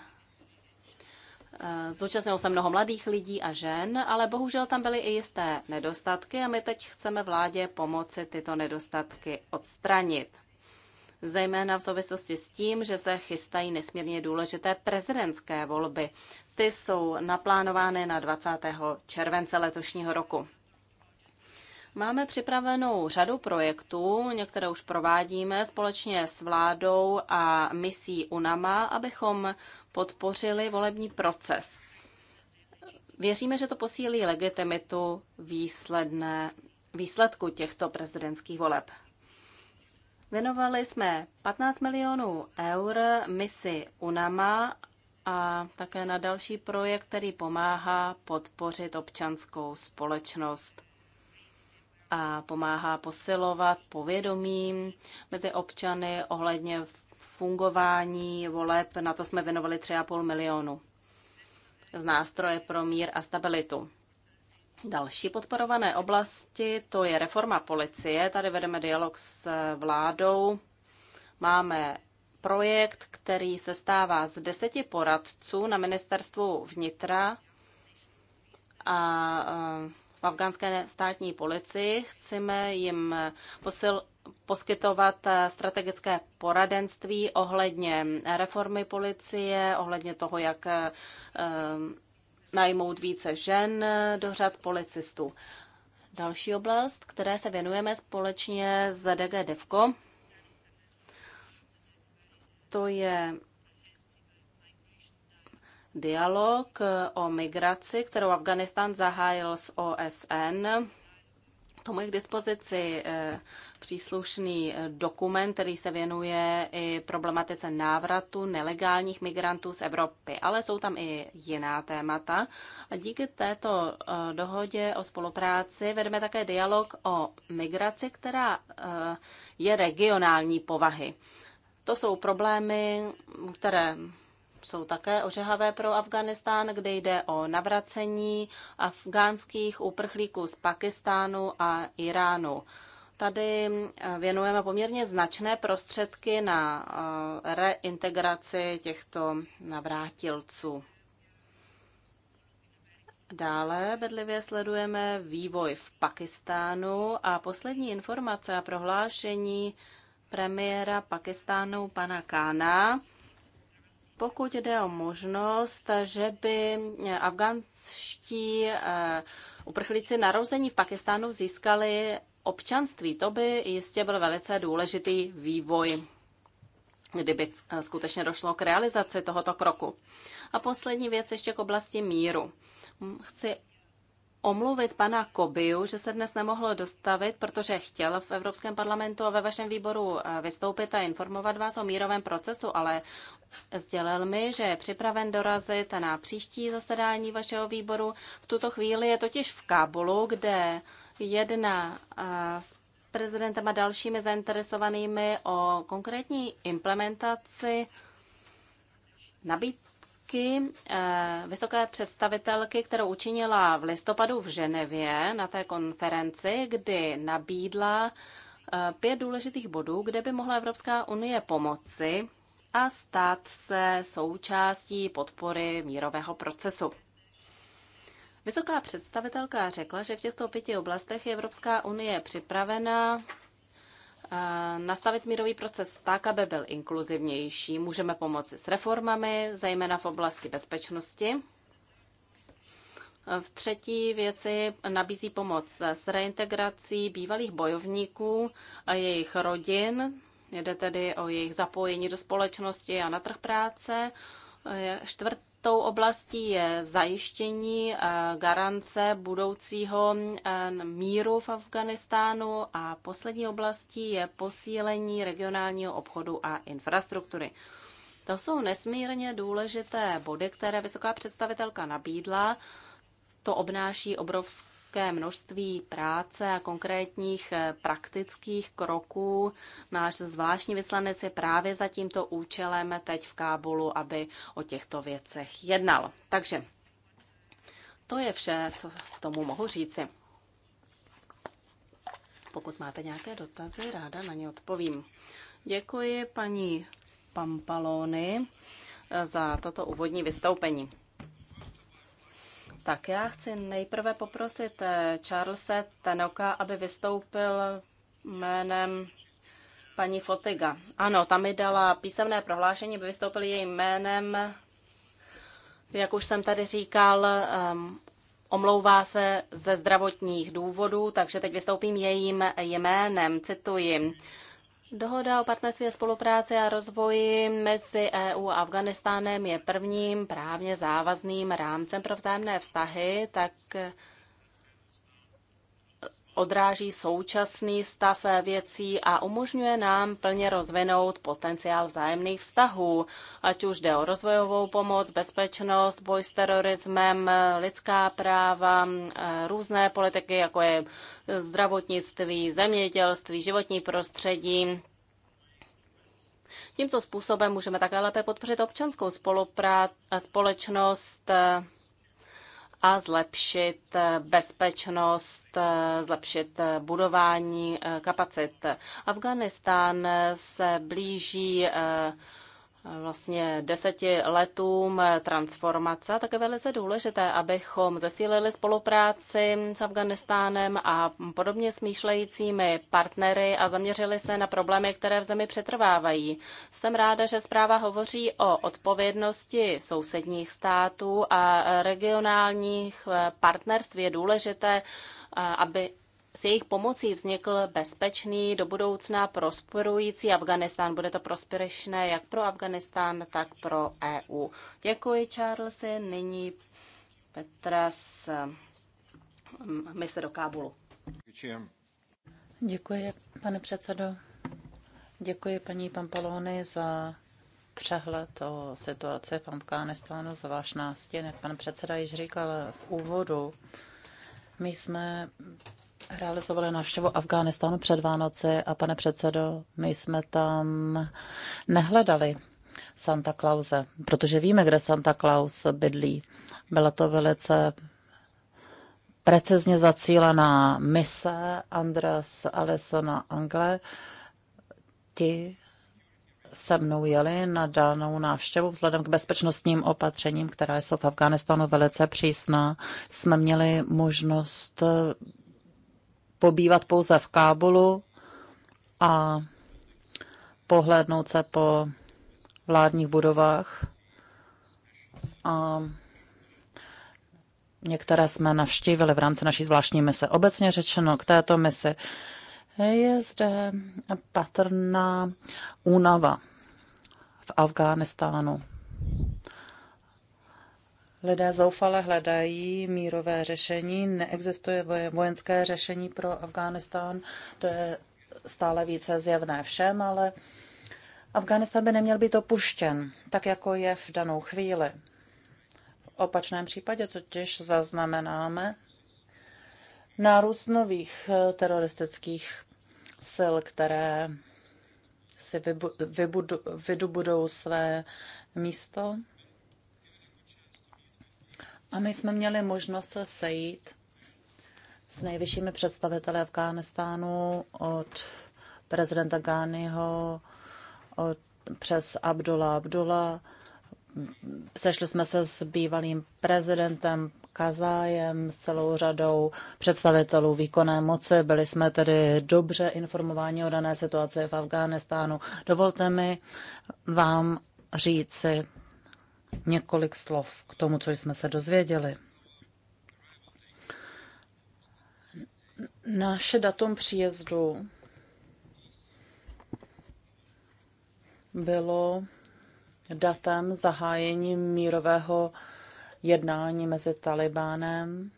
eh, Zúčastnilo se mnoho mladých lidí a žen, ale bohužel tam byly i jisté nedostatky a my teď chceme vládě pomoci tyto nedostatky odstranit. Zejména v souvislosti s tím, že se chystají nesmírně důležité prezidentské volby. Ty jsou naplánovány na 20. července letošního roku. Máme připravenou řadu projektů, některé už provádíme společně s vládou a misí UNAMA, abychom podpořili volební proces. Věříme, že to posílí legitimitu výsledné, výsledku těchto prezidentských voleb. Věnovali jsme 15 milionů eur misi UNAMA a také na další projekt, který pomáhá podpořit občanskou společnost a pomáhá posilovat povědomí mezi občany ohledně fungování voleb. Na to jsme věnovali 3,5 milionu z nástroje pro mír a stabilitu. Další podporované oblasti, to je reforma policie. Tady vedeme dialog s vládou. Máme projekt, který se stává z deseti poradců na ministerstvu vnitra a v afgánské státní policii. Chceme jim posil, poskytovat eh, strategické poradenství ohledně reformy policie, ohledně toho, jak eh, eh, najmout více žen do řad policistů. Další oblast, které se věnujeme společně s DG Devko, to je dialog eh, o migraci, kterou Afganistán zahájil s OSN. To tomu je k dispozici eh, příslušný eh, dokument, který se věnuje i problematice návratu nelegálních migrantů z Evropy, ale jsou tam i jiná témata. A díky této dohodě o spolupráci vedeme také dialog o migraci, která je regionální povahy. To jsou problémy, které jsou také ožehavé pro Afganistán, kde jde o navracení afgánských uprchlíků z Pakistánu a Iránu. Tady eh, věnujeme poměrně značné prostředky na eh, reintegraci těchto navrátilců. Dále bedlivě sledujeme vývoj v Pakistánu a poslední informace a prohlášení premiéra Pakistánu pana Kána pokud jde o možnost, že by afgánští eh, uprchlíci narození v Pakistánu získali občanství, to by jistě byl velice důležitý vývoj kdyby eh, skutečně došlo k realizaci tohoto kroku. A poslední věc ještě k oblasti míru. Chci omluvit pana Kobiu, že se dnes nemohl dostavit, protože chtěl v Evropském parlamentu a ve vašem výboru eh, vystoupit a informovat vás o mírovém procesu, ale sdělil mi, že je připraven dorazit na příští zasedání vašeho výboru. V tuto chvíli je totiž v Kábulu, kde jedna eh, s prezidentem a dalšími zainteresovanými o konkrétní implementaci nabít otázky eh, vysoké představitelky, kterou učinila v listopadu v Ženevě na té konferenci, kdy nabídla eh, pět důležitých bodů, kde by mohla Evropská unie pomoci a stát se součástí podpory mírového procesu. Vysoká představitelka řekla, že v těchto pěti oblastech je Evropská unie připravena nastavit mírový proces tak, aby byl inkluzivnější. Můžeme pomoci s reformami, zejména v oblasti bezpečnosti. V třetí věci nabízí pomoc s reintegrací bývalých bojovníků a jejich rodin. Jde tedy o jejich zapojení do společnosti a na trh práce. Čtvrt, Tou oblastí je zajištění eh, garance budoucího eh, míru v Afganistánu a poslední oblastí je posílení regionálního obchodu a infrastruktury. To jsou nesmírně důležité body, které vysoká představitelka nabídla. To obnáší obrovské obrovské množství práce a konkrétních eh, praktických kroků. Náš zvláštní vyslanec je právě za tímto účelem teď v Kábulu, aby o těchto věcech jednal. Takže to je vše, co k tomu mohu říci. Pokud máte nějaké dotazy, ráda na ně odpovím. Děkuji paní Pampalony eh, za toto úvodní vystoupení. Tak já chci nejprve poprosit eh, Charlesa Tenoka, aby vystoupil jménem paní Fotiga. Ano, tam mi dala písemné prohlášení, aby vystoupil jejím jménem. Jak už jsem tady říkal, um, omlouvá se ze zdravotních důvodů, takže teď vystoupím jejím jménem. Cituji. Dohoda o partnerství a spolupráci a rozvoji mezi EU a Afganistánem je prvním právně závazným rámcem pro vzájemné vztahy, tak odráží současný stav věcí a umožňuje nám plně rozvinout potenciál vzájemných vztahů, ať už jde o rozvojovou pomoc, bezpečnost, boj s terorismem, lidská práva, eh, různé politiky, jako je zdravotnictví, zemědělství, životní prostředí, Tímto způsobem můžeme také lépe podpořit občanskou spolupráci, společnost, eh, a zlepšit eh, bezpečnost, eh, zlepšit eh, budování kapacit. Afganistán se blíží vlastně deseti letům transformace, tak je velice důležité, abychom zesílili spolupráci s Afganistánem a podobně smýšlejícími partnery a zaměřili se na problémy, které v zemi přetrvávají. Jsem ráda, že zpráva hovoří o odpovědnosti sousedních států a regionálních partnerství. Je důležité, aby s jejich pomocí vznikl bezpečný, do budoucna prosperující Afganistán. Bude to prospěšné jak pro Afganistán, tak pro EU. Děkuji, Charles. Nyní Petra z mm, mise do Kábulu. Děkuji, pane předsedo. Děkuji paní Pampalony za přehled o situaci v Afganistánu za váš nástěn. Jak pan předseda již říkal v úvodu, my jsme realizovali návštěvu Afghánistánu před Vánoci a pane předsedo, my jsme tam nehledali Santa Clause, protože víme, kde Santa Claus bydlí. Byla to velice precizně zacílená mise Andres Alessona Angle. Ti se mnou jeli na danou návštěvu vzhledem k bezpečnostním opatřením, která jsou v Afghánistánu velice přísná. Jsme měli možnost pobývat pouze v Kábulu a pohlédnout se po vládních budovách. A některé jsme navštívili v rámci naší zvláštní mise. Obecně řečeno k této misi je zde patrná únava v Afghánistánu. Lidé zoufale hledají mírové řešení, neexistuje vojenské řešení pro Afghánistán, to je stále více zjevné všem, ale Afghánistán by neměl být opuštěn, tak jako je v danou chvíli. V opačném případě totiž zaznamenáme nárůst nových eh, teroristických sil, které si vybu, vybudu, své místo a my jsme měli možnost se sejít s nejvyššími představiteli Afghánistánu od prezidenta Ghaniho od, přes Abdullah Abdullah. Sešli jsme se s bývalým prezidentem Kazájem, s celou řadou představitelů výkonné moci. Byli jsme tedy dobře informováni o dané situaci v Afghánistánu. Dovolte mi vám říci několik slov k tomu, co jsme se dozvěděli. Naše datum příjezdu bylo datem zahájení mírového jednání mezi Talibánem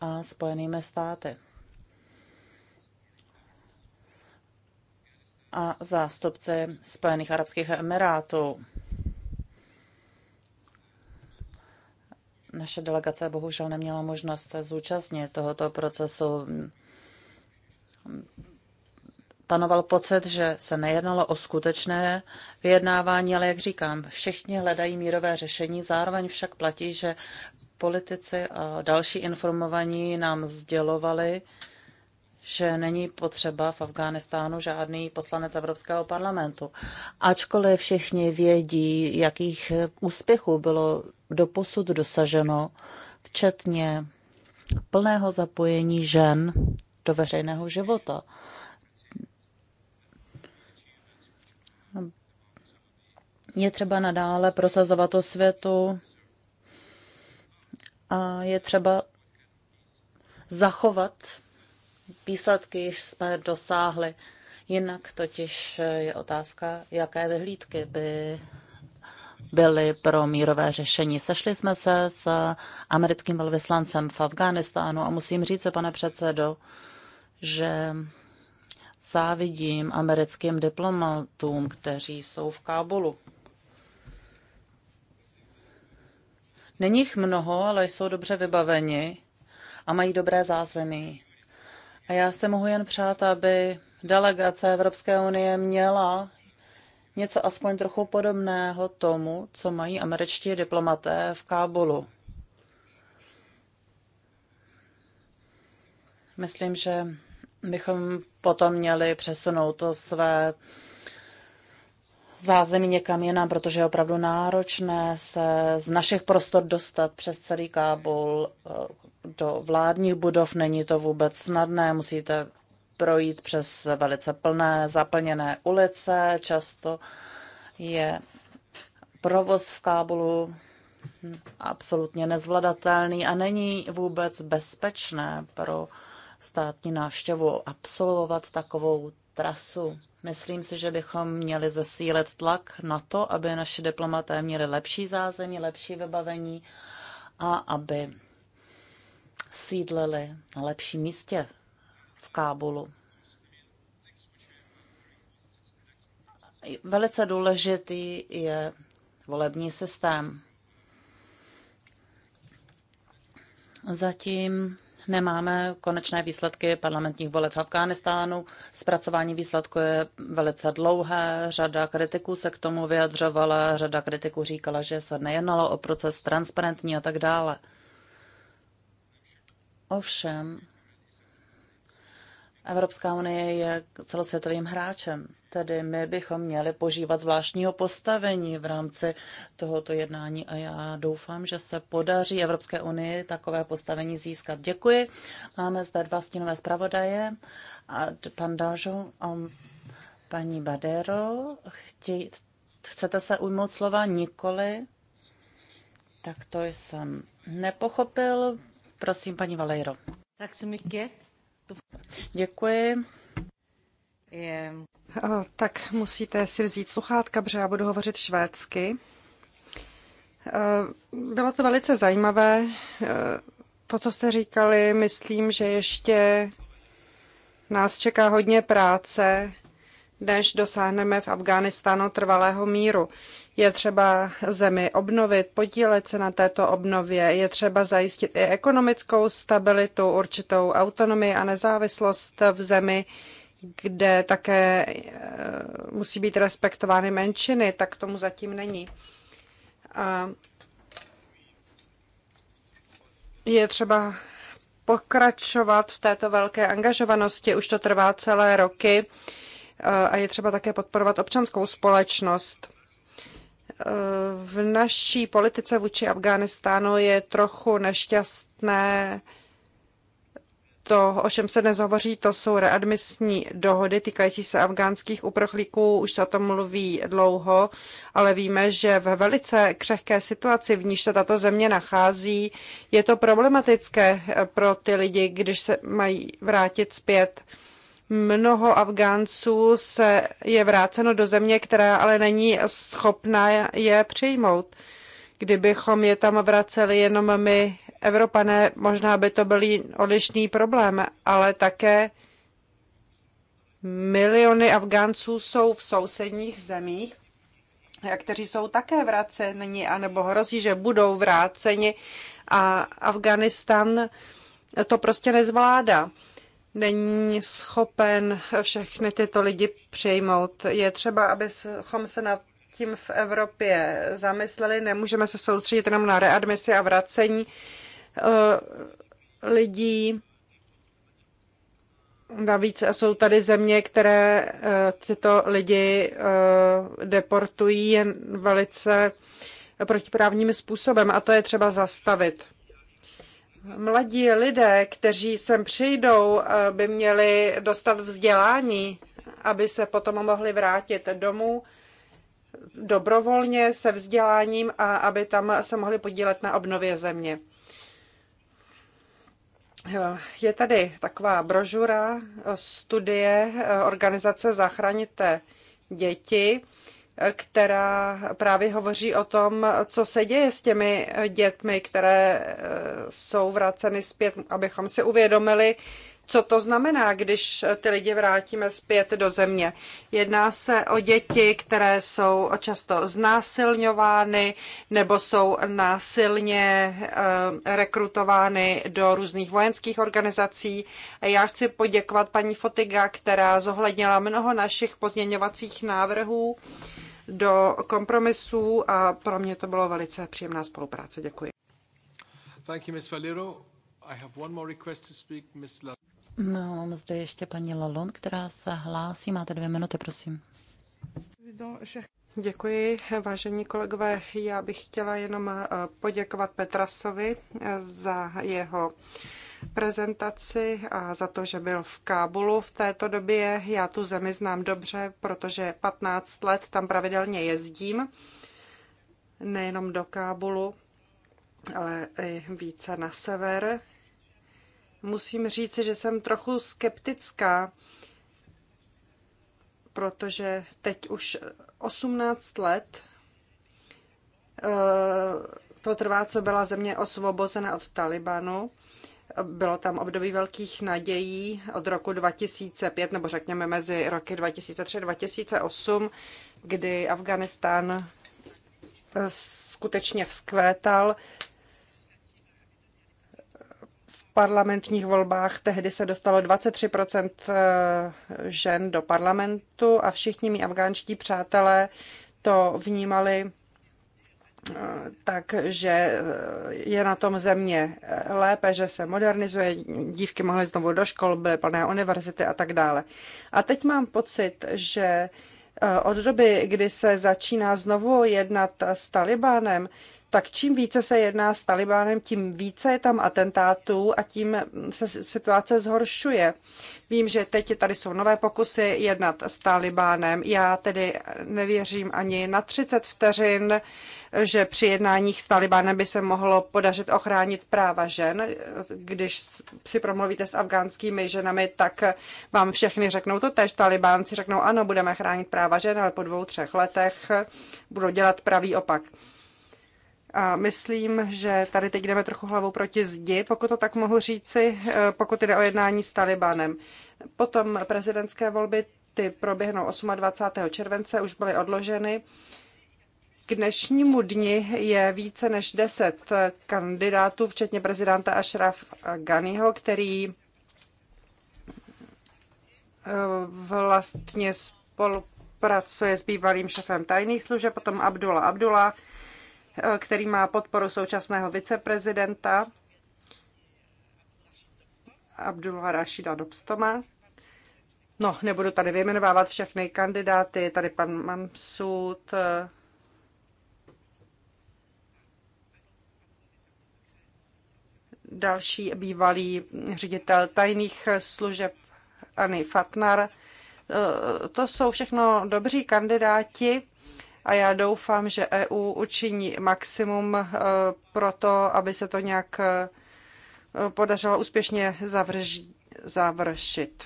a Spojenými státy. A zástupci Spojených arabských emirátů. Naše delegace bohužel neměla možnost se zúčastnit tohoto procesu. Panoval pocit, že se nejednalo o skutečné vyjednávání, ale jak říkám, všichni hledají mírové řešení. Zároveň však platí, že politici a další informovaní nám sdělovali, že není potřeba v Afghánistánu žádný poslanec Evropského parlamentu. Ačkoliv všichni vědí, jakých úspěchů bylo doposud dosaženo, včetně plného zapojení žen do veřejného života. Je třeba nadále prosazovat světu a je třeba zachovat výsledky, již jsme dosáhli. Jinak totiž je otázka, jaké vyhlídky by byli pro mírové řešení. Sešli jsme se s americkým velvyslancem v Afghánistánu a musím říct, pane předsedo, že závidím americkým diplomatům, kteří jsou v Kábulu. Není jich mnoho, ale jsou dobře vybaveni a mají dobré zázemí. A já se mohu jen přát, aby delegace Evropské unie měla něco aspoň trochu podobného tomu, co mají američtí diplomaté v Kábulu. Myslím, že bychom potom měli přesunout to své zázemí někam jinam, protože je opravdu náročné se z našich prostor dostat přes celý Kábul eh, do vládních budov. Není to vůbec snadné, musíte projít přes velice plné, zaplněné ulice. Často je provoz v Kábulu absolutně nezvladatelný a není vůbec bezpečné pro státní návštěvu absolvovat takovou trasu. Myslím si, že bychom měli zesílit tlak na to, aby naši diplomaté měli lepší zázemí, lepší vybavení a aby sídlili na lepším místě Kábulu. Velice důležitý je volební systém. Zatím nemáme konečné výsledky parlamentních voleb v Afghánistánu. Zpracování výsledku je velice dlouhé, řada kritiků se k tomu vyjadřovala, řada kritiků říkala, že se nejednalo o proces transparentní a tak dále. Ovšem, Evropská unie je celosvětovým hráčem, tedy my bychom měli požívat zvláštního postavení v rámci tohoto jednání a já doufám, že se podaří Evropské unii takové postavení získat. Děkuji. Máme zde dva stínové zpravodaje, a pan Dážu a paní Badero. Chtěj, chcete se ujmout slova? Nikoli. Tak to jsem nepochopil. Prosím, paní Valero. Tak se mi Děkuji. Tak musíte si vzít sluchátka, protože já budu hovořit švédsky. Eh, bylo to velice zajímavé. Eh, to, co jste říkali, myslím, že ještě nás čeká hodně práce, než dosáhneme v Afghánistánu trvalého míru. Je třeba zemi obnovit, podílet se na této obnově, je třeba zajistit i ekonomickou stabilitu, určitou autonomii a nezávislost v zemi, kde také e, musí být respektovány menšiny, tak tomu zatím není. A je třeba pokračovat v této velké angažovanosti, už to trvá celé roky e, a je třeba také podporovat občanskou společnost v naší politice vůči Afghánistánu je trochu nešťastné to, o čem se dnes hovoří, to jsou readmisní dohody týkající se afgánských uprchlíků. Už se o tom mluví dlouho, ale víme, že ve velice křehké situaci, v níž se tato země nachází, je to problematické pro ty lidi, když se mají vrátit zpět. Uh, Mnoho Afgánců se je vráceno do země, která ale není schopná je přijmout. Kdybychom je tam vraceli jenom my, Evropané, možná by to byl odlišný problém, ale také miliony Afgánců jsou v sousedních zemích, kteří jsou také vraceni, anebo hrozí, že budou vráceni a Afganistan to prostě nezvládá není schopen všechny tyto lidi přijmout. Je třeba, abychom se na tím v Evropě zamysleli. Nemůžeme se soustředit jenom na readmisi a vracení eh, lidí. Navíc jsou tady země, které eh, tyto lidi eh, deportují jen velice protiprávním způsobem a to je třeba zastavit mladí lidé, kteří sem přijdou, eh, by měli dostat vzdělání, aby se potom mohli vrátit domů dobrovolně se vzděláním a aby tam se mohli podílet na obnově země. Eh, je tady taková brožura eh, studie organizace Zachraňte děti, která právě hovoří o tom, co se děje s těmi dětmi, které eh, jsou vraceny zpět, abychom si uvědomili, co to znamená, když ty lidi vrátíme zpět do země. Jedná se o děti, které jsou často znásilňovány nebo jsou násilně eh, rekrutovány do různých vojenských organizací. Já chci poděkovat paní Fotiga, která zohlednila mnoho našich pozměňovacích návrhů do kompromisů a pro mě to bylo velice příjemná spolupráce. Děkuji. Thank you, Ms. Valero. I have one more request to speak, Ms. La... No, mám zde ještě paní Lalon, která se hlásí. Máte dvě minuty, prosím. Děkuji, vážení kolegové. Já bych chtěla jenom eh, poděkovat Petrasovi eh, za jeho prezentaci a za to, že byl v Kábulu v této době. Já tu zemi znám dobře, protože 15 let tam pravidelně jezdím, nejenom do Kábulu, ale i více na sever. Musím říct, že jsem trochu skeptická, protože teď už 18 let eh, to trvá, co byla země osvobozena od Talibanu. Bylo tam období velkých nadějí od roku 2005, nebo řekněme mezi roky 2003-2008, kdy Afganistán eh, skutečně vzkvétal. V parlamentních volbách tehdy se dostalo 23 eh, žen do parlamentu a všichni mý afgánští přátelé to vnímali takže eh, je na tom země eh, lépe, že se modernizuje, dívky mohly znovu do škol, byly plné univerzity a tak dále. A teď mám pocit, že eh, od doby, kdy se začíná znovu jednat s Talibánem, tak čím více se jedná s Talibánem, tím více je tam atentátů a tím se situace zhoršuje. Vím, že teď tady jsou nové pokusy jednat s Talibánem. Já tedy nevěřím ani na 30 vteřin, že při jednáních s Talibánem by se mohlo podařit ochránit práva žen. Když si promluvíte s afgánskými ženami, tak vám všechny řeknou to tež. Talibánci řeknou, ano, budeme chránit práva žen, ale po dvou, třech letech budou dělat pravý opak. A myslím, že tady teď jdeme trochu hlavou proti zdi, pokud to tak mohu říci, eh, pokud jde o jednání s Talibanem. Potom prezidentské volby, ty proběhnou 28. července, už byly odloženy. K dnešnímu dni je více než 10 eh, kandidátů, včetně prezidenta Ashraf Ganiho, který eh, vlastně spolupracuje s bývalým šefem tajných služeb, potom Abdullah Abdullah, Eh, který má podporu současného viceprezidenta Abdullah Rashida Dobstoma. No, nebudu tady vyjmenovávat všechny kandidáty, tady pan Mansud, eh, další bývalý ředitel tajných služeb Ani Fatnar. Eh, to jsou všechno dobří kandidáti a já doufám, že EU učiní maximum eh, pro to, aby se to nějak eh, podařilo úspěšně zavrž, završit.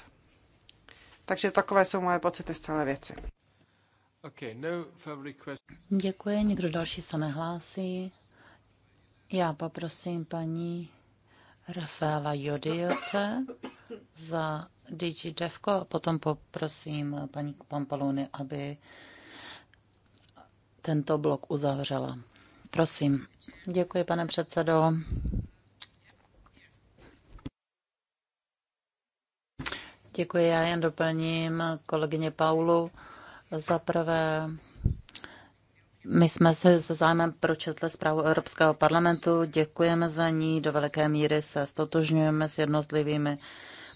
Takže takové jsou moje pocity z celé věci. Okay, no Děkuji, Někdo další se nehlásí. Já poprosím paní Rafaela Jodioce za DigiDevko a potom poprosím paní Pampalony, aby tento blok uzavřela. Prosím. Děkuji, pane předsedo. Děkuji, já jen doplním kolegyně Paulu. Za prvé, my jsme se se zájmem pročetli zprávu Evropského parlamentu, děkujeme za ní, do velké míry se stotožňujeme s jednotlivými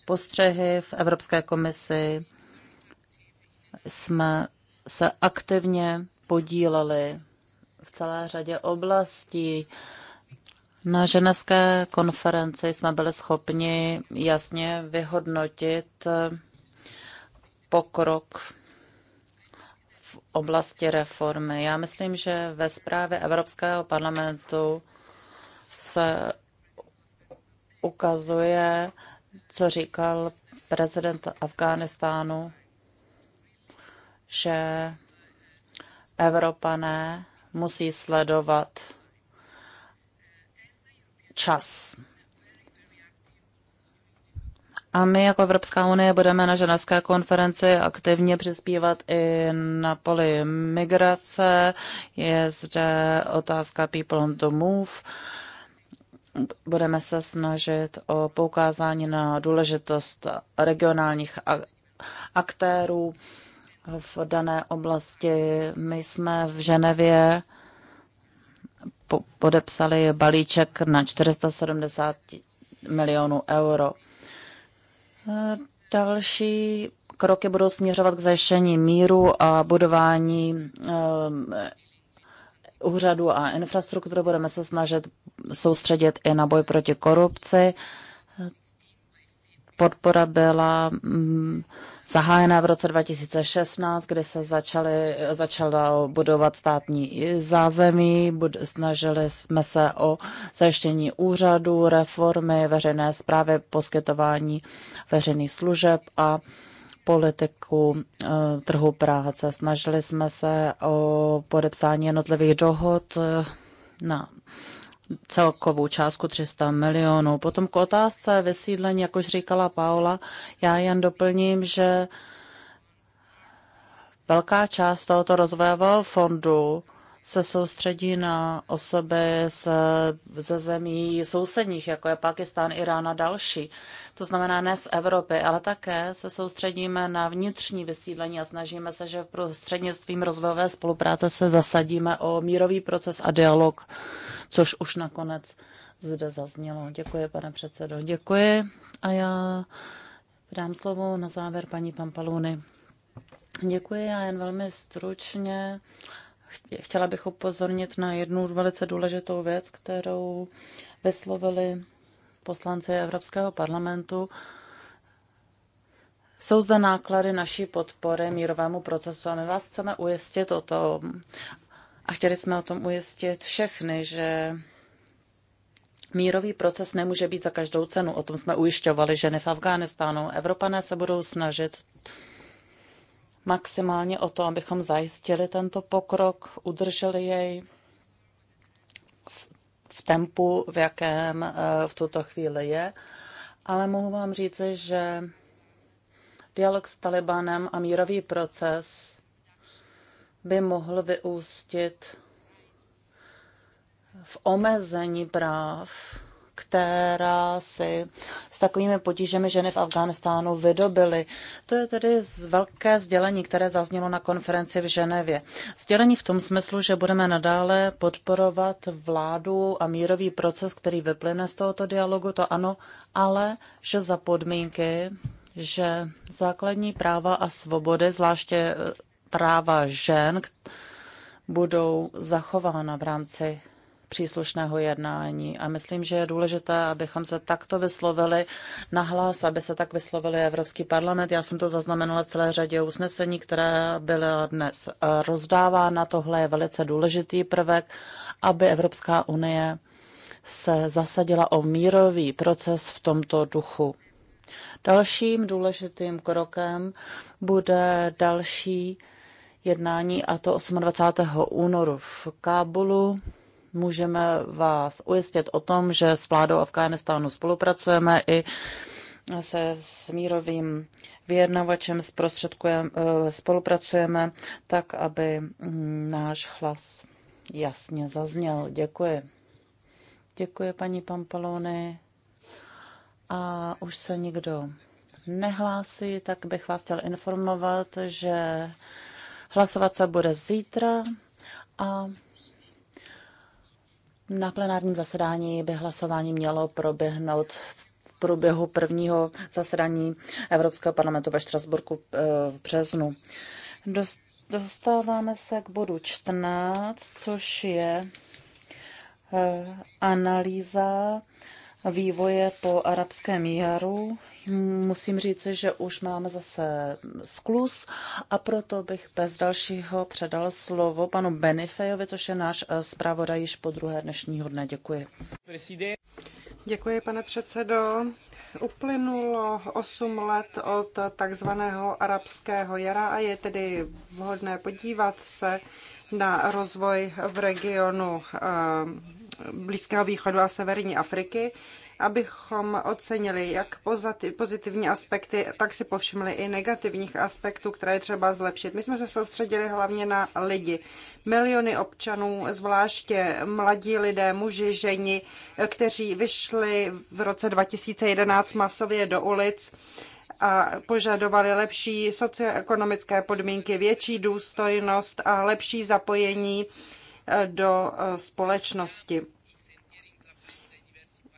postřehy v Evropské komisi. Jsme se aktivně podíleli v celé řadě oblastí. Na ženevské konferenci jsme byli schopni jasně vyhodnotit pokrok v oblasti reformy. Já myslím, že ve zprávě Evropského parlamentu se ukazuje, co říkal prezident Afghánistánu, že Evropané musí sledovat čas. A my jako Evropská unie budeme na ženevské konferenci aktivně přispívat i na poli migrace. Je zde otázka People on the Move. Budeme se snažit o poukázání na důležitost regionálních aktérů v dané oblasti. My jsme v Ženevě podepsali balíček na 470 milionů euro. E, další kroky budou směřovat k zajištění míru a budování e, úřadu a infrastruktury. Budeme se snažit soustředit i na boj proti korupci. Podpora byla mm, zahájena v roce 2016, kdy se začaly, začalo budovat státní zázemí, bud, snažili jsme se o zajištění úřadů, reformy veřejné zprávy, poskytování veřejných služeb a politiku eh, trhu práce. Snažili jsme se o podepsání jednotlivých dohod eh, na celkovou částku 300 milionů. Potom k otázce vysídlení, jak už říkala Paola, já jen doplním, že velká část tohoto rozvojového fondu se soustředí na osoby z, ze zemí sousedních, jako je Pakistán, Irán a další. To znamená ne z Evropy, ale také se soustředíme na vnitřní vysídlení a snažíme se, že v prostřednictvím rozvojové spolupráce se zasadíme o mírový proces a dialog, což už nakonec zde zaznělo. Děkuji, pane předsedo. Děkuji. A já dám slovo na závěr paní Pampaluny. Děkuji, a jen velmi stručně Chtěla bych upozornit na jednu velice důležitou věc, kterou vyslovili poslanci Evropského parlamentu. Jsou zde náklady naší podpory mírovému procesu a my vás chceme ujistit o tom a chtěli jsme o tom ujistit všechny, že Mírový proces nemůže být za každou cenu. O tom jsme ujišťovali ženy v Afghánistánu. Evropané se budou snažit maximálně o to, abychom zajistili tento pokrok, udrželi jej v, v tempu, v jakém eh, v tuto chvíli je. Ale mohu vám říct, že dialog s Talibanem a mírový proces by mohl vyústit v omezení práv která si s takovými potížemi ženy v Afghánistánu vydobily. To je tedy z velké sdělení, které zaznělo na konferenci v Ženevě. Sdělení v tom smyslu, že budeme nadále podporovat vládu a mírový proces, který vyplyne z tohoto dialogu, to ano, ale že za podmínky, že základní práva a svobody, zvláště eh, práva žen, budou zachována v rámci příslušného jednání. A myslím, že je důležité, abychom se takto vyslovili nahlas, aby se tak vyslovili Evropský parlament. Já jsem to zaznamenala celé řadě usnesení, které byla dnes eh, rozdávána. Tohle je velice důležitý prvek, aby Evropská unie se zasadila o mírový proces v tomto duchu. Dalším důležitým krokem bude další jednání, a to 28. únoru v Kábulu můžeme vás ujistit o tom, že s vládou Afghánistánu spolupracujeme i se smírovým vyjednavačem eh, spolupracujeme tak, aby mm, náš hlas jasně zazněl. Děkuji. Děkuji, paní Pampalony. A už se nikdo nehlásí, tak bych vás chtěl informovat, že hlasovat se bude zítra a na plenárním zasedání by hlasování mělo proběhnout v průběhu prvního zasedání Evropského parlamentu ve Štrasburku eh, v březnu. Dostáváme se k bodu 14, což je eh, analýza vývoje po arabském jaru. Musím říct, že už máme zase sklus a proto bych bez dalšího předal slovo panu Benifejovi, což je náš eh, zpravodaj již po druhé dnešního dne. Děkuji. Děkuji, pane předsedo. Uplynulo 8 let od takzvaného arabského jara a je tedy vhodné podívat se na rozvoj v regionu eh, Blízkého východu a severní Afriky, abychom ocenili jak pozitivní aspekty, tak si povšimli i negativních aspektů, které je třeba zlepšit. My jsme se soustředili hlavně na lidi. Miliony občanů, zvláště mladí lidé, muži, ženi, kteří vyšli v roce 2011 masově do ulic a požadovali lepší socioekonomické podmínky, větší důstojnost a lepší zapojení do eh, společnosti.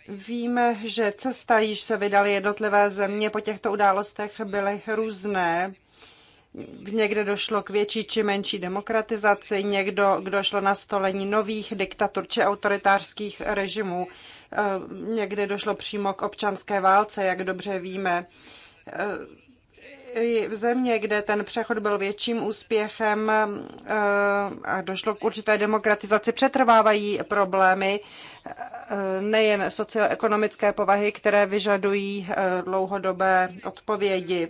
Víme, že cesta, již se vydaly jednotlivé země po těchto událostech, byly různé. Někde došlo k větší či menší demokratizaci, někdo, kdo šlo na stolení nových diktatur či autoritářských režimů. Eh, někde došlo přímo k občanské válce, jak dobře víme eh, v země, kde ten přechod byl větším úspěchem eh, a došlo k určité demokratizaci, přetrvávají problémy eh, nejen socioekonomické povahy, které vyžadují eh, dlouhodobé odpovědi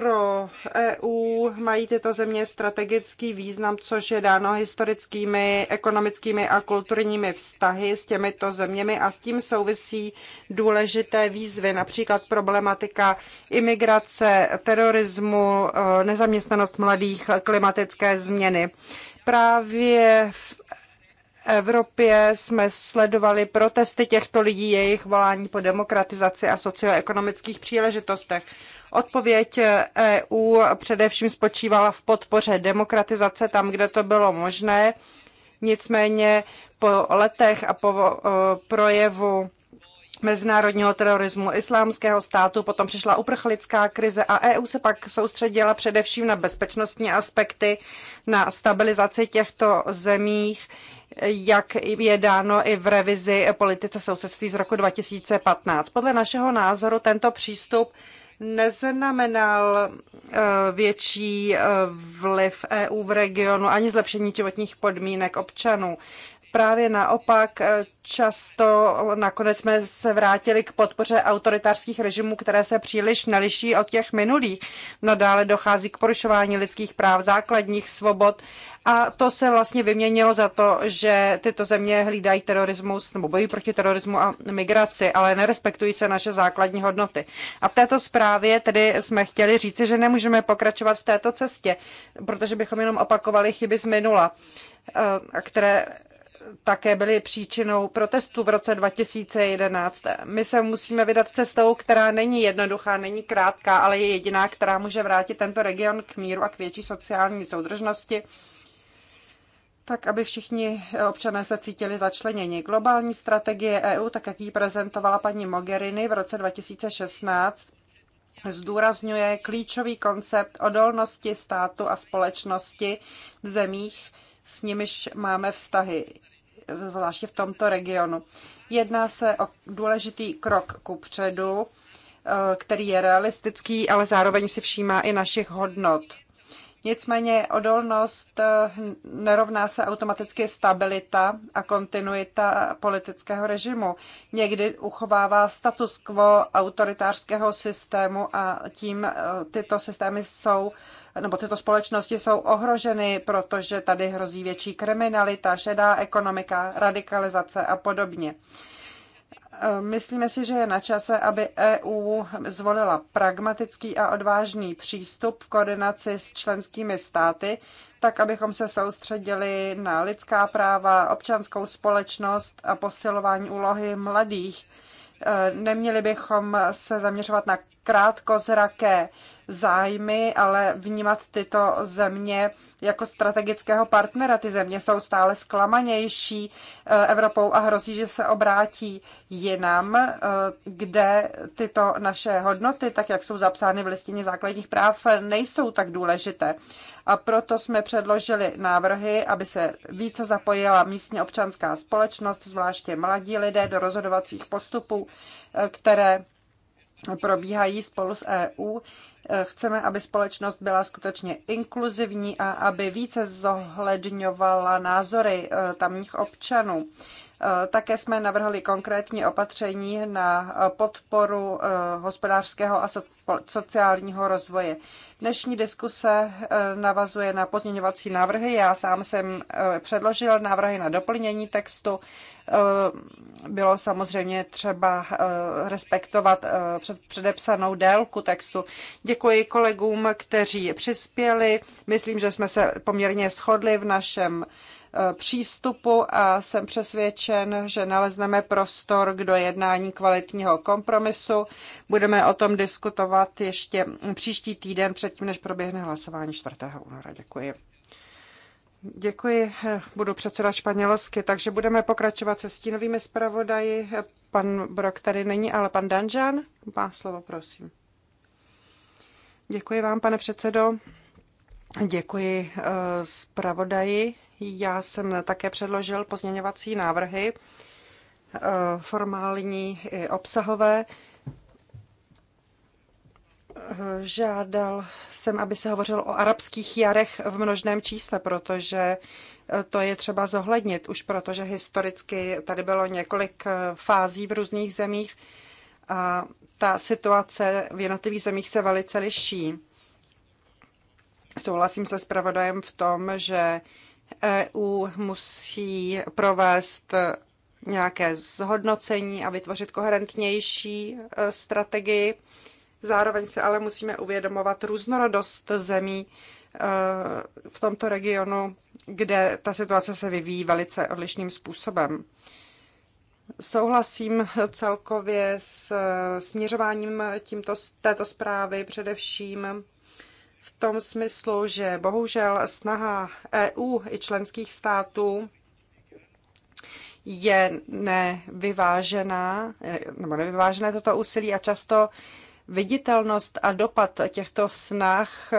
pro EU mají tyto země strategický význam, což je dáno historickými, ekonomickými a kulturními vztahy s těmito zeměmi a s tím souvisí důležité výzvy, například problematika imigrace, terorismu, e, nezaměstnanost mladých, klimatické změny. Právě v Evropě jsme sledovali protesty těchto lidí, jejich volání po demokratizaci a socioekonomických příležitostech. Odpověď EU především spočívala v podpoře demokratizace tam, kde to bylo možné. Nicméně po letech a po eh, projevu mezinárodního terorismu islámského státu, potom přišla uprchlická krize a EU se pak soustředila především na bezpečnostní aspekty, na stabilizaci těchto zemích jak je dáno i v revizi politice sousedství z roku 2015. Podle našeho názoru tento přístup neznamenal eh, větší eh, vliv EU v regionu ani zlepšení životních podmínek občanů. Právě naopak, eh, často nakonec jsme se vrátili k podpoře autoritářských režimů, které se příliš neliší od těch minulých. Nadále dochází k porušování lidských práv, základních svobod a to se vlastně vyměnilo za to, že tyto země hlídají terorismus nebo bojí proti terorismu a migraci, ale nerespektují se naše základní hodnoty. A v této zprávě tedy jsme chtěli říci, že nemůžeme pokračovat v této cestě, protože bychom jenom opakovali chyby z minula, eh, které také byly příčinou protestů v roce 2011. My se musíme vydat cestou, která není jednoduchá, není krátká, ale je jediná, která může vrátit tento region k míru a k větší sociální soudržnosti, tak aby všichni občané se cítili začleněni. Globální strategie EU, tak jak ji prezentovala paní Mogherini v roce 2016, zdůrazňuje klíčový koncept odolnosti státu a společnosti v zemích, s nimiž máme vztahy zvláště v tomto regionu. Jedná se o důležitý krok ku předu, eh, který je realistický, ale zároveň si všímá i našich hodnot. Nicméně odolnost eh, nerovná se automaticky stabilita a kontinuita politického režimu. Někdy uchovává status quo autoritářského systému a tím eh, tyto systémy jsou nebo tyto společnosti jsou ohroženy, protože tady hrozí větší kriminalita, šedá ekonomika, radikalizace a podobně. Myslíme si, že je na čase, aby EU zvolila pragmatický a odvážný přístup v koordinaci s členskými státy, tak abychom se soustředili na lidská práva, občanskou společnost a posilování úlohy mladých. E, neměli bychom se zaměřovat na krátkozraké zájmy, ale vnímat tyto země jako strategického partnera. Ty země jsou stále zklamanější eh, Evropou a hrozí, že se obrátí jinam, eh, kde tyto naše hodnoty, tak jak jsou zapsány v listině základních práv, nejsou tak důležité. A proto jsme předložili návrhy, aby se více zapojila místně občanská společnost, zvláště mladí lidé, do rozhodovacích postupů, eh, které probíhají spolu s EU. Chceme, aby společnost byla skutečně inkluzivní a aby více zohledňovala názory eh, tamních občanů. Eh, také jsme navrhli konkrétní opatření na podporu eh, hospodářského a sociálního rozvoje. Dnešní diskuse navazuje na pozměňovací návrhy. Já sám jsem předložil návrhy na doplnění textu Eh, bylo samozřejmě třeba eh, respektovat eh, předepsanou délku textu. Děkuji kolegům, kteří přispěli. Myslím, že jsme se poměrně shodli v našem přístupu a jsem přesvědčen, že nalezneme prostor k dojednání kvalitního kompromisu. Budeme o tom diskutovat ještě příští týden, předtím, než proběhne hlasování 4. února. Děkuji. Děkuji, budu předseda španělsky, takže budeme pokračovat se stínovými zpravodaji. Pan Brok tady není, ale pan Danžan má slovo, prosím. Děkuji vám, pane předsedo. Děkuji eh, zpravodaji. Já jsem také předložil pozměňovací návrhy, eh, formální i obsahové. Žádal jsem, aby se hovořilo o arabských jarech v množném čísle, protože eh, to je třeba zohlednit, už protože historicky tady bylo několik eh, fází v různých zemích a ta situace v jednotlivých zemích se velice liší. Souhlasím se zpravodajem v tom, že EU musí provést eh, nějaké zhodnocení a vytvořit koherentnější strategii. Zároveň se ale musíme uvědomovat různorodost zemí eh, v tomto regionu, kde ta situace se vyvíjí velice odlišným způsobem. Souhlasím celkově s eh, směřováním tímto, této zprávy, především v tom smyslu, že bohužel snaha EU i členských států je nevyvážená, nebo nevyvážené toto úsilí a často Viditelnost a dopad těchto snah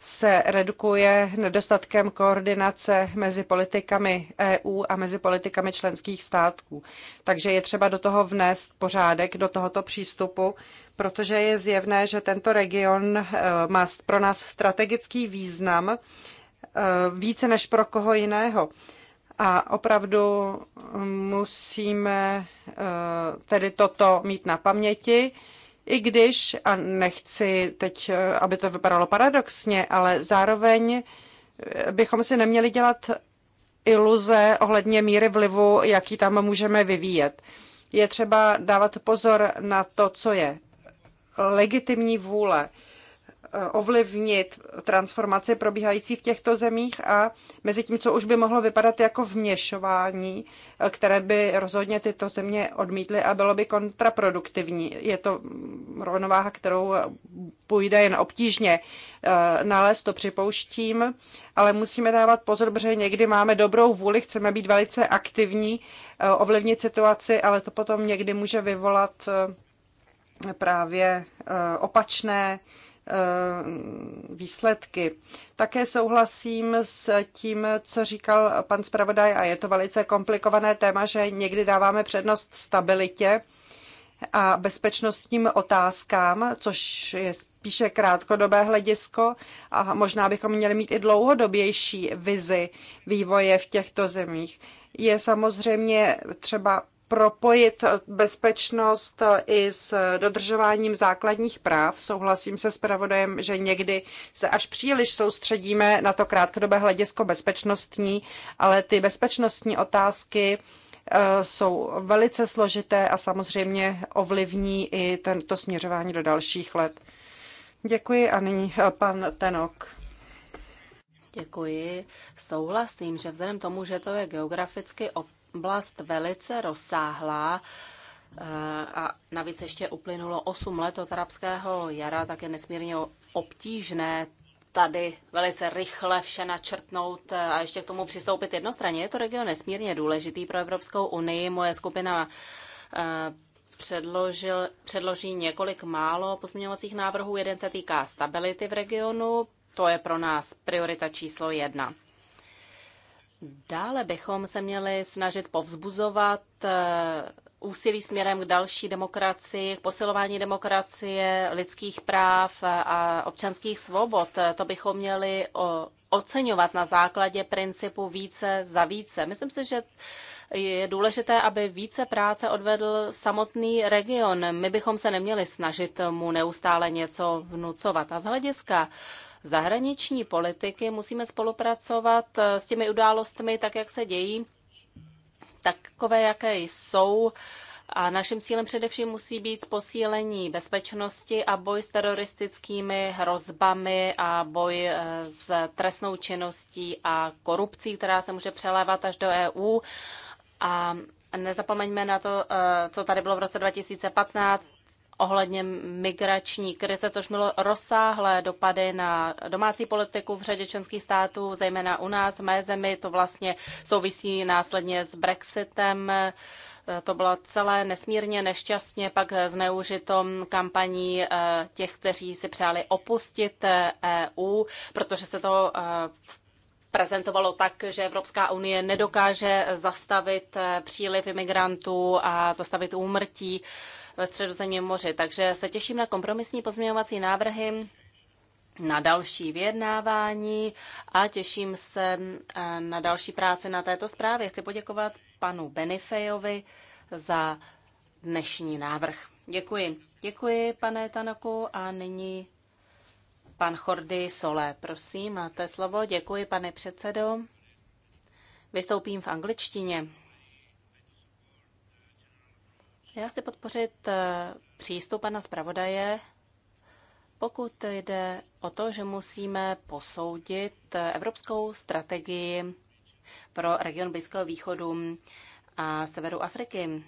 se redukuje nedostatkem koordinace mezi politikami EU a mezi politikami členských států. Takže je třeba do toho vnést pořádek, do tohoto přístupu, protože je zjevné, že tento region eh, má pro nás strategický význam eh, více než pro koho jiného. A opravdu musíme eh, tedy toto mít na paměti i když, a nechci teď, eh, aby to vypadalo paradoxně, ale zároveň eh, bychom si neměli dělat iluze ohledně míry vlivu, jaký tam můžeme vyvíjet. Je třeba dávat pozor na to, co je legitimní vůle. Eh, ovlivnit transformaci probíhající v těchto zemích a mezi tím, co už by mohlo vypadat jako vměšování, eh, které by rozhodně tyto země odmítly a bylo by kontraproduktivní. Je to rovnováha, kterou půjde jen obtížně eh, nalézt, to připouštím, ale musíme dávat pozor, že někdy máme dobrou vůli, chceme být velice aktivní, ovlivnit situaci, ale to potom někdy může vyvolat právě opačné Eh, výsledky. Také souhlasím s tím, co říkal pan zpravodaj, a je to velice komplikované téma, že někdy dáváme přednost stabilitě a bezpečnostním otázkám, což je spíše krátkodobé hledisko a možná bychom měli mít i dlouhodobější vizi vývoje v těchto zemích. Je samozřejmě třeba propojit bezpečnost eh, i s dodržováním základních práv. Souhlasím se s pravodajem, že někdy se až příliš soustředíme na to krátkodobé hledisko bezpečnostní, ale ty bezpečnostní otázky eh, jsou velice složité a samozřejmě ovlivní i tento směřování do dalších let. Děkuji a nyní eh, pan Tenok. Děkuji. Souhlasím, že vzhledem tomu, že to je geograficky oblast velice rozsáhlá eh, a navíc ještě uplynulo 8 let od arabského jara, tak je nesmírně obtížné tady velice rychle vše načrtnout a ještě k tomu přistoupit jednostranně. Je to region nesmírně důležitý pro Evropskou unii. Moje skupina eh, předložil, předloží několik málo pozměňovacích návrhů. Jeden se týká stability v regionu, to je pro nás priorita číslo jedna. Dále bychom se měli snažit povzbuzovat eh, úsilí směrem k další demokracii, k posilování demokracie, lidských práv eh, a občanských svobod. Eh, to bychom měli oceňovat na základě principu více za více. Myslím si, že je důležité, aby více práce odvedl samotný region. My bychom se neměli snažit mu neustále něco vnucovat. A z hlediska uh, zahraniční politiky musíme spolupracovat eh, s těmi událostmi, tak jak se dějí, takové, jaké jsou. A naším cílem především musí být posílení bezpečnosti a boj s teroristickými hrozbami a boj eh, s trestnou činností a korupcí, která se může přelévat až do EU. A nezapomeňme na to, eh, co tady bylo v roce 2015, ohledně migrační krize, což mělo rozsáhlé dopady na domácí politiku v řadě členských států, zejména u nás, v mé zemi. To vlastně souvisí následně s Brexitem. To bylo celé nesmírně nešťastně pak zneužito kampaní eh, těch, kteří si přáli opustit EU, eh, e protože se to eh, prezentovalo tak, že Evropská unie nedokáže zastavit příliv imigrantů a zastavit úmrtí ve středozemním moři. Takže se těším na kompromisní pozměňovací návrhy na další vyjednávání a těším se eh, na další práci na této zprávě. Chci poděkovat panu Benifejovi za dnešní návrh. Děkuji. Děkuji, pane Tanaku, a nyní pan Chordy Sole. Prosím, máte slovo. Děkuji, pane předsedo. Vystoupím v angličtině. Já chci podpořit eh, přístup pana zpravodaje, pokud jde o to, že musíme posoudit eh, evropskou strategii pro region Blízkého východu a severu Afriky.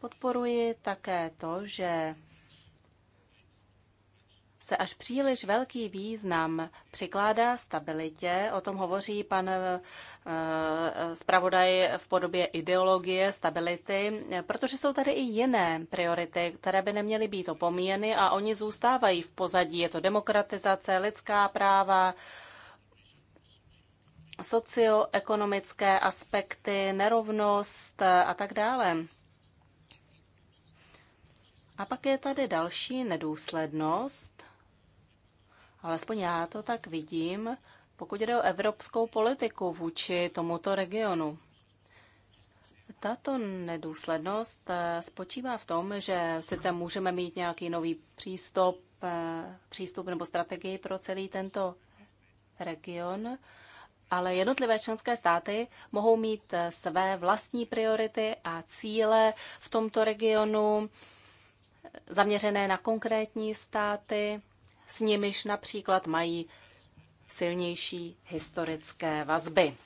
Podporuji také to, že se až příliš velký význam přikládá stabilitě. O tom hovoří pan eh, eh, zpravodaj v podobě ideologie stability, protože jsou tady i jiné priority, které by neměly být opomíjeny a oni zůstávají v pozadí. Je to demokratizace, lidská práva, socioekonomické aspekty, nerovnost a tak dále. A pak je tady další nedůslednost. Alespoň já to tak vidím, pokud jde o evropskou politiku vůči tomuto regionu. Tato nedůslednost eh, spočívá v tom, že sice můžeme mít nějaký nový přístup, eh, přístup nebo strategii pro celý tento region, ale jednotlivé členské státy mohou mít eh, své vlastní priority a cíle v tomto regionu zaměřené na konkrétní státy s nimiž například mají silnější historické vazby.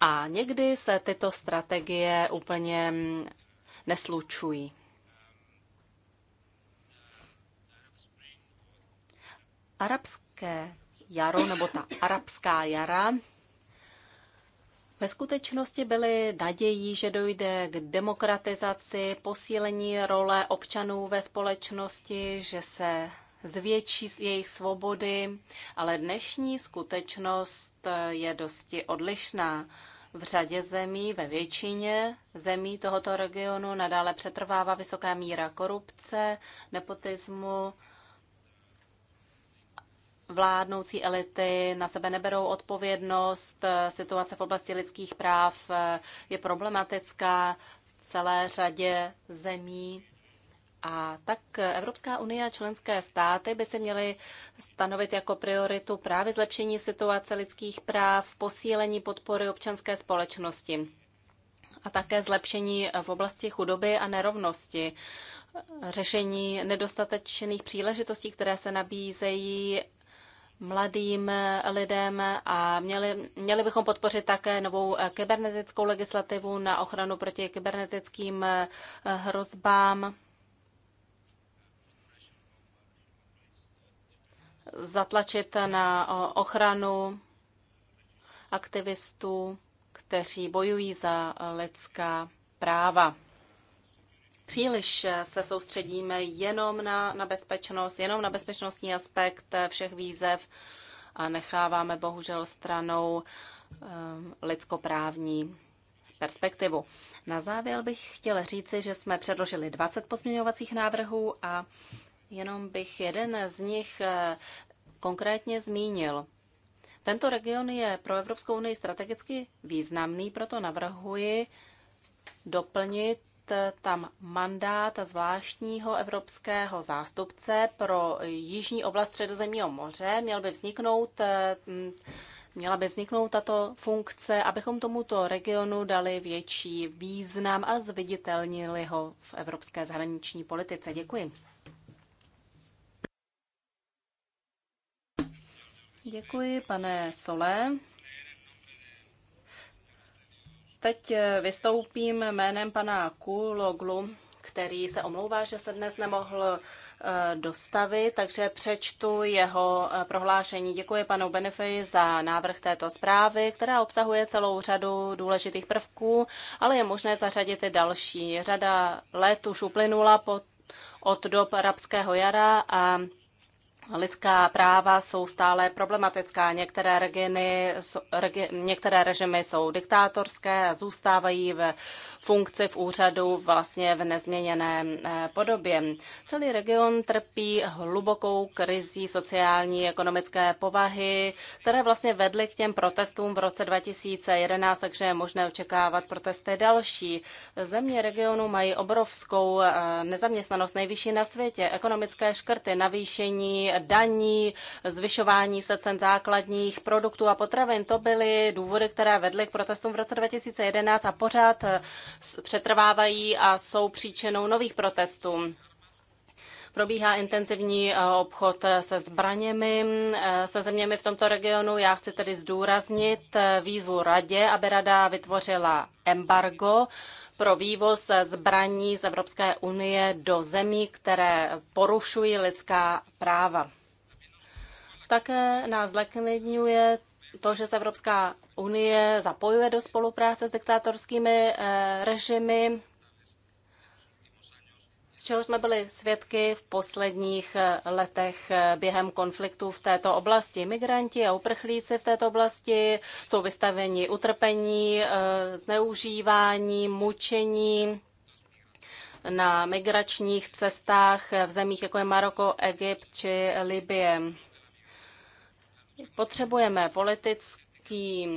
A někdy se tyto strategie úplně neslučují. Arabské jaro nebo ta arabská jara ve skutečnosti byly nadějí, že dojde k demokratizaci, posílení role občanů ve společnosti, že se zvětší jejich svobody, ale dnešní skutečnost je dosti odlišná. V řadě zemí, ve většině zemí tohoto regionu nadále přetrvává vysoká míra korupce, nepotismu, vládnoucí elity na sebe neberou odpovědnost, situace v oblasti lidských práv je problematická v celé řadě zemí. A tak Evropská unie a členské státy by si měly stanovit jako prioritu právě zlepšení situace lidských práv, posílení podpory občanské společnosti a také zlepšení v oblasti chudoby a nerovnosti, řešení nedostatečných příležitostí, které se nabízejí mladým lidem a měli, měli bychom podpořit také novou kybernetickou legislativu na ochranu proti kybernetickým hrozbám zatlačit na ochranu aktivistů, kteří bojují za lidská práva. Příliš se soustředíme jenom na, na bezpečnost, jenom na bezpečnostní aspekt všech výzev a necháváme bohužel stranou ehm, lidskoprávní perspektivu. Na závěr bych chtěl říci, že jsme předložili 20 pozměňovacích návrhů a jenom bych jeden z nich konkrétně zmínil. Tento region je pro Evropskou unii strategicky významný, proto navrhuji doplnit eh, tam mandát zvláštního evropského zástupce pro jižní oblast Středozemního moře. Měl by vzniknout eh, Měla by vzniknout tato funkce, abychom tomuto regionu dali větší význam a zviditelnili ho v evropské zahraniční politice. Děkuji. Děkuji, pane Sole. Teď vystoupím jménem pana Kuloglu, který se omlouvá, že se dnes nemohl eh, dostavit, takže přečtu jeho eh, prohlášení. Děkuji panu Benefej za návrh této zprávy, která obsahuje celou řadu důležitých prvků, ale je možné zařadit i další. Řada let už uplynula pod od dob arabského jara a Lidská práva jsou stále problematická. Některé, regiony, regi, některé režimy jsou diktátorské a zůstávají v funkci v úřadu vlastně v nezměněné eh, podobě. Celý region trpí hlubokou krizí sociální ekonomické povahy, které vlastně vedly k těm protestům v roce 2011, takže je možné očekávat protesty další. Země regionu mají obrovskou eh, nezaměstnanost, nejvyšší na světě, ekonomické škrty, navýšení daní, zvyšování se cen základních produktů a potravin. To byly důvody, které vedly k protestům v roce 2011 a pořád eh, přetrvávají a jsou příčinou nových protestů. Probíhá intenzivní eh, obchod eh, se zbraněmi, se zeměmi v tomto regionu. Já chci tedy zdůraznit výzvu radě, aby rada vytvořila embargo pro vývoz zbraní z Evropské unie do zemí, které porušují lidská práva. Také nás zleknidňuje to, že se Evropská unie zapojuje do spolupráce s diktátorskými eh, režimy čeho jsme byli svědky v posledních eh, letech eh, během konfliktů v této oblasti. Migranti a uprchlíci v této oblasti jsou vystaveni utrpení, eh, zneužívání, mučení na migračních cestách v zemích, jako je Maroko, Egypt či Libie. Potřebujeme politické velký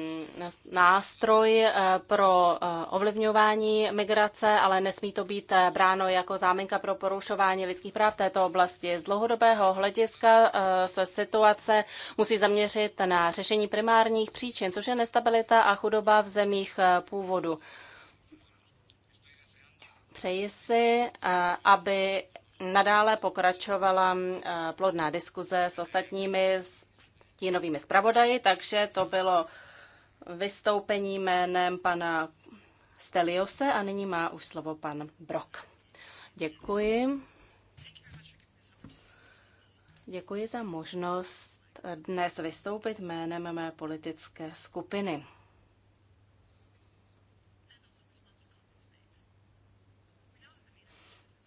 nástroj eh, pro eh, ovlivňování migrace, ale nesmí to být eh, bráno jako záminka pro porušování lidských práv v této oblasti. Z dlouhodobého hlediska se situace musí zaměřit na řešení primárních příčin, což je nestabilita a chudoba v zemích původu. Přeji si, aby nadále pokračovala plodná diskuze s ostatními z stínovými zpravodaji, takže to bylo vystoupení jménem pana Steliose a nyní má už slovo pan Brok. Děkuji. Děkuji za možnost dnes vystoupit jménem mé politické skupiny.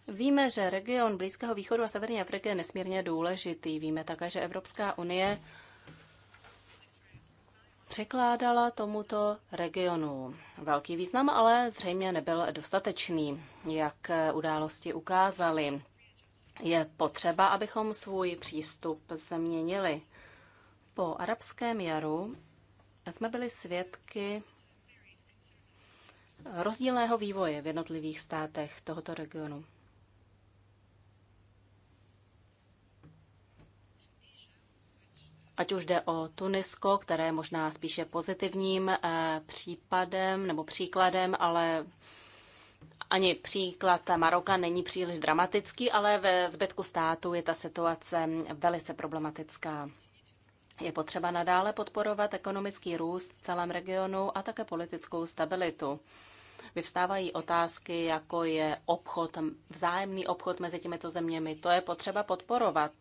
Víme, že region Blízkého východu a Severní Afriky je nesmírně důležitý. Víme také, že Evropská unie překládala tomuto regionu. Velký význam ale zřejmě nebyl dostatečný, jak události ukázaly. Je potřeba, abychom svůj přístup změnili. Po arabském jaru jsme byli svědky rozdílného vývoje v jednotlivých státech tohoto regionu. ať už jde o Tunisko, které je možná spíše pozitivním eh, případem nebo příkladem, ale ani příklad Maroka není příliš dramatický, ale ve zbytku státu je ta situace velice problematická. Je potřeba nadále podporovat ekonomický růst v celém regionu a také politickou stabilitu. Vyvstávají otázky, jako je obchod, vzájemný obchod mezi těmito zeměmi. To je potřeba podporovat.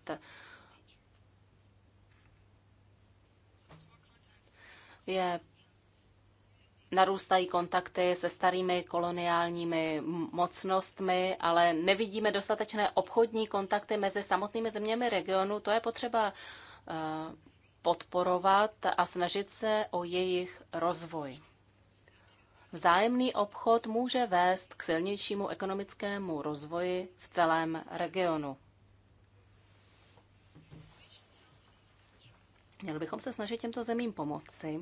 je narůstají kontakty se starými koloniálními mocnostmi, ale nevidíme dostatečné obchodní kontakty mezi samotnými zeměmi regionu. To je potřeba eh, podporovat a snažit se o jejich rozvoj. Vzájemný obchod může vést k silnějšímu ekonomickému rozvoji v celém regionu. Měli bychom se snažit těmto zemím pomoci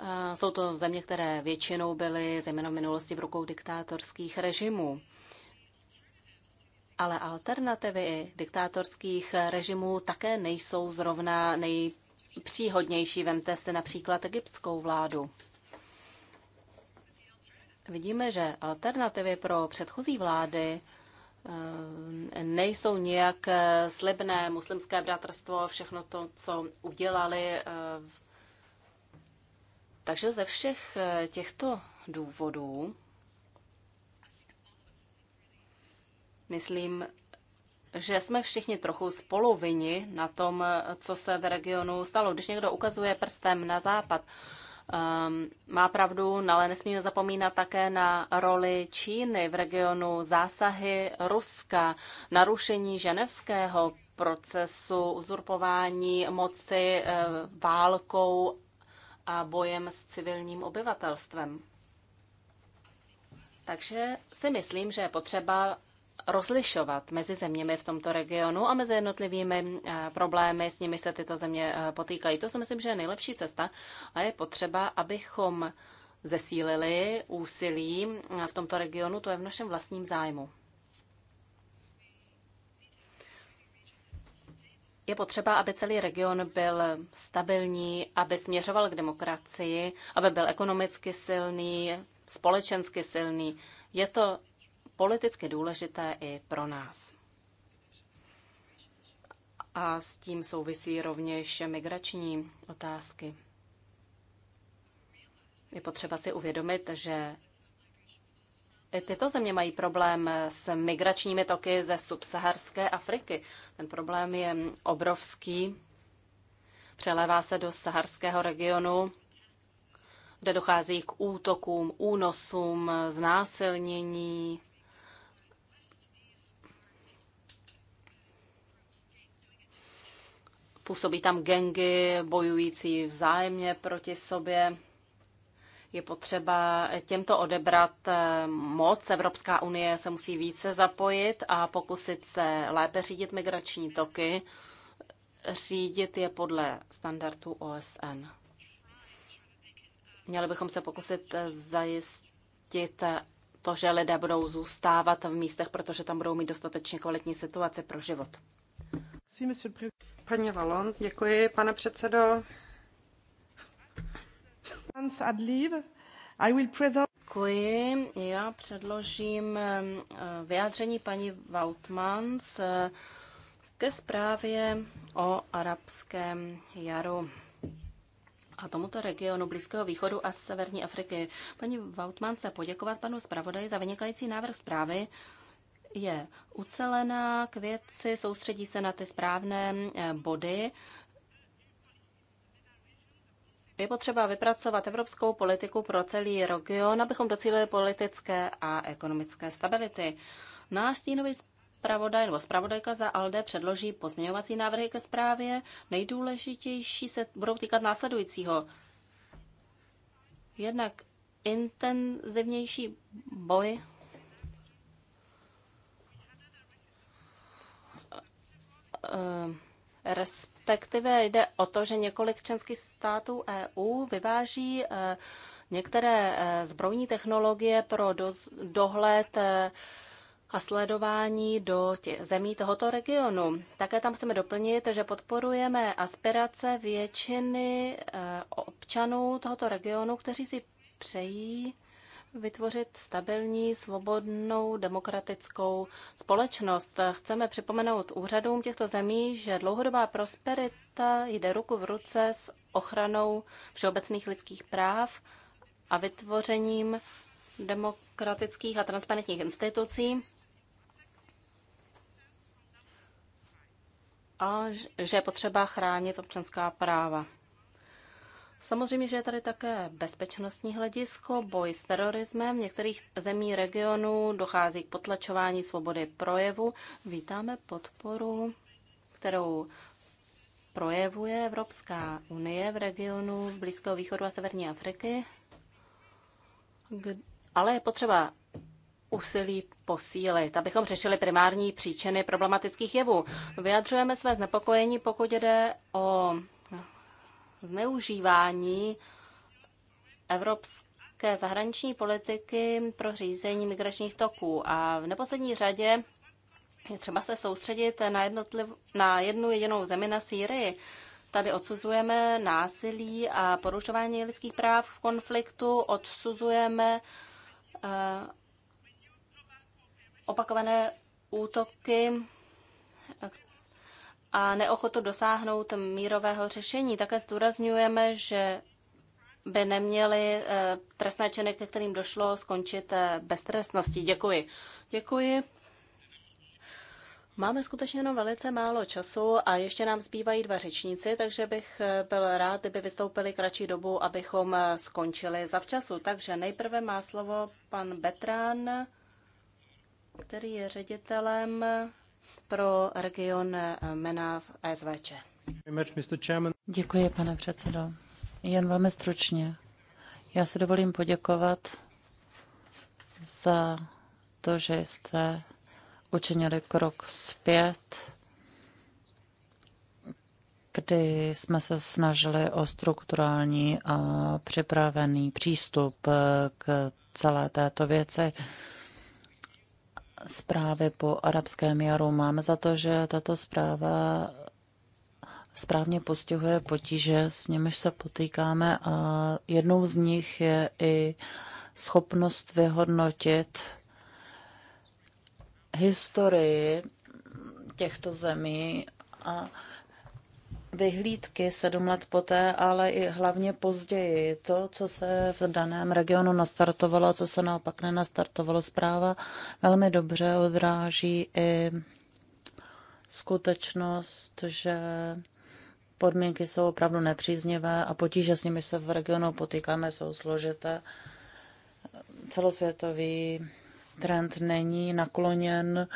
Eh, jsou to země, které většinou byly, zejména v minulosti, v rukou diktátorských režimů. Ale alternativy diktátorských režimů také nejsou zrovna nejpříhodnější. Vemte si například egyptskou vládu. Vidíme, že alternativy pro předchozí vlády eh, nejsou nijak eh, slibné. Muslimské bratrstvo, všechno to, co udělali takže ze všech eh, těchto důvodů myslím, že jsme všichni trochu spoluvini na tom, eh, co se v regionu stalo. Když někdo ukazuje prstem na západ, um, má pravdu, ale nesmíme zapomínat také na roli Číny v regionu, zásahy Ruska, narušení ženevského procesu, uzurpování moci eh, válkou a bojem s civilním obyvatelstvem. Takže si myslím, že je potřeba rozlišovat mezi zeměmi v tomto regionu a mezi jednotlivými eh, problémy, s nimi se tyto země eh, potýkají. To si myslím, že je nejlepší cesta a je potřeba, abychom zesílili úsilí eh, v tomto regionu, to je v našem vlastním zájmu. Je potřeba, aby celý region byl stabilní, aby směřoval k demokracii, aby byl ekonomicky silný, společensky silný. Je to politicky důležité i pro nás. A s tím souvisí rovněž migrační otázky. Je potřeba si uvědomit, že tyto země mají problém s migračními toky ze subsaharské Afriky. Ten problém je obrovský. Přelévá se do saharského regionu, kde dochází k útokům, únosům, znásilnění, Působí tam gengy bojující vzájemně proti sobě je potřeba těmto odebrat eh, moc. Evropská unie se musí více zapojit a pokusit se lépe řídit migrační toky, řídit je podle standardů OSN. Měli bychom se pokusit eh, zajistit eh, to, že lidé budou zůstávat v místech, protože tam budou mít dostatečně kvalitní situaci pro život. Paní Valon, děkuji, pane předsedo. Děkuji. Já předložím eh, vyjádření paní Vautmans eh, ke zprávě o arabském jaru a tomuto regionu Blízkého východu a Severní Afriky. Paní Vautman se poděkovat panu zpravodaji za vynikající návrh zprávy. Je ucelená k věci, soustředí se na ty správné eh, body je potřeba vypracovat evropskou politiku pro celý region, abychom docílili politické a ekonomické stability. Náš stínový zpravodaj nebo zpravodajka za ALDE předloží pozměňovací návrhy ke zprávě. Nejdůležitější se budou týkat následujícího. Jednak intenzivnější boj eh, respektive respektive jde o to, že několik členských států EU vyváží e, některé e, zbrojní technologie pro dohled e, a sledování do tě, zemí tohoto regionu. Také tam chceme doplnit, že podporujeme aspirace většiny občanů tohoto regionu, kteří si přejí vytvořit stabilní, svobodnou, demokratickou společnost. Chceme připomenout úřadům těchto zemí, že dlouhodobá prosperita jde ruku v ruce s ochranou všeobecných lidských práv a vytvořením demokratických a transparentních institucí. A že je potřeba chránit občanská práva. Samozřejmě, že je tady také bezpečnostní hledisko, boj s terorismem. V některých zemí regionu dochází k potlačování svobody projevu. Vítáme podporu, kterou projevuje Evropská unie v regionu Blízkého východu a Severní Afriky, ale je potřeba úsilí posílit, abychom řešili primární příčiny problematických jevů. Vyjadřujeme své znepokojení, pokud jde o zneužívání evropské zahraniční politiky pro řízení migračních toků. A v neposlední řadě je třeba se soustředit na, jednotliv, na jednu jedinou zemi, na Sýrii. Tady odsuzujeme násilí a porušování lidských práv v konfliktu, odsuzujeme eh, opakované útoky a neochotu dosáhnout mírového řešení. Také zdůrazňujeme, že by neměly eh, trestné činy, ke kterým došlo, skončit eh, bez trestnosti. Děkuji. Děkuji. Máme skutečně jenom velice málo času a ještě nám zbývají dva řečníci, takže bych eh, byl rád, kdyby vystoupili kratší dobu, abychom skončili za včasu. Takže nejprve má slovo pan Betrán, který je ředitelem pro region MENA v SVČ. Děkuji, pane předsedo. Jen velmi stručně. Já si dovolím poděkovat za to, že jste učinili krok zpět, kdy jsme se snažili o strukturální a připravený přístup k celé této věci zprávy po arabském jaru. Máme za to, že tato zpráva správně postihuje potíže, s nimiž se potýkáme a jednou z nich je i schopnost vyhodnotit historii těchto zemí a vyhlídky sedm let poté, ale i hlavně později. To, co se v daném regionu nastartovalo, co se naopak nenastartovalo, zpráva velmi dobře odráží i skutečnost, že podmínky jsou opravdu nepříznivé a potíže s nimi se v regionu potýkáme jsou složité. Celosvětový trend není nakloněn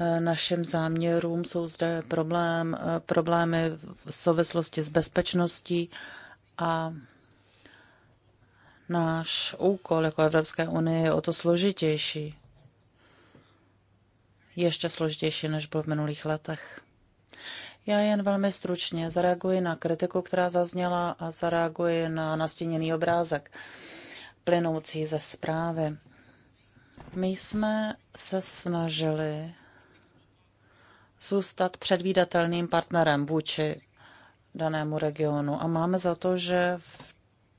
eh, našim záměrům. Jsou zde problém, eh, problémy v souvislosti s bezpečností a náš úkol jako Evropské unie je o to složitější. Ještě složitější, než byl v minulých letech. Já jen velmi stručně zareaguji na kritiku, která zazněla a zareaguji na nastíněný obrázek plynoucí ze zprávy. My jsme se snažili zůstat předvídatelným partnerem vůči danému regionu a máme za to, že v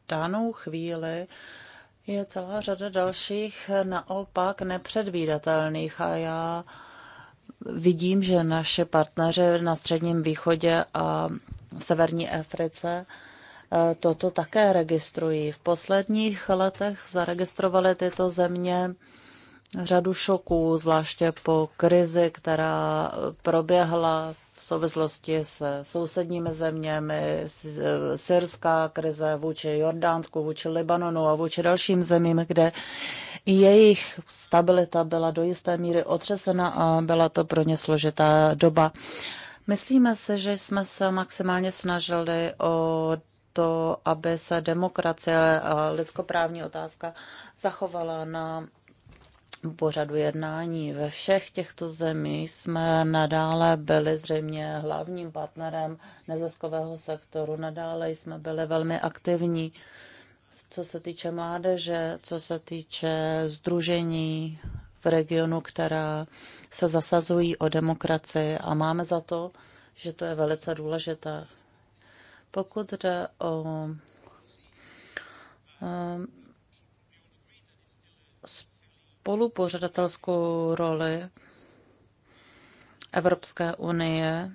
danou chvíli je celá řada dalších naopak nepředvídatelných a já vidím, že naše partneři na Středním východě a v Severní Africe eh, toto také registrují. V posledních letech zaregistrovaly tyto země řadu šoků, zvláště po krizi, která proběhla v souvislosti s sousedními zeměmi, e, syrská krize vůči Jordánsku, vůči Libanonu a vůči dalším zemím, kde jejich stabilita byla do jisté míry otřesena a byla to pro ně složitá doba. Myslíme si, že jsme se maximálně snažili o to, aby se demokracie a lidskoprávní otázka zachovala na pořadu jednání. Ve všech těchto zemích jsme nadále byli zřejmě hlavním partnerem neziskového sektoru, nadále jsme byli velmi aktivní, co se týče mládeže, co se týče združení v regionu, která se zasazují o demokracii a máme za to, že to je velice důležité. Pokud jde o spolupořadatelskou roli Evropské unie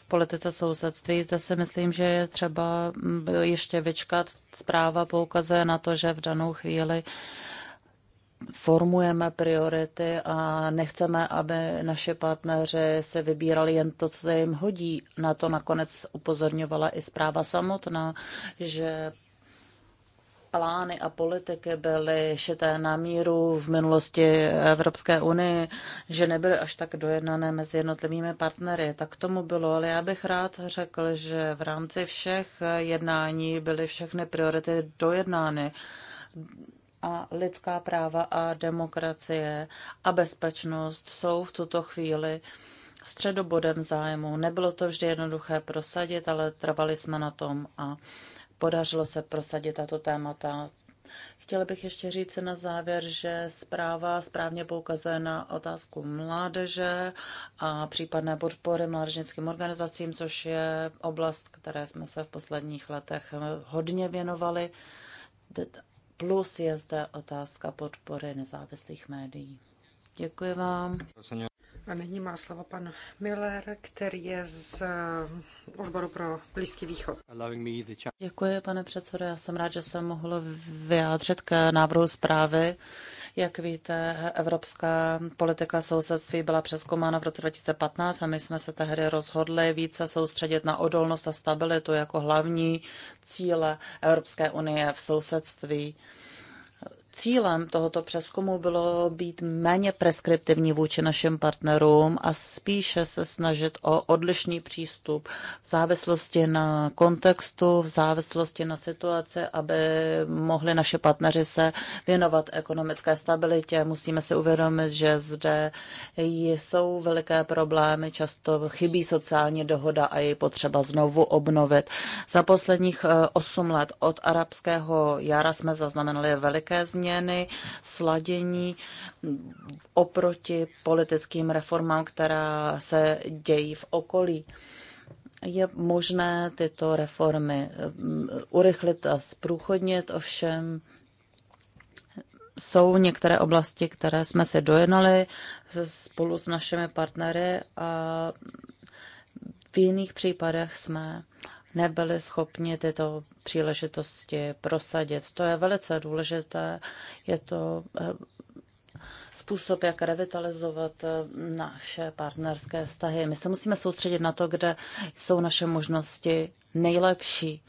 v politice sousedství. Zde si myslím, že je třeba ještě vyčkat. Zpráva poukazuje na to, že v danou chvíli formujeme priority a nechceme, aby naše partneři se vybírali jen to, co se jim hodí. Na to nakonec upozorňovala i zpráva samotná, že plány a politiky byly šité na míru v minulosti Evropské unii, že nebyly až tak dojednané mezi jednotlivými partnery. Tak tomu bylo, ale já bych rád řekl, že v rámci všech jednání byly všechny priority dojednány a lidská práva a demokracie a bezpečnost jsou v tuto chvíli středobodem zájmu. Nebylo to vždy jednoduché prosadit, ale trvali jsme na tom a podařilo se prosadit tato témata. Chtěla bych ještě říct na závěr, že zpráva správně poukazuje na otázku mládeže a případné podpory mládežnickým organizacím, což je oblast, které jsme se v posledních letech hodně věnovali. Plus je zde otázka podpory nezávislých médií. Děkuji vám. A nyní má slovo pan Miller, který je z eh, odboru pro Blízký východ. Děkuji, pane předsedo. Já jsem rád, že jsem mohl vyjádřit k návrhu zprávy. Jak víte, evropská politika sousedství byla přeskoumána v roce 2015 a my jsme se tehdy rozhodli více soustředit na odolnost a stabilitu jako hlavní cíle Evropské unie v sousedství. Cílem tohoto přeskumu bylo být méně preskriptivní vůči našim partnerům a spíše se snažit o odlišný přístup v závislosti na kontextu, v závislosti na situaci, aby mohli naše partneři se věnovat ekonomické stabilitě. Musíme si uvědomit, že zde jsou veliké problémy, často chybí sociální dohoda a je potřeba znovu obnovit. Za posledních 8 eh, let od arabského jara jsme zaznamenali veliké změny změny, sladění oproti politickým reformám, která se dějí v okolí je možné tyto reformy mm, urychlit a zprůchodnit, ovšem jsou některé oblasti, které jsme se dojednali spolu s našimi partnery a v jiných případech jsme nebyli schopni tyto příležitosti prosadit. To je velice důležité. Je to eh, způsob, jak revitalizovat eh, naše partnerské vztahy. My se musíme soustředit na to, kde jsou naše možnosti nejlepší.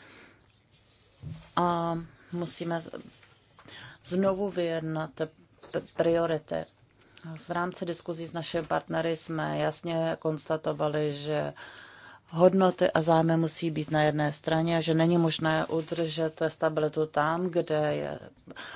A musíme znovu vyjednat priority. V rámci diskuzí s našimi partnery jsme jasně konstatovali, že hodnoty a zájmy musí být na jedné straně a že není možné udržet stabilitu tam, kde je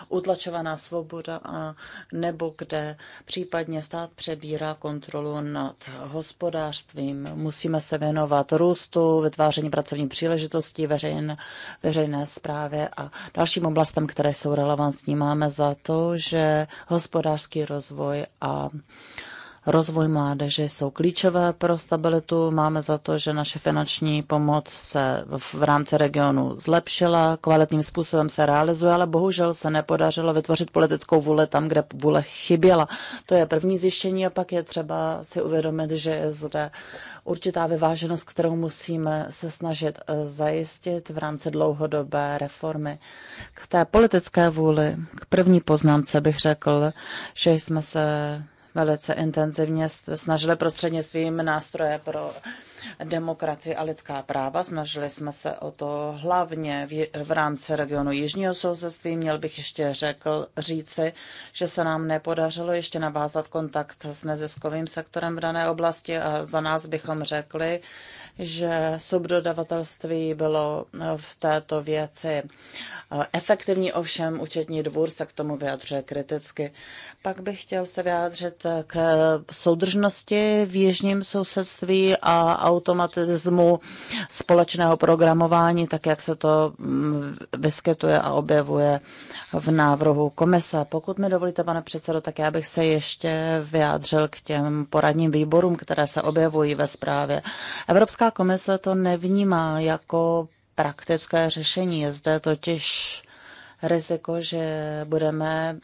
utlačovaná svoboda a nebo kde případně stát přebírá kontrolu nad hospodářstvím. Musíme se věnovat růstu, vytváření pracovní příležitosti, veřejn, veřejné zprávě a dalším oblastem, které jsou relevantní. Máme za to, že hospodářský rozvoj a rozvoj mládeže jsou klíčové pro stabilitu. Máme za to, že naše finanční pomoc se v rámci regionu zlepšila, kvalitním způsobem se realizuje, ale bohužel se nepodařilo vytvořit politickou vůli tam, kde vůle chyběla. To je první zjištění a pak je třeba si uvědomit, že je zde určitá vyváženost, kterou musíme se snažit eh, zajistit v rámci dlouhodobé reformy. K té politické vůli, k první poznámce bych řekl, že jsme se velice intenzivně snažili prostřednictvím nástroje pro demokracii a lidská práva. Snažili jsme se o to hlavně v, v rámci regionu Jižního sousedství. Měl bych ještě řekl, říci, že se nám nepodařilo ještě navázat kontakt s neziskovým sektorem v dané oblasti a za nás bychom řekli, že subdodavatelství bylo eh, v této věci eh, efektivní, ovšem účetní dvůr se k tomu vyjadřuje kriticky. Pak bych chtěl se vyjádřit k soudržnosti v jižním sousedství a automatismu společného programování, tak jak se to mm, vyskytuje a objevuje v návrhu komise. Pokud mi dovolíte, pane předsedo, tak já bych se ještě vyjádřil k těm poradním výborům, které se objevují ve zprávě. Evropská komise to nevnímá jako praktické řešení. Je zde totiž riziko, že budeme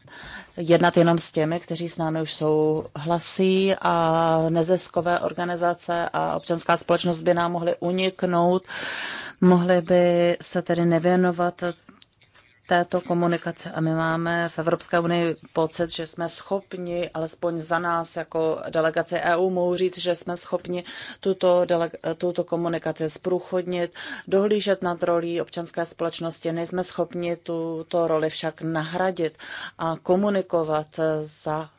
jednat jenom s těmi, kteří s námi už jsou hlasí, a neziskové organizace a občanská společnost by nám mohly uniknout, mohly by se tedy nevěnovat této komunikace a my máme v Evropské unii pocit, že jsme schopni, alespoň za nás jako delegace EU mohu říct, že jsme schopni tuto, deleg tuto komunikaci zprůchodnit, dohlížet nad rolí občanské společnosti. Nejsme schopni tuto roli však nahradit a komunikovat za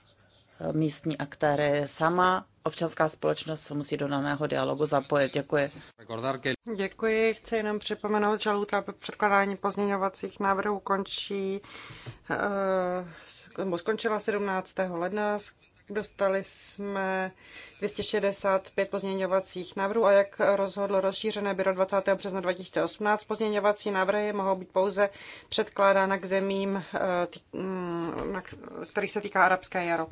místní aktéry. Sama občanská společnost se musí do daného dialogu zapojit. Děkuji. Děkuji. Chci jenom připomenout, že lhůta předkládání pozměňovacích návrhů končí, eh, nebo skončila 17. ledna. Dostali jsme 265 pozměňovacích návrhů a jak rozhodlo rozšířené byro 20. března 2018, pozměňovací návrhy mohou být pouze předkládána k zemím, eh, mm, na kterých se týká arabské jaro.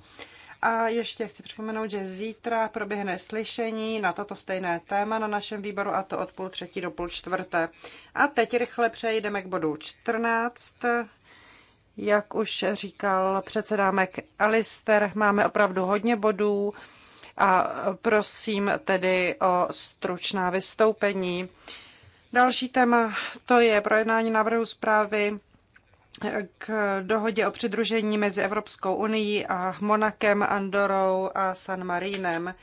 A ještě chci připomenout, že zítra proběhne slyšení na toto stejné téma na našem výboru a to od půl třetí do půl čtvrté. A teď rychle přejdeme k bodu 14. Jak už říkal předsedámek Alister, máme opravdu hodně bodů a prosím tedy o stručná vystoupení. Další téma to je projednání návrhu zprávy k dohodě o přidružení mezi Evropskou unii a Monakem, Andorou a San Marínem.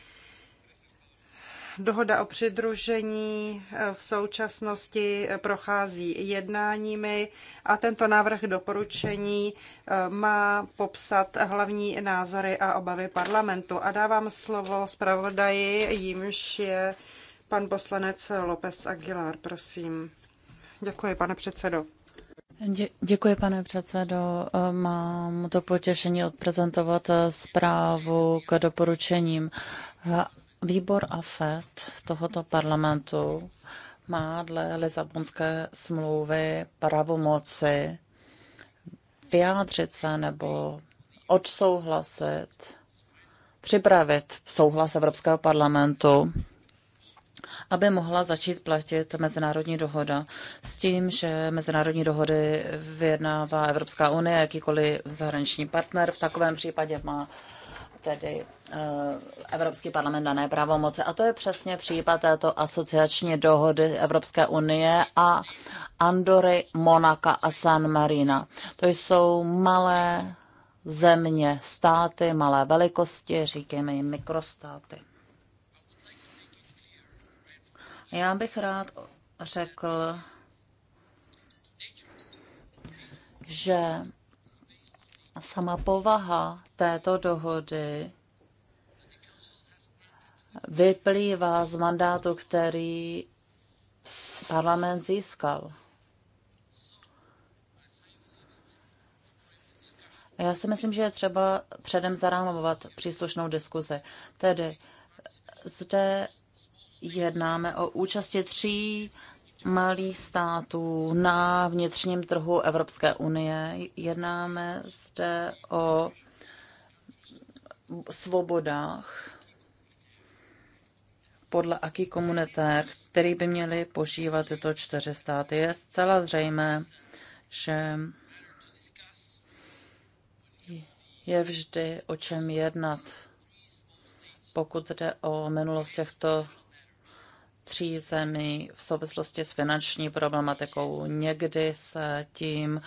Dohoda o přidružení eh, v současnosti eh, prochází jednáními a tento návrh doporučení eh, má popsat hlavní názory a obavy parlamentu. A dávám slovo zpravodaji, jímž je pan poslanec López Aguilar, prosím. Děkuji, pane předsedo děkuji, pane předsedo. Mám to potěšení odprezentovat eh, zprávu k doporučením. Eh, výbor AFET tohoto parlamentu má dle Lisabonské smlouvy pravomoci vyjádřit se nebo odsouhlasit, připravit souhlas Evropského parlamentu aby mohla začít platit mezinárodní dohoda. S tím, že mezinárodní dohody vyjednává Evropská unie, jakýkoliv zahraniční partner, v takovém případě má tedy eh, Evropský parlament dané pravomoce. A to je přesně případ této asociační dohody Evropské unie a Andory, Monaka a San Marina. To jsou malé země, státy, malé velikosti, říkejme jim mikrostáty. Já bych rád řekl, že sama povaha této dohody vyplývá z mandátu, který parlament získal. Já si myslím, že je třeba předem zarámovat příslušnou diskuzi. Tedy zde jednáme o účasti tří malých států na vnitřním trhu Evropské unie. Jednáme zde o svobodách podle aký komunitér, který by měli požívat tyto čtyři státy. Je zcela zřejmé, že je vždy o čem jednat, pokud jde o minulost těchto tří zemí v souvislosti s finanční problematikou. Někdy se tím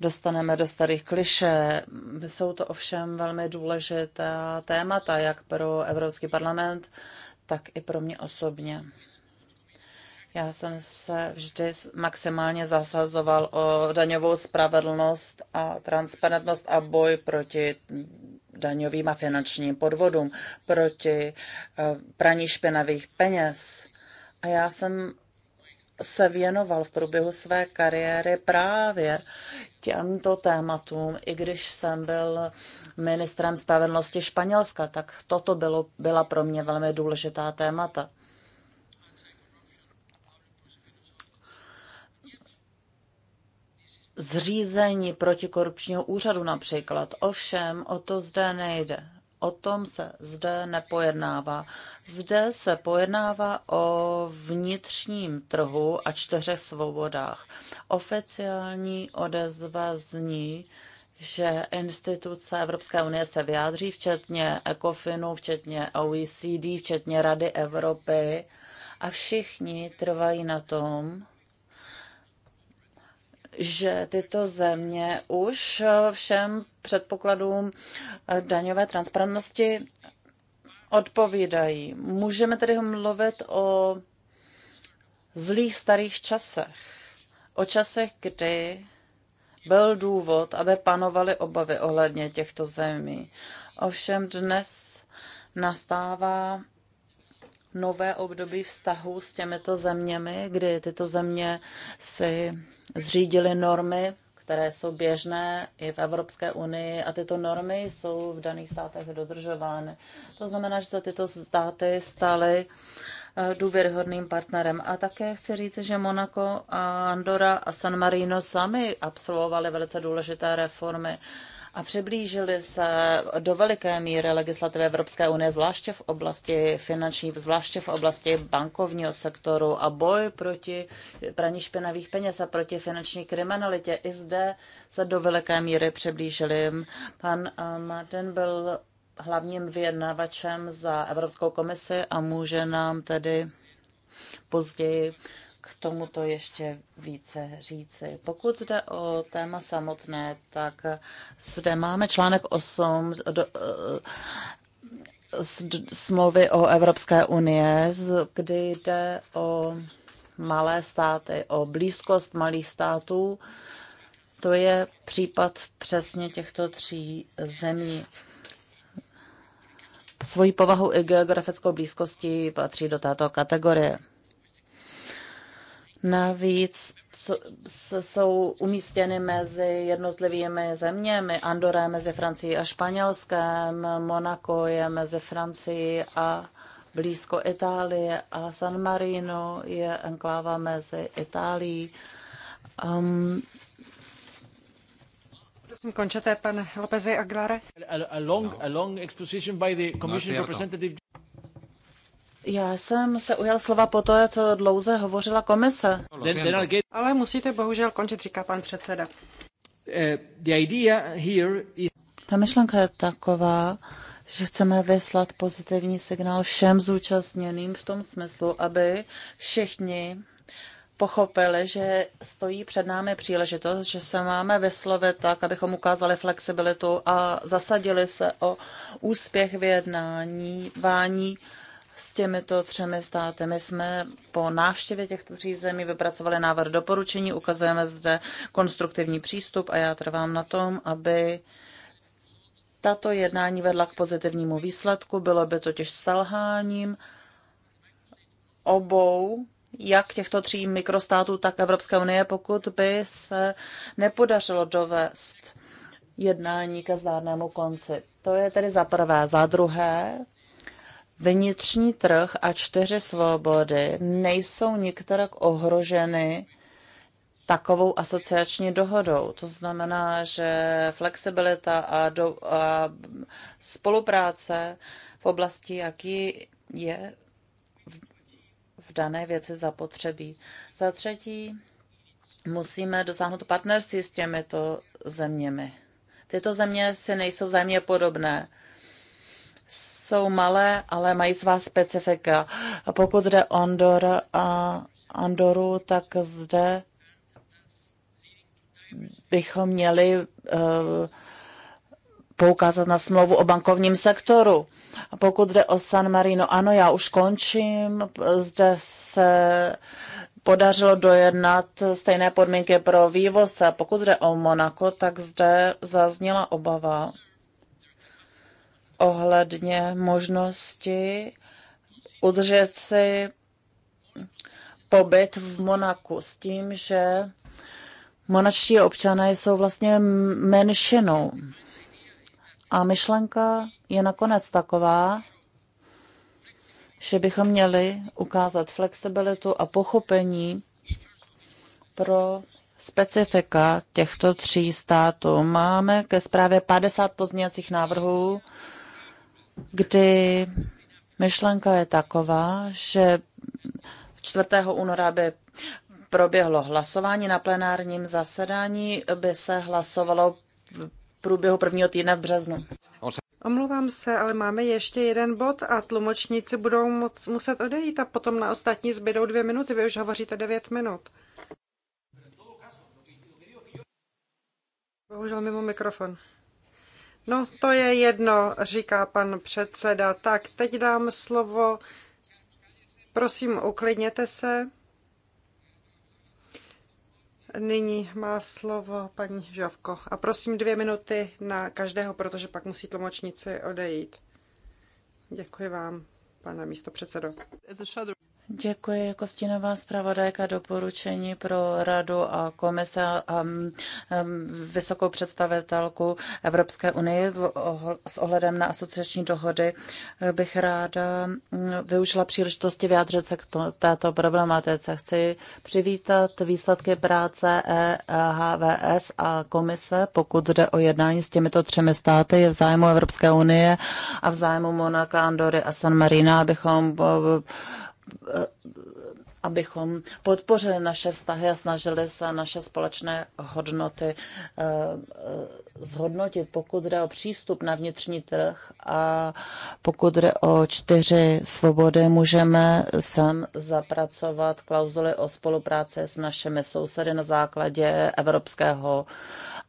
dostaneme do starých kliše. Jsou to ovšem velmi důležitá témata, jak pro Evropský parlament, tak i pro mě osobně. Já jsem se vždy maximálně zasazoval o daňovou spravedlnost a transparentnost a boj proti daňovým a finančním podvodům, proti eh, praní špinavých peněz. A já jsem se věnoval v průběhu své kariéry právě těmto tématům, i když jsem byl ministrem spravedlnosti Španělska, tak toto bylo, byla pro mě velmi důležitá témata. zřízení protikorupčního úřadu například. Ovšem, o to zde nejde. O tom se zde nepojednává. Zde se pojednává o vnitřním trhu a čtyřech svobodách. Oficiální odezva zní, že instituce Evropské unie se vyjádří, včetně ECOFINu, včetně OECD, včetně Rady Evropy a všichni trvají na tom, že tyto země už všem předpokladům daňové transparentnosti odpovídají. Můžeme tedy mluvit o zlých starých časech, o časech, kdy byl důvod, aby panovaly obavy ohledně těchto zemí. Ovšem dnes nastává nové období vztahu s těmito zeměmi, kdy tyto země si zřídily normy, které jsou běžné i v Evropské unii a tyto normy jsou v daných státech dodržovány. To znamená, že se tyto státy staly eh, důvěryhodným partnerem. A také chci říct, že Monaco, Andora a San Marino sami absolvovali velice důležité reformy a přiblížili se do veliké míry legislativy Evropské unie, zvláště v oblasti finanční, zvláště v oblasti bankovního sektoru a boj proti praní špinavých peněz a proti finanční kriminalitě. I zde se do veliké míry přiblížili. Pan eh, Martin byl hlavním vyjednavačem za Evropskou komisi a může nám tedy později k tomuto ještě více říci. Pokud jde o téma samotné, tak zde máme článek 8 do, z smlouvy o Evropské unie, kdy jde o malé státy, o blízkost malých států. To je případ přesně těchto tří zemí. Svojí povahu i geografickou blízkostí patří do této kategorie. Navíc jsou umístěny mezi jednotlivými zeměmi. Andorra je mezi Francií a Španělskem, Monaco je mezi Francií a blízko Itálie a San Marino je enkláva mezi Itálií. Um, Prosím, končete, pane Lopezi Aguilar? A, a, a long, a long by the já jsem se ujal slova po to, co dlouze hovořila komise. Ale musíte bohužel končit, říká pan předseda. Eh, Ta myšlenka je taková, že chceme vyslat pozitivní signál všem zúčastněným v tom smyslu, aby všichni pochopili, že stojí před námi příležitost, že se máme vyslovit tak, abychom ukázali flexibilitu a zasadili se o úspěch vyjednání, vání těmito třemi státy. My jsme po návštěvě těchto tří zemí vypracovali návrh doporučení, ukazujeme zde konstruktivní přístup a já trvám na tom, aby tato jednání vedla k pozitivnímu výsledku. Bylo by totiž selháním obou jak těchto tří mikrostátů, tak Evropské unie, pokud by se nepodařilo dovést jednání ke zdárnému konci. To je tedy za prvé. Za druhé, vnitřní trh a čtyři svobody nejsou některak ohroženy takovou asociační dohodou. To znamená, že flexibilita a, do, a spolupráce v oblasti, jaký je v, v dané věci zapotřebí. Za třetí, musíme dosáhnout partnerství s těmito zeměmi. Tyto země si nejsou vzájemně podobné jsou malé, ale mají svá specifika. A pokud jde Andor a Andoru, tak zde bychom měli uh, poukázat na smlouvu o bankovním sektoru. A pokud jde o San Marino, ano, já už končím. Zde se podařilo dojednat stejné podmínky pro A Pokud jde o Monako, tak zde zazněla obava, ohledně možnosti udržet si pobyt v Monaku s tím, že monačtí občané jsou vlastně menšinou. A myšlenka je nakonec taková, že bychom měli ukázat flexibilitu a pochopení pro specifika těchto tří států. Máme ke zprávě 50 pozměňovacích návrhů kdy myšlenka je taková, že 4. února by proběhlo hlasování na plenárním zasedání, by se hlasovalo v průběhu prvního týdne v březnu. Omlouvám se, ale máme ještě jeden bod a tlumočníci budou moc, muset odejít a potom na ostatní zbydou dvě minuty. Vy už hovoříte devět minut. Bohužel mimo mikrofon. No, to je jedno, říká pan předseda. Tak, teď dám slovo. Prosím, uklidněte se. Nyní má slovo paní Žovko. A prosím dvě minuty na každého, protože pak musí tlumočníci odejít. Děkuji vám, pane místo předsedo. Děkuji Kostinová jako zpravodajka doporučení pro radu a komise a mm, mm, vysokou představitelku Evropské unie s ohledem na asociační dohody eh, bych ráda mm, využila příležitosti vyjádřit se k této problematice. Chci přivítat výsledky práce EHVS a komise, pokud jde o jednání s těmito třemi státy, je v zájmu Evropské unie a v zájmu Monaka, Andory a San Marina, abychom eh, abychom podpořili naše vztahy a snažili se naše společné hodnoty eh, eh, zhodnotit, pokud jde o přístup na vnitřní trh a pokud jde o čtyři svobody, můžeme sem zapracovat klauzuly o spolupráci s našimi sousedy na základě evropského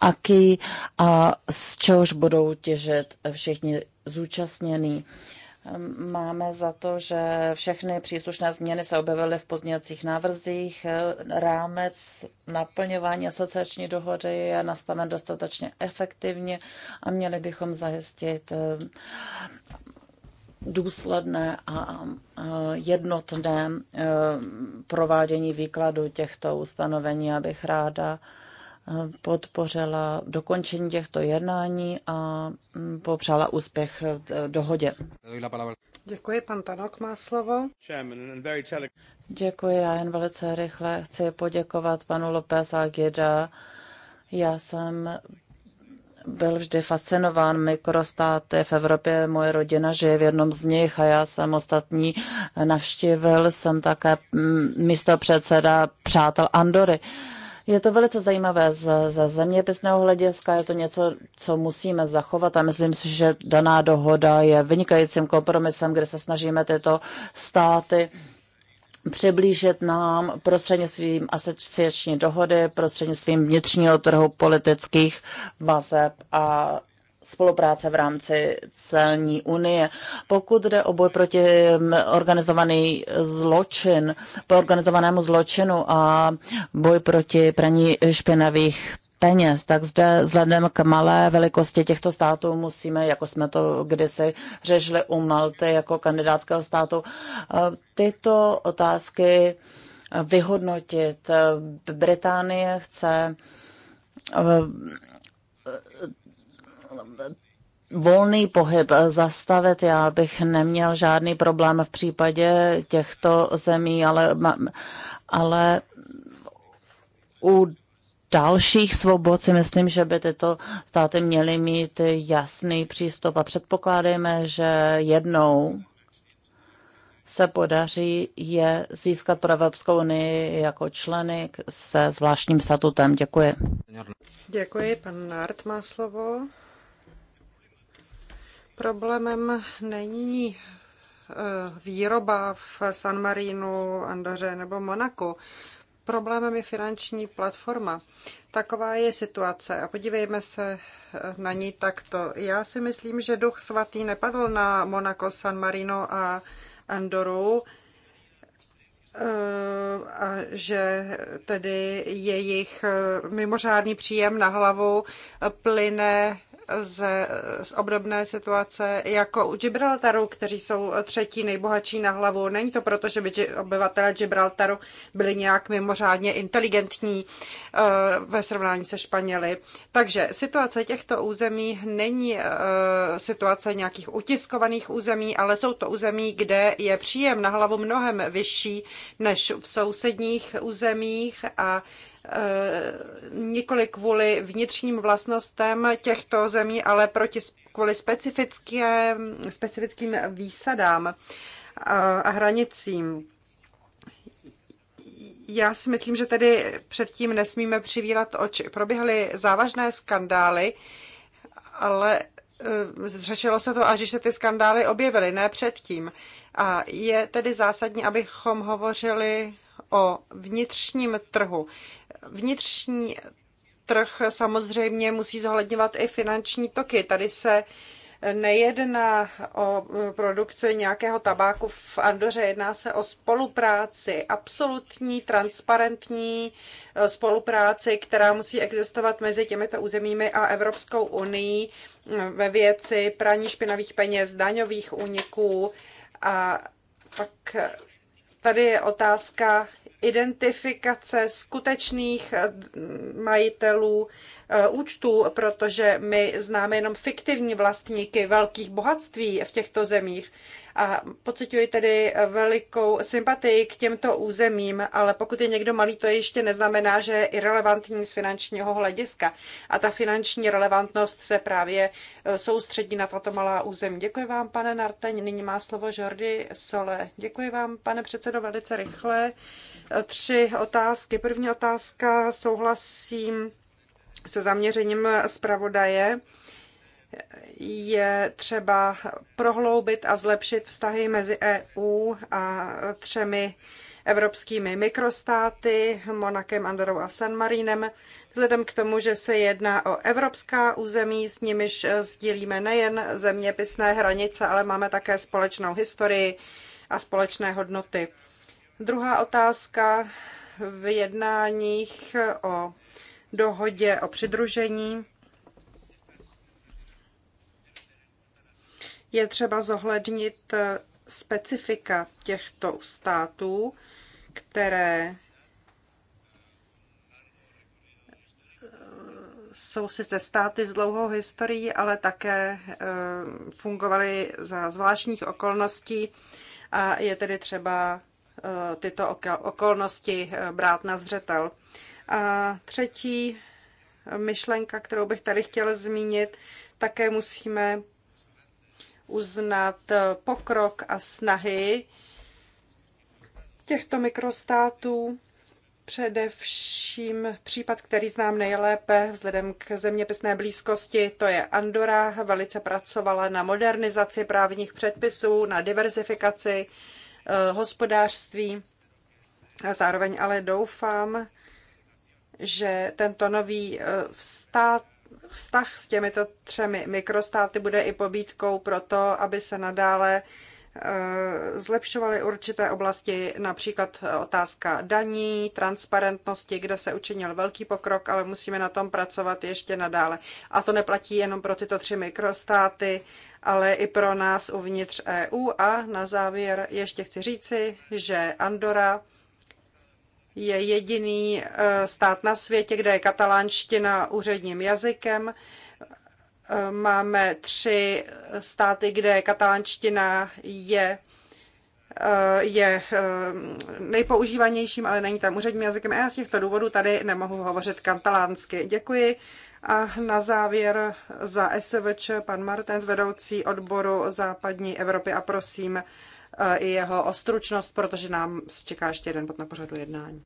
AKI a z čehož budou těžit všichni zúčastnění. Máme za to, že všechny příslušné změny se objevily v pozměňovacích návrzích. Rámec naplňování asociační dohody je nastaven dostatečně efektivně a měli bychom zajistit eh, důsledné a eh, jednotné eh, provádění výkladu těchto ustanovení. Abych ráda podpořila dokončení těchto jednání a popřála úspěch v dohodě. Děkuji, pan Tanok má slovo. Děkuji, já jen velice rychle chci poděkovat panu López Aguida. Já jsem byl vždy fascinován mikrostáty v Evropě. Moje rodina žije v jednom z nich a já jsem ostatní navštívil. Jsem také mm, místo předseda přátel Andory. Uh, je to velice zajímavé ze, ze zeměpisného hlediska, je to něco, co musíme zachovat a myslím si, že daná dohoda je vynikajícím kompromisem, kde se snažíme tyto státy přiblížit nám prostřednictvím asociační dohody, prostřednictvím vnitřního trhu politických vazeb a spolupráce v rámci celní unie. Pokud jde o boj proti mm, organizovaný zločin, po organizovanému zločinu a boj proti praní špinavých peněz, tak zde vzhledem k malé velikosti těchto států musíme, jako jsme to kdysi řešili u Malty jako kandidátského státu, e, tyto otázky vyhodnotit. Británie chce e, volný pohyb zastavit. Já bych neměl žádný problém v případě těchto zemí, ale, ale u dalších svobod si myslím, že by tyto státy měly mít jasný přístup a předpokládáme, že jednou se podaří je získat pro Evropskou unii jako členy se zvláštním statutem. Děkuji. Děkuji, pan Nart má slovo. Problémem není eh, výroba v San Marínu, Andoře nebo Monaku. Problémem je finanční platforma. Taková je situace a podívejme se eh, na ní takto. Já si myslím, že duch svatý nepadl na Monako, San Marino a Andoru eh, a že tedy jejich mimořádný příjem na hlavu plyne ze, z obdobné situace jako u Gibraltaru, kteří jsou třetí nejbohatší na hlavu. Není to proto, že by obyvatelé Gibraltaru byli nějak mimořádně inteligentní eh, ve srovnání se Španěli. Takže situace těchto území není eh, situace nějakých utiskovaných území, ale jsou to území, kde je příjem na hlavu mnohem vyšší než v sousedních územích a Eh, nikoli kvůli vnitřním vlastnostem těchto zemí, ale proti, kvůli specifickým, specifickým výsadám eh, a hranicím. Já si myslím, že tedy předtím nesmíme přivírat oči. Proběhly závažné skandály, ale eh, řešilo se to, až se ty skandály objevily, ne předtím. A je tedy zásadní, abychom hovořili o vnitřním trhu vnitřní trh samozřejmě musí zohledňovat i finanční toky. Tady se nejedná o produkci nějakého tabáku v Andoře, jedná se o spolupráci, absolutní, transparentní spolupráci, která musí existovat mezi těmito územími a Evropskou unii ve věci praní špinavých peněz, daňových úniků a pak tady je otázka identifikace skutečných eh, majitelů eh, účtů, protože my známe jenom fiktivní vlastníky velkých bohatství v těchto zemích a pocituji tedy velikou sympatii k těmto územím, ale pokud je někdo malý, to ještě neznamená, že je irrelevantní z finančního hlediska. A ta finanční relevantnost se právě e, soustředí na tato malá území. Děkuji vám, pane Narteň. Nyní má slovo Jordi Sole. Děkuji vám, pane předsedo, velice rychle. E, tři otázky. První otázka, souhlasím se zaměřením zpravodaje je třeba prohloubit a zlepšit vztahy mezi EU a třemi evropskými mikrostáty, Monakem, Andorou a San Marínem, vzhledem k tomu, že se jedná o evropská území, s nimiž sdílíme nejen zeměpisné hranice, ale máme také společnou historii a společné hodnoty. Druhá otázka v jednáních o dohodě o přidružení je třeba zohlednit eh, specifika těchto států, které eh, jsou sice státy s dlouhou historií, ale také eh, fungovaly za zvláštních okolností a je tedy třeba tyto okolnosti brát na zřetel. A třetí myšlenka, kterou bych tady chtěla zmínit, také musíme uznat eh, pokrok a snahy těchto mikrostátů. Především případ, který znám nejlépe vzhledem k zeměpisné blízkosti, to je Andora. Velice pracovala na modernizaci právních předpisů, na diverzifikaci eh, hospodářství. A zároveň ale doufám, že tento nový eh, stát Vztah s těmito třemi mikrostáty bude i pobídkou pro to, aby se nadále eh, zlepšovaly určité oblasti, například otázka daní, transparentnosti, kde se učinil velký pokrok, ale musíme na tom pracovat ještě nadále. A to neplatí jenom pro tyto tři mikrostáty, ale i pro nás uvnitř EU. A na závěr ještě chci říci, že Andora je jediný eh, stát na světě, kde je katalánština úředním jazykem. Eh, máme tři státy, kde katalánština je eh, je nejpoužívanějším, ale není tam úředním jazykem. A já z těchto důvodů tady nemohu hovořit katalánsky. Děkuji. A na závěr za SVČ pan Martens, vedoucí odboru západní Evropy a prosím, i jeho ostručnost, protože nám čeká ještě jeden bod na pořadu jednání.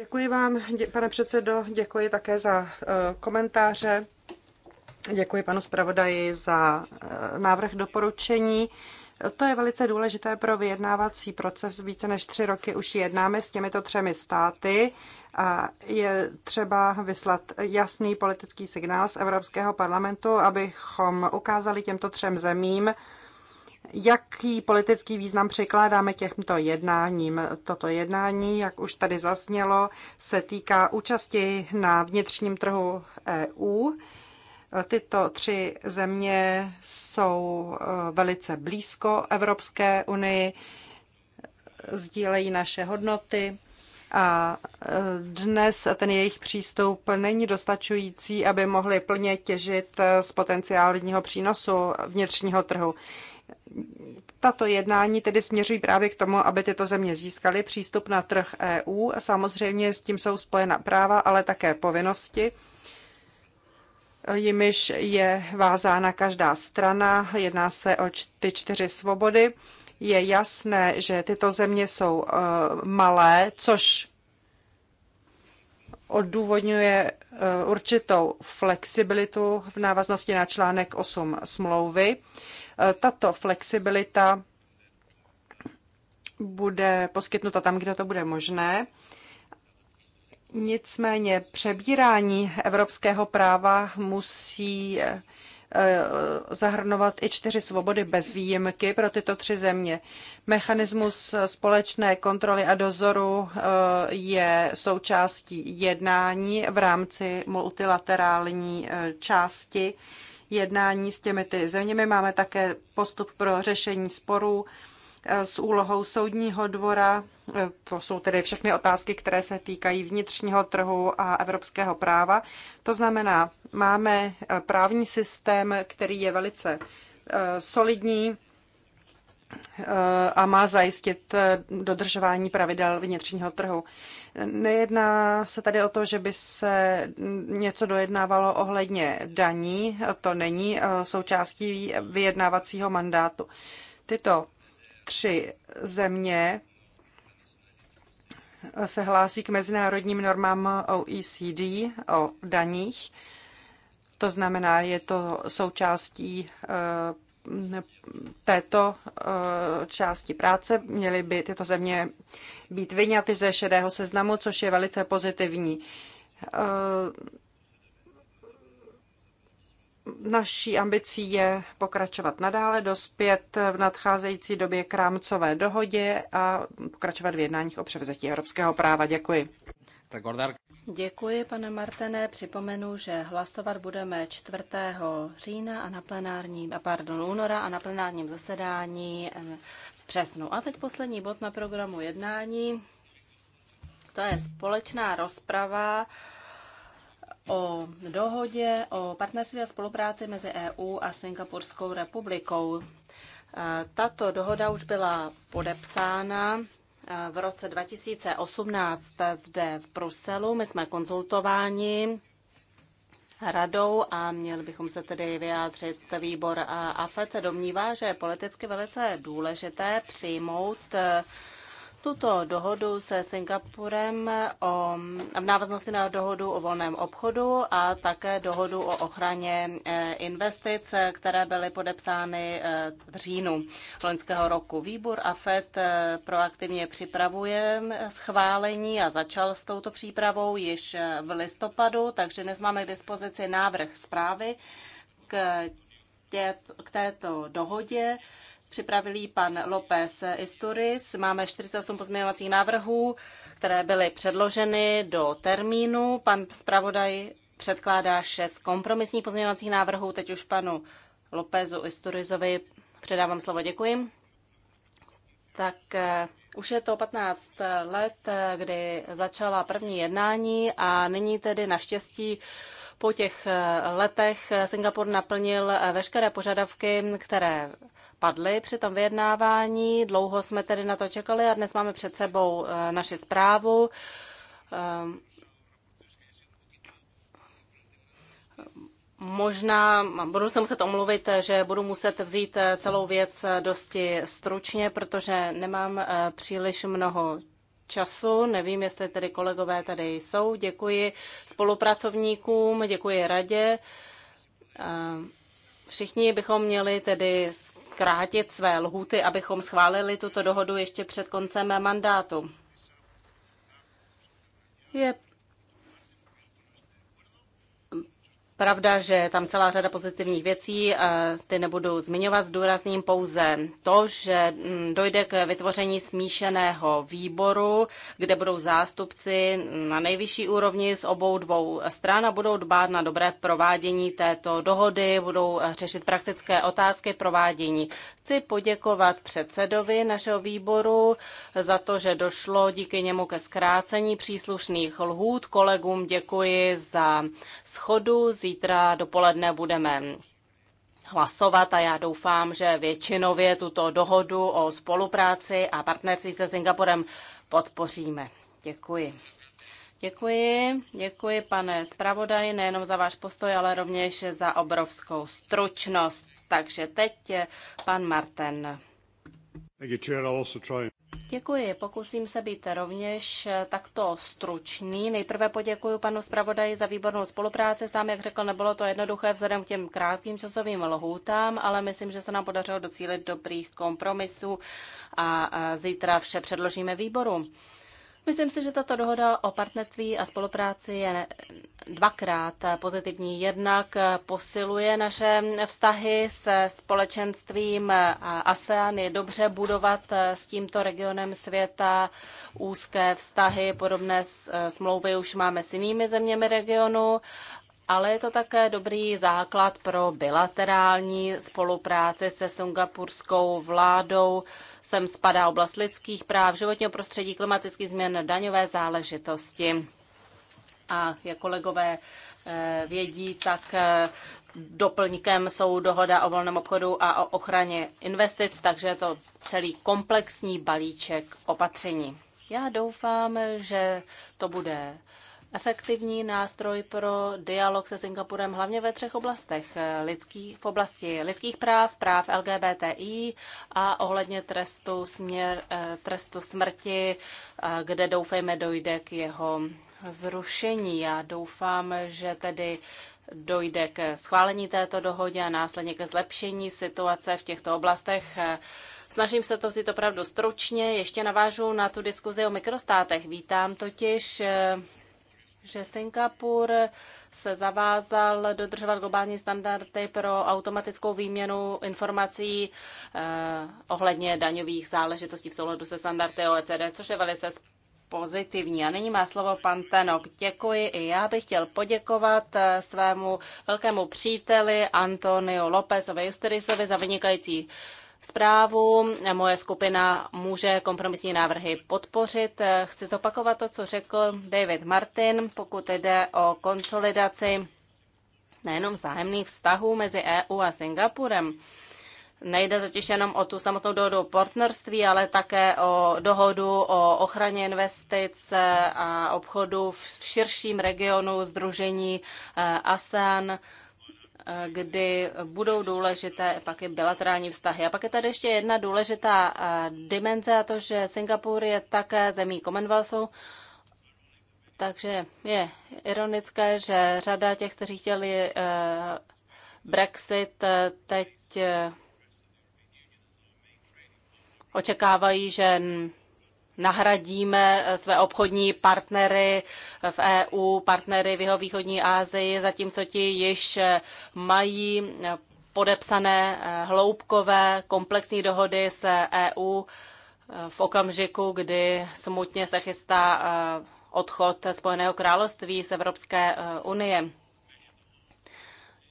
Děkuji vám, dě, pane předsedo, děkuji také za uh, komentáře. Děkuji panu zpravodaji za uh, návrh doporučení. To je velice důležité pro vyjednávací proces. Více než tři roky už jednáme s těmito třemi státy a je třeba vyslat jasný politický signál z Evropského parlamentu, abychom ukázali těmto třem zemím, jaký politický význam přikládáme těmto jednáním. Toto jednání, jak už tady zaznělo, se týká účasti na vnitřním trhu EU. Tyto tři země jsou eh, velice blízko Evropské unii, sdílejí naše hodnoty a e, dnes ten jejich přístup není dostačující, aby mohli plně těžit e, z potenciálního přínosu vnitřního trhu. Tato jednání tedy směřují právě k tomu, aby tyto země získaly přístup na trh EU. Samozřejmě s tím jsou spojena práva, ale také povinnosti jimiž je vázána každá strana. Jedná se o ty čtyři svobody je jasné, že tyto země jsou eh, malé, což odůvodňuje eh, určitou flexibilitu v návaznosti na článek 8 smlouvy. Eh, tato flexibilita bude poskytnuta tam, kde to bude možné. Nicméně přebírání evropského práva musí Eh, zahrnovat i čtyři svobody bez výjimky pro tyto tři země. Mechanismus společné kontroly a dozoru eh, je součástí jednání v rámci multilaterální eh, části jednání s těmito zeměmi. Máme také postup pro řešení sporů s úlohou soudního dvora. To jsou tedy všechny otázky, které se týkají vnitřního trhu a evropského práva. To znamená Máme eh, právní systém, který je velice eh, solidní eh, a má zajistit dodržování pravidel vnitřního trhu. Nejedná se tady o to, že by se něco dojednávalo ohledně daní, to není součástí vyjednávacího mandátu. Tyto tři země se hlásí k mezinárodním normám OECD o daních to znamená, je to součástí eh, této eh, části práce. Měly by tyto země být vyňaty ze šedého seznamu, což je velice pozitivní. Eh, naší ambicí je pokračovat nadále, dospět v nadcházející době k rámcové dohodě a pokračovat v jednáních o převzetí evropského práva. Děkuji. Děkuji, pane Martene. Připomenu, že hlasovat budeme 4. října a na plenárním, pardon, února a na plenárním zasedání eh, v březnu. A teď poslední bod na programu jednání. To je společná rozprava o dohodě o partnerství a spolupráci mezi EU a Singapurskou republikou. Eh, tato dohoda už byla podepsána v roce 2018 zde v Bruselu. My jsme konzultováni radou a měli bychom se tedy vyjádřit. Výbor AFET domnívá, že je politicky velice důležité přijmout tuto dohodu se Singapurem o, v návaznosti na dohodu o volném obchodu a také dohodu o ochraně e, investic, které byly podepsány e, v říjnu loňského roku. Výbor AFET e, proaktivně připravuje schválení a začal s touto přípravou již v listopadu, takže dnes máme k dispozici návrh zprávy k, tě, k této dohodě připravil pan López Isturis. Máme 48 pozměňovacích návrhů, které byly předloženy do termínu. Pan zpravodaj předkládá 6 kompromisních pozměňovacích návrhů. Teď už panu Lópezu Isturizovi předávám slovo. Děkuji. Tak eh, už je to 15 let, eh, kdy začala první jednání a nyní tedy naštěstí po těch eh, letech Singapur naplnil veškeré požadavky, které padly při tom vyjednávání. Dlouho jsme tedy na to čekali a dnes máme před sebou eh, naši zprávu. Ehm, možná budu se muset omluvit, že budu muset vzít eh, celou věc eh, dosti stručně, protože nemám příliš mnoho času. Nevím, jestli tedy kolegové tady jsou. Děkuji spolupracovníkům, děkuji radě. Ehm, všichni bychom měli tedy krátit své lhuty, abychom schválili tuto dohodu ještě před koncem mandátu. Je Pravda, že je tam celá řada pozitivních věcí, eh, ty nebudu zmiňovat, zdůrazním pouze to, že mm, dojde k vytvoření smíšeného výboru, kde budou zástupci mm, na nejvyšší úrovni z obou dvou stran a budou dbát na dobré provádění této dohody, budou eh, řešit praktické otázky provádění. Chci poděkovat předsedovi našeho výboru eh, za to, že došlo díky němu ke zkrácení příslušných lhůt. Kolegům děkuji za schodu, zítra Zítra dopoledne budeme hlasovat a já doufám, že většinově tuto dohodu o spolupráci a partnerství se Singapurem podpoříme. Děkuji. Děkuji, děkuji pane zpravodaji, nejenom za váš postoj, ale rovněž za obrovskou stručnost. Takže teď pan Marten. Děkuji, pokusím se být rovněž eh, takto stručný. Nejprve poděkuji panu zpravodaji za výbornou spolupráci. Sám, jak řekl, nebylo to jednoduché vzhledem k těm krátkým časovým lhůtám, ale myslím, že se nám podařilo docílit dobrých kompromisů a zítra vše předložíme výboru. Myslím si, že tato dohoda o partnerství a spolupráci je dvakrát pozitivní. Jednak posiluje naše vztahy se společenstvím ASEAN. Je dobře budovat s tímto regionem světa úzké vztahy. Podobné smlouvy už máme s jinými zeměmi regionu ale je to také dobrý základ pro bilaterální spolupráci se singapurskou vládou sem spadá oblast lidských práv, životního prostředí, klimatických změn, daňové záležitosti. A jak kolegové eh, vědí, tak eh, doplňkem jsou dohoda o volném obchodu a o ochraně investic, takže je to celý komplexní balíček opatření. Já doufám, že to bude efektivní nástroj pro dialog se Singapurem hlavně ve třech oblastech. Lidský, v oblasti lidských práv, práv LGBTI a ohledně trestu, směr, eh, trestu smrti, eh, kde doufejme dojde k jeho zrušení. Já doufám, že tedy dojde k schválení této dohody a následně ke zlepšení situace v těchto oblastech. Snažím se to si opravdu stručně. Ještě navážu na tu diskuzi o mikrostátech. Vítám totiž eh, že Singapur se zavázal dodržovat globální standardy pro automatickou výměnu informací eh, ohledně daňových záležitostí v souladu se standardy OECD, což je velice pozitivní. A nyní má slovo pan Tenok. Děkuji i já bych chtěl poděkovat eh, svému velkému příteli Antonio Lópezovi Justerisovi za vynikající zprávu. Moje skupina může kompromisní návrhy podpořit. Chci zopakovat to, co řekl David Martin, pokud jde o konsolidaci nejenom vzájemných vztahů mezi EU a Singapurem. Nejde totiž jenom o tu samotnou dohodu o partnerství, ale také o dohodu o ochraně investic a obchodu v širším regionu Združení eh, ASEAN kdy budou důležité pak i bilaterální vztahy. A pak je tady ještě jedna důležitá eh, dimenze, a to, že Singapur je také zemí Commonwealthu, takže je ironické, že řada těch, kteří chtěli eh, Brexit, eh, teď očekávají, že nahradíme eh, své obchodní partnery eh, v EU, partnery v jeho východní Asii, zatímco ti již eh, mají podepsané hloubkové komplexní dohody s EU e v okamžiku, kdy smutně se chystá odchod Spojeného království z Evropské unie.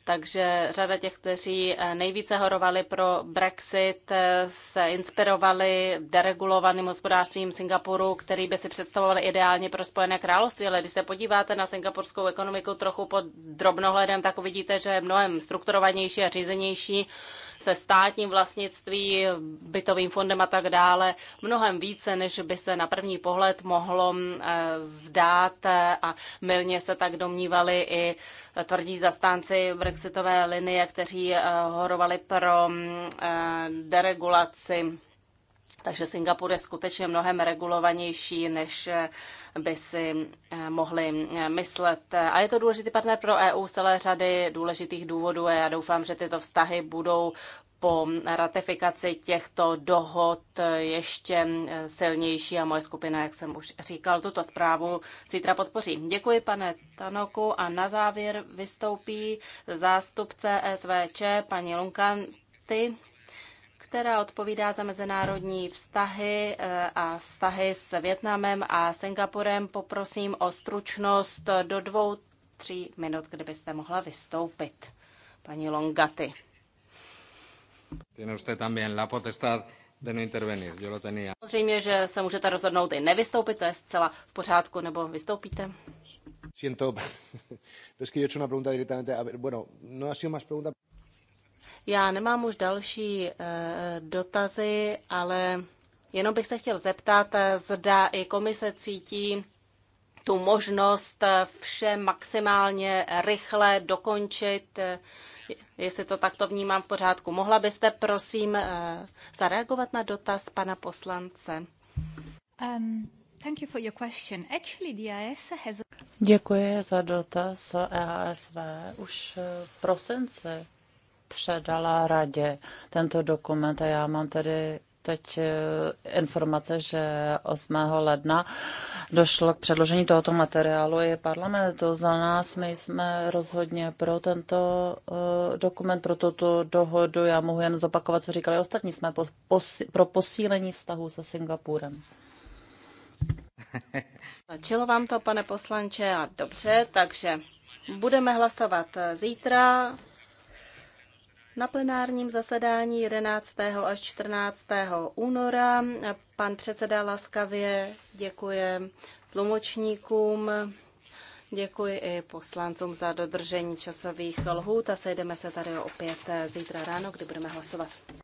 Takže řada těch, kteří eh, nejvíce horovali pro Brexit, eh, se inspirovali deregulovaným hospodářstvím Singapuru, který by si představoval ideálně pro Spojené království. Ale když se podíváte na singapurskou ekonomiku trochu pod drobnohledem, tak uvidíte, že je mnohem strukturovanější a řízenější se státním vlastnictví, bytovým fondem a tak dále mnohem více, než by se na první pohled mohlo eh, zdát a milně se tak domnívali i tvrdí zastánci brexitové linie, kteří eh, horovali pro mm, eh, deregulaci takže Singapur je skutečně mnohem regulovanější, než by si eh, mohli eh, myslet. A je to důležitý partner pro EU z celé řady důležitých důvodů a já doufám, že tyto vztahy budou po ratifikaci těchto dohod eh, ještě silnější a moje skupina, jak jsem už říkal, tuto zprávu zítra podpoří. Děkuji, pane Tanoku, a na závěr vystoupí zástupce SVČ, paní Lunkanty která odpovídá za mezinárodní vztahy eh, a vztahy s Větnamem a Singapurem. Poprosím o stručnost do dvou, tří minut, kdybyste mohla vystoupit, paní Longaty. No Samozřejmě, že se můžete rozhodnout i nevystoupit, to je zcela v pořádku, nebo vystoupíte. Siento, es que yo he hecho una pregunta directamente. A ver, bueno, no ha sido más pregunta. Já nemám už další eh, dotazy, ale jenom bych se chtěl zeptat, eh, zda i komise cítí tu možnost eh, vše maximálně rychle dokončit, jestli to takto vnímám v pořádku. Mohla byste, prosím, zareagovat na dotaz pana poslance? Um. Děkuji za dotaz EASV. Už v prosinci předala radě tento dokument a já mám tedy teď eh, informace, že 8. ledna došlo k předložení tohoto materiálu i parlamentu. Za nás my jsme rozhodně pro tento eh, dokument, pro tuto dohodu. Já mohu jen zopakovat, co říkali ostatní. Jsme pro posílení vztahu se Singapurem. Čelo vám to, pane poslanče, a dobře, takže budeme hlasovat zítra na plenárním zasedání 11. až 14. února pan předseda laskavě děkuje tlumočníkům, děkuji i poslancům za dodržení časových lhůt a sejdeme se tady opět zítra ráno, kdy budeme hlasovat.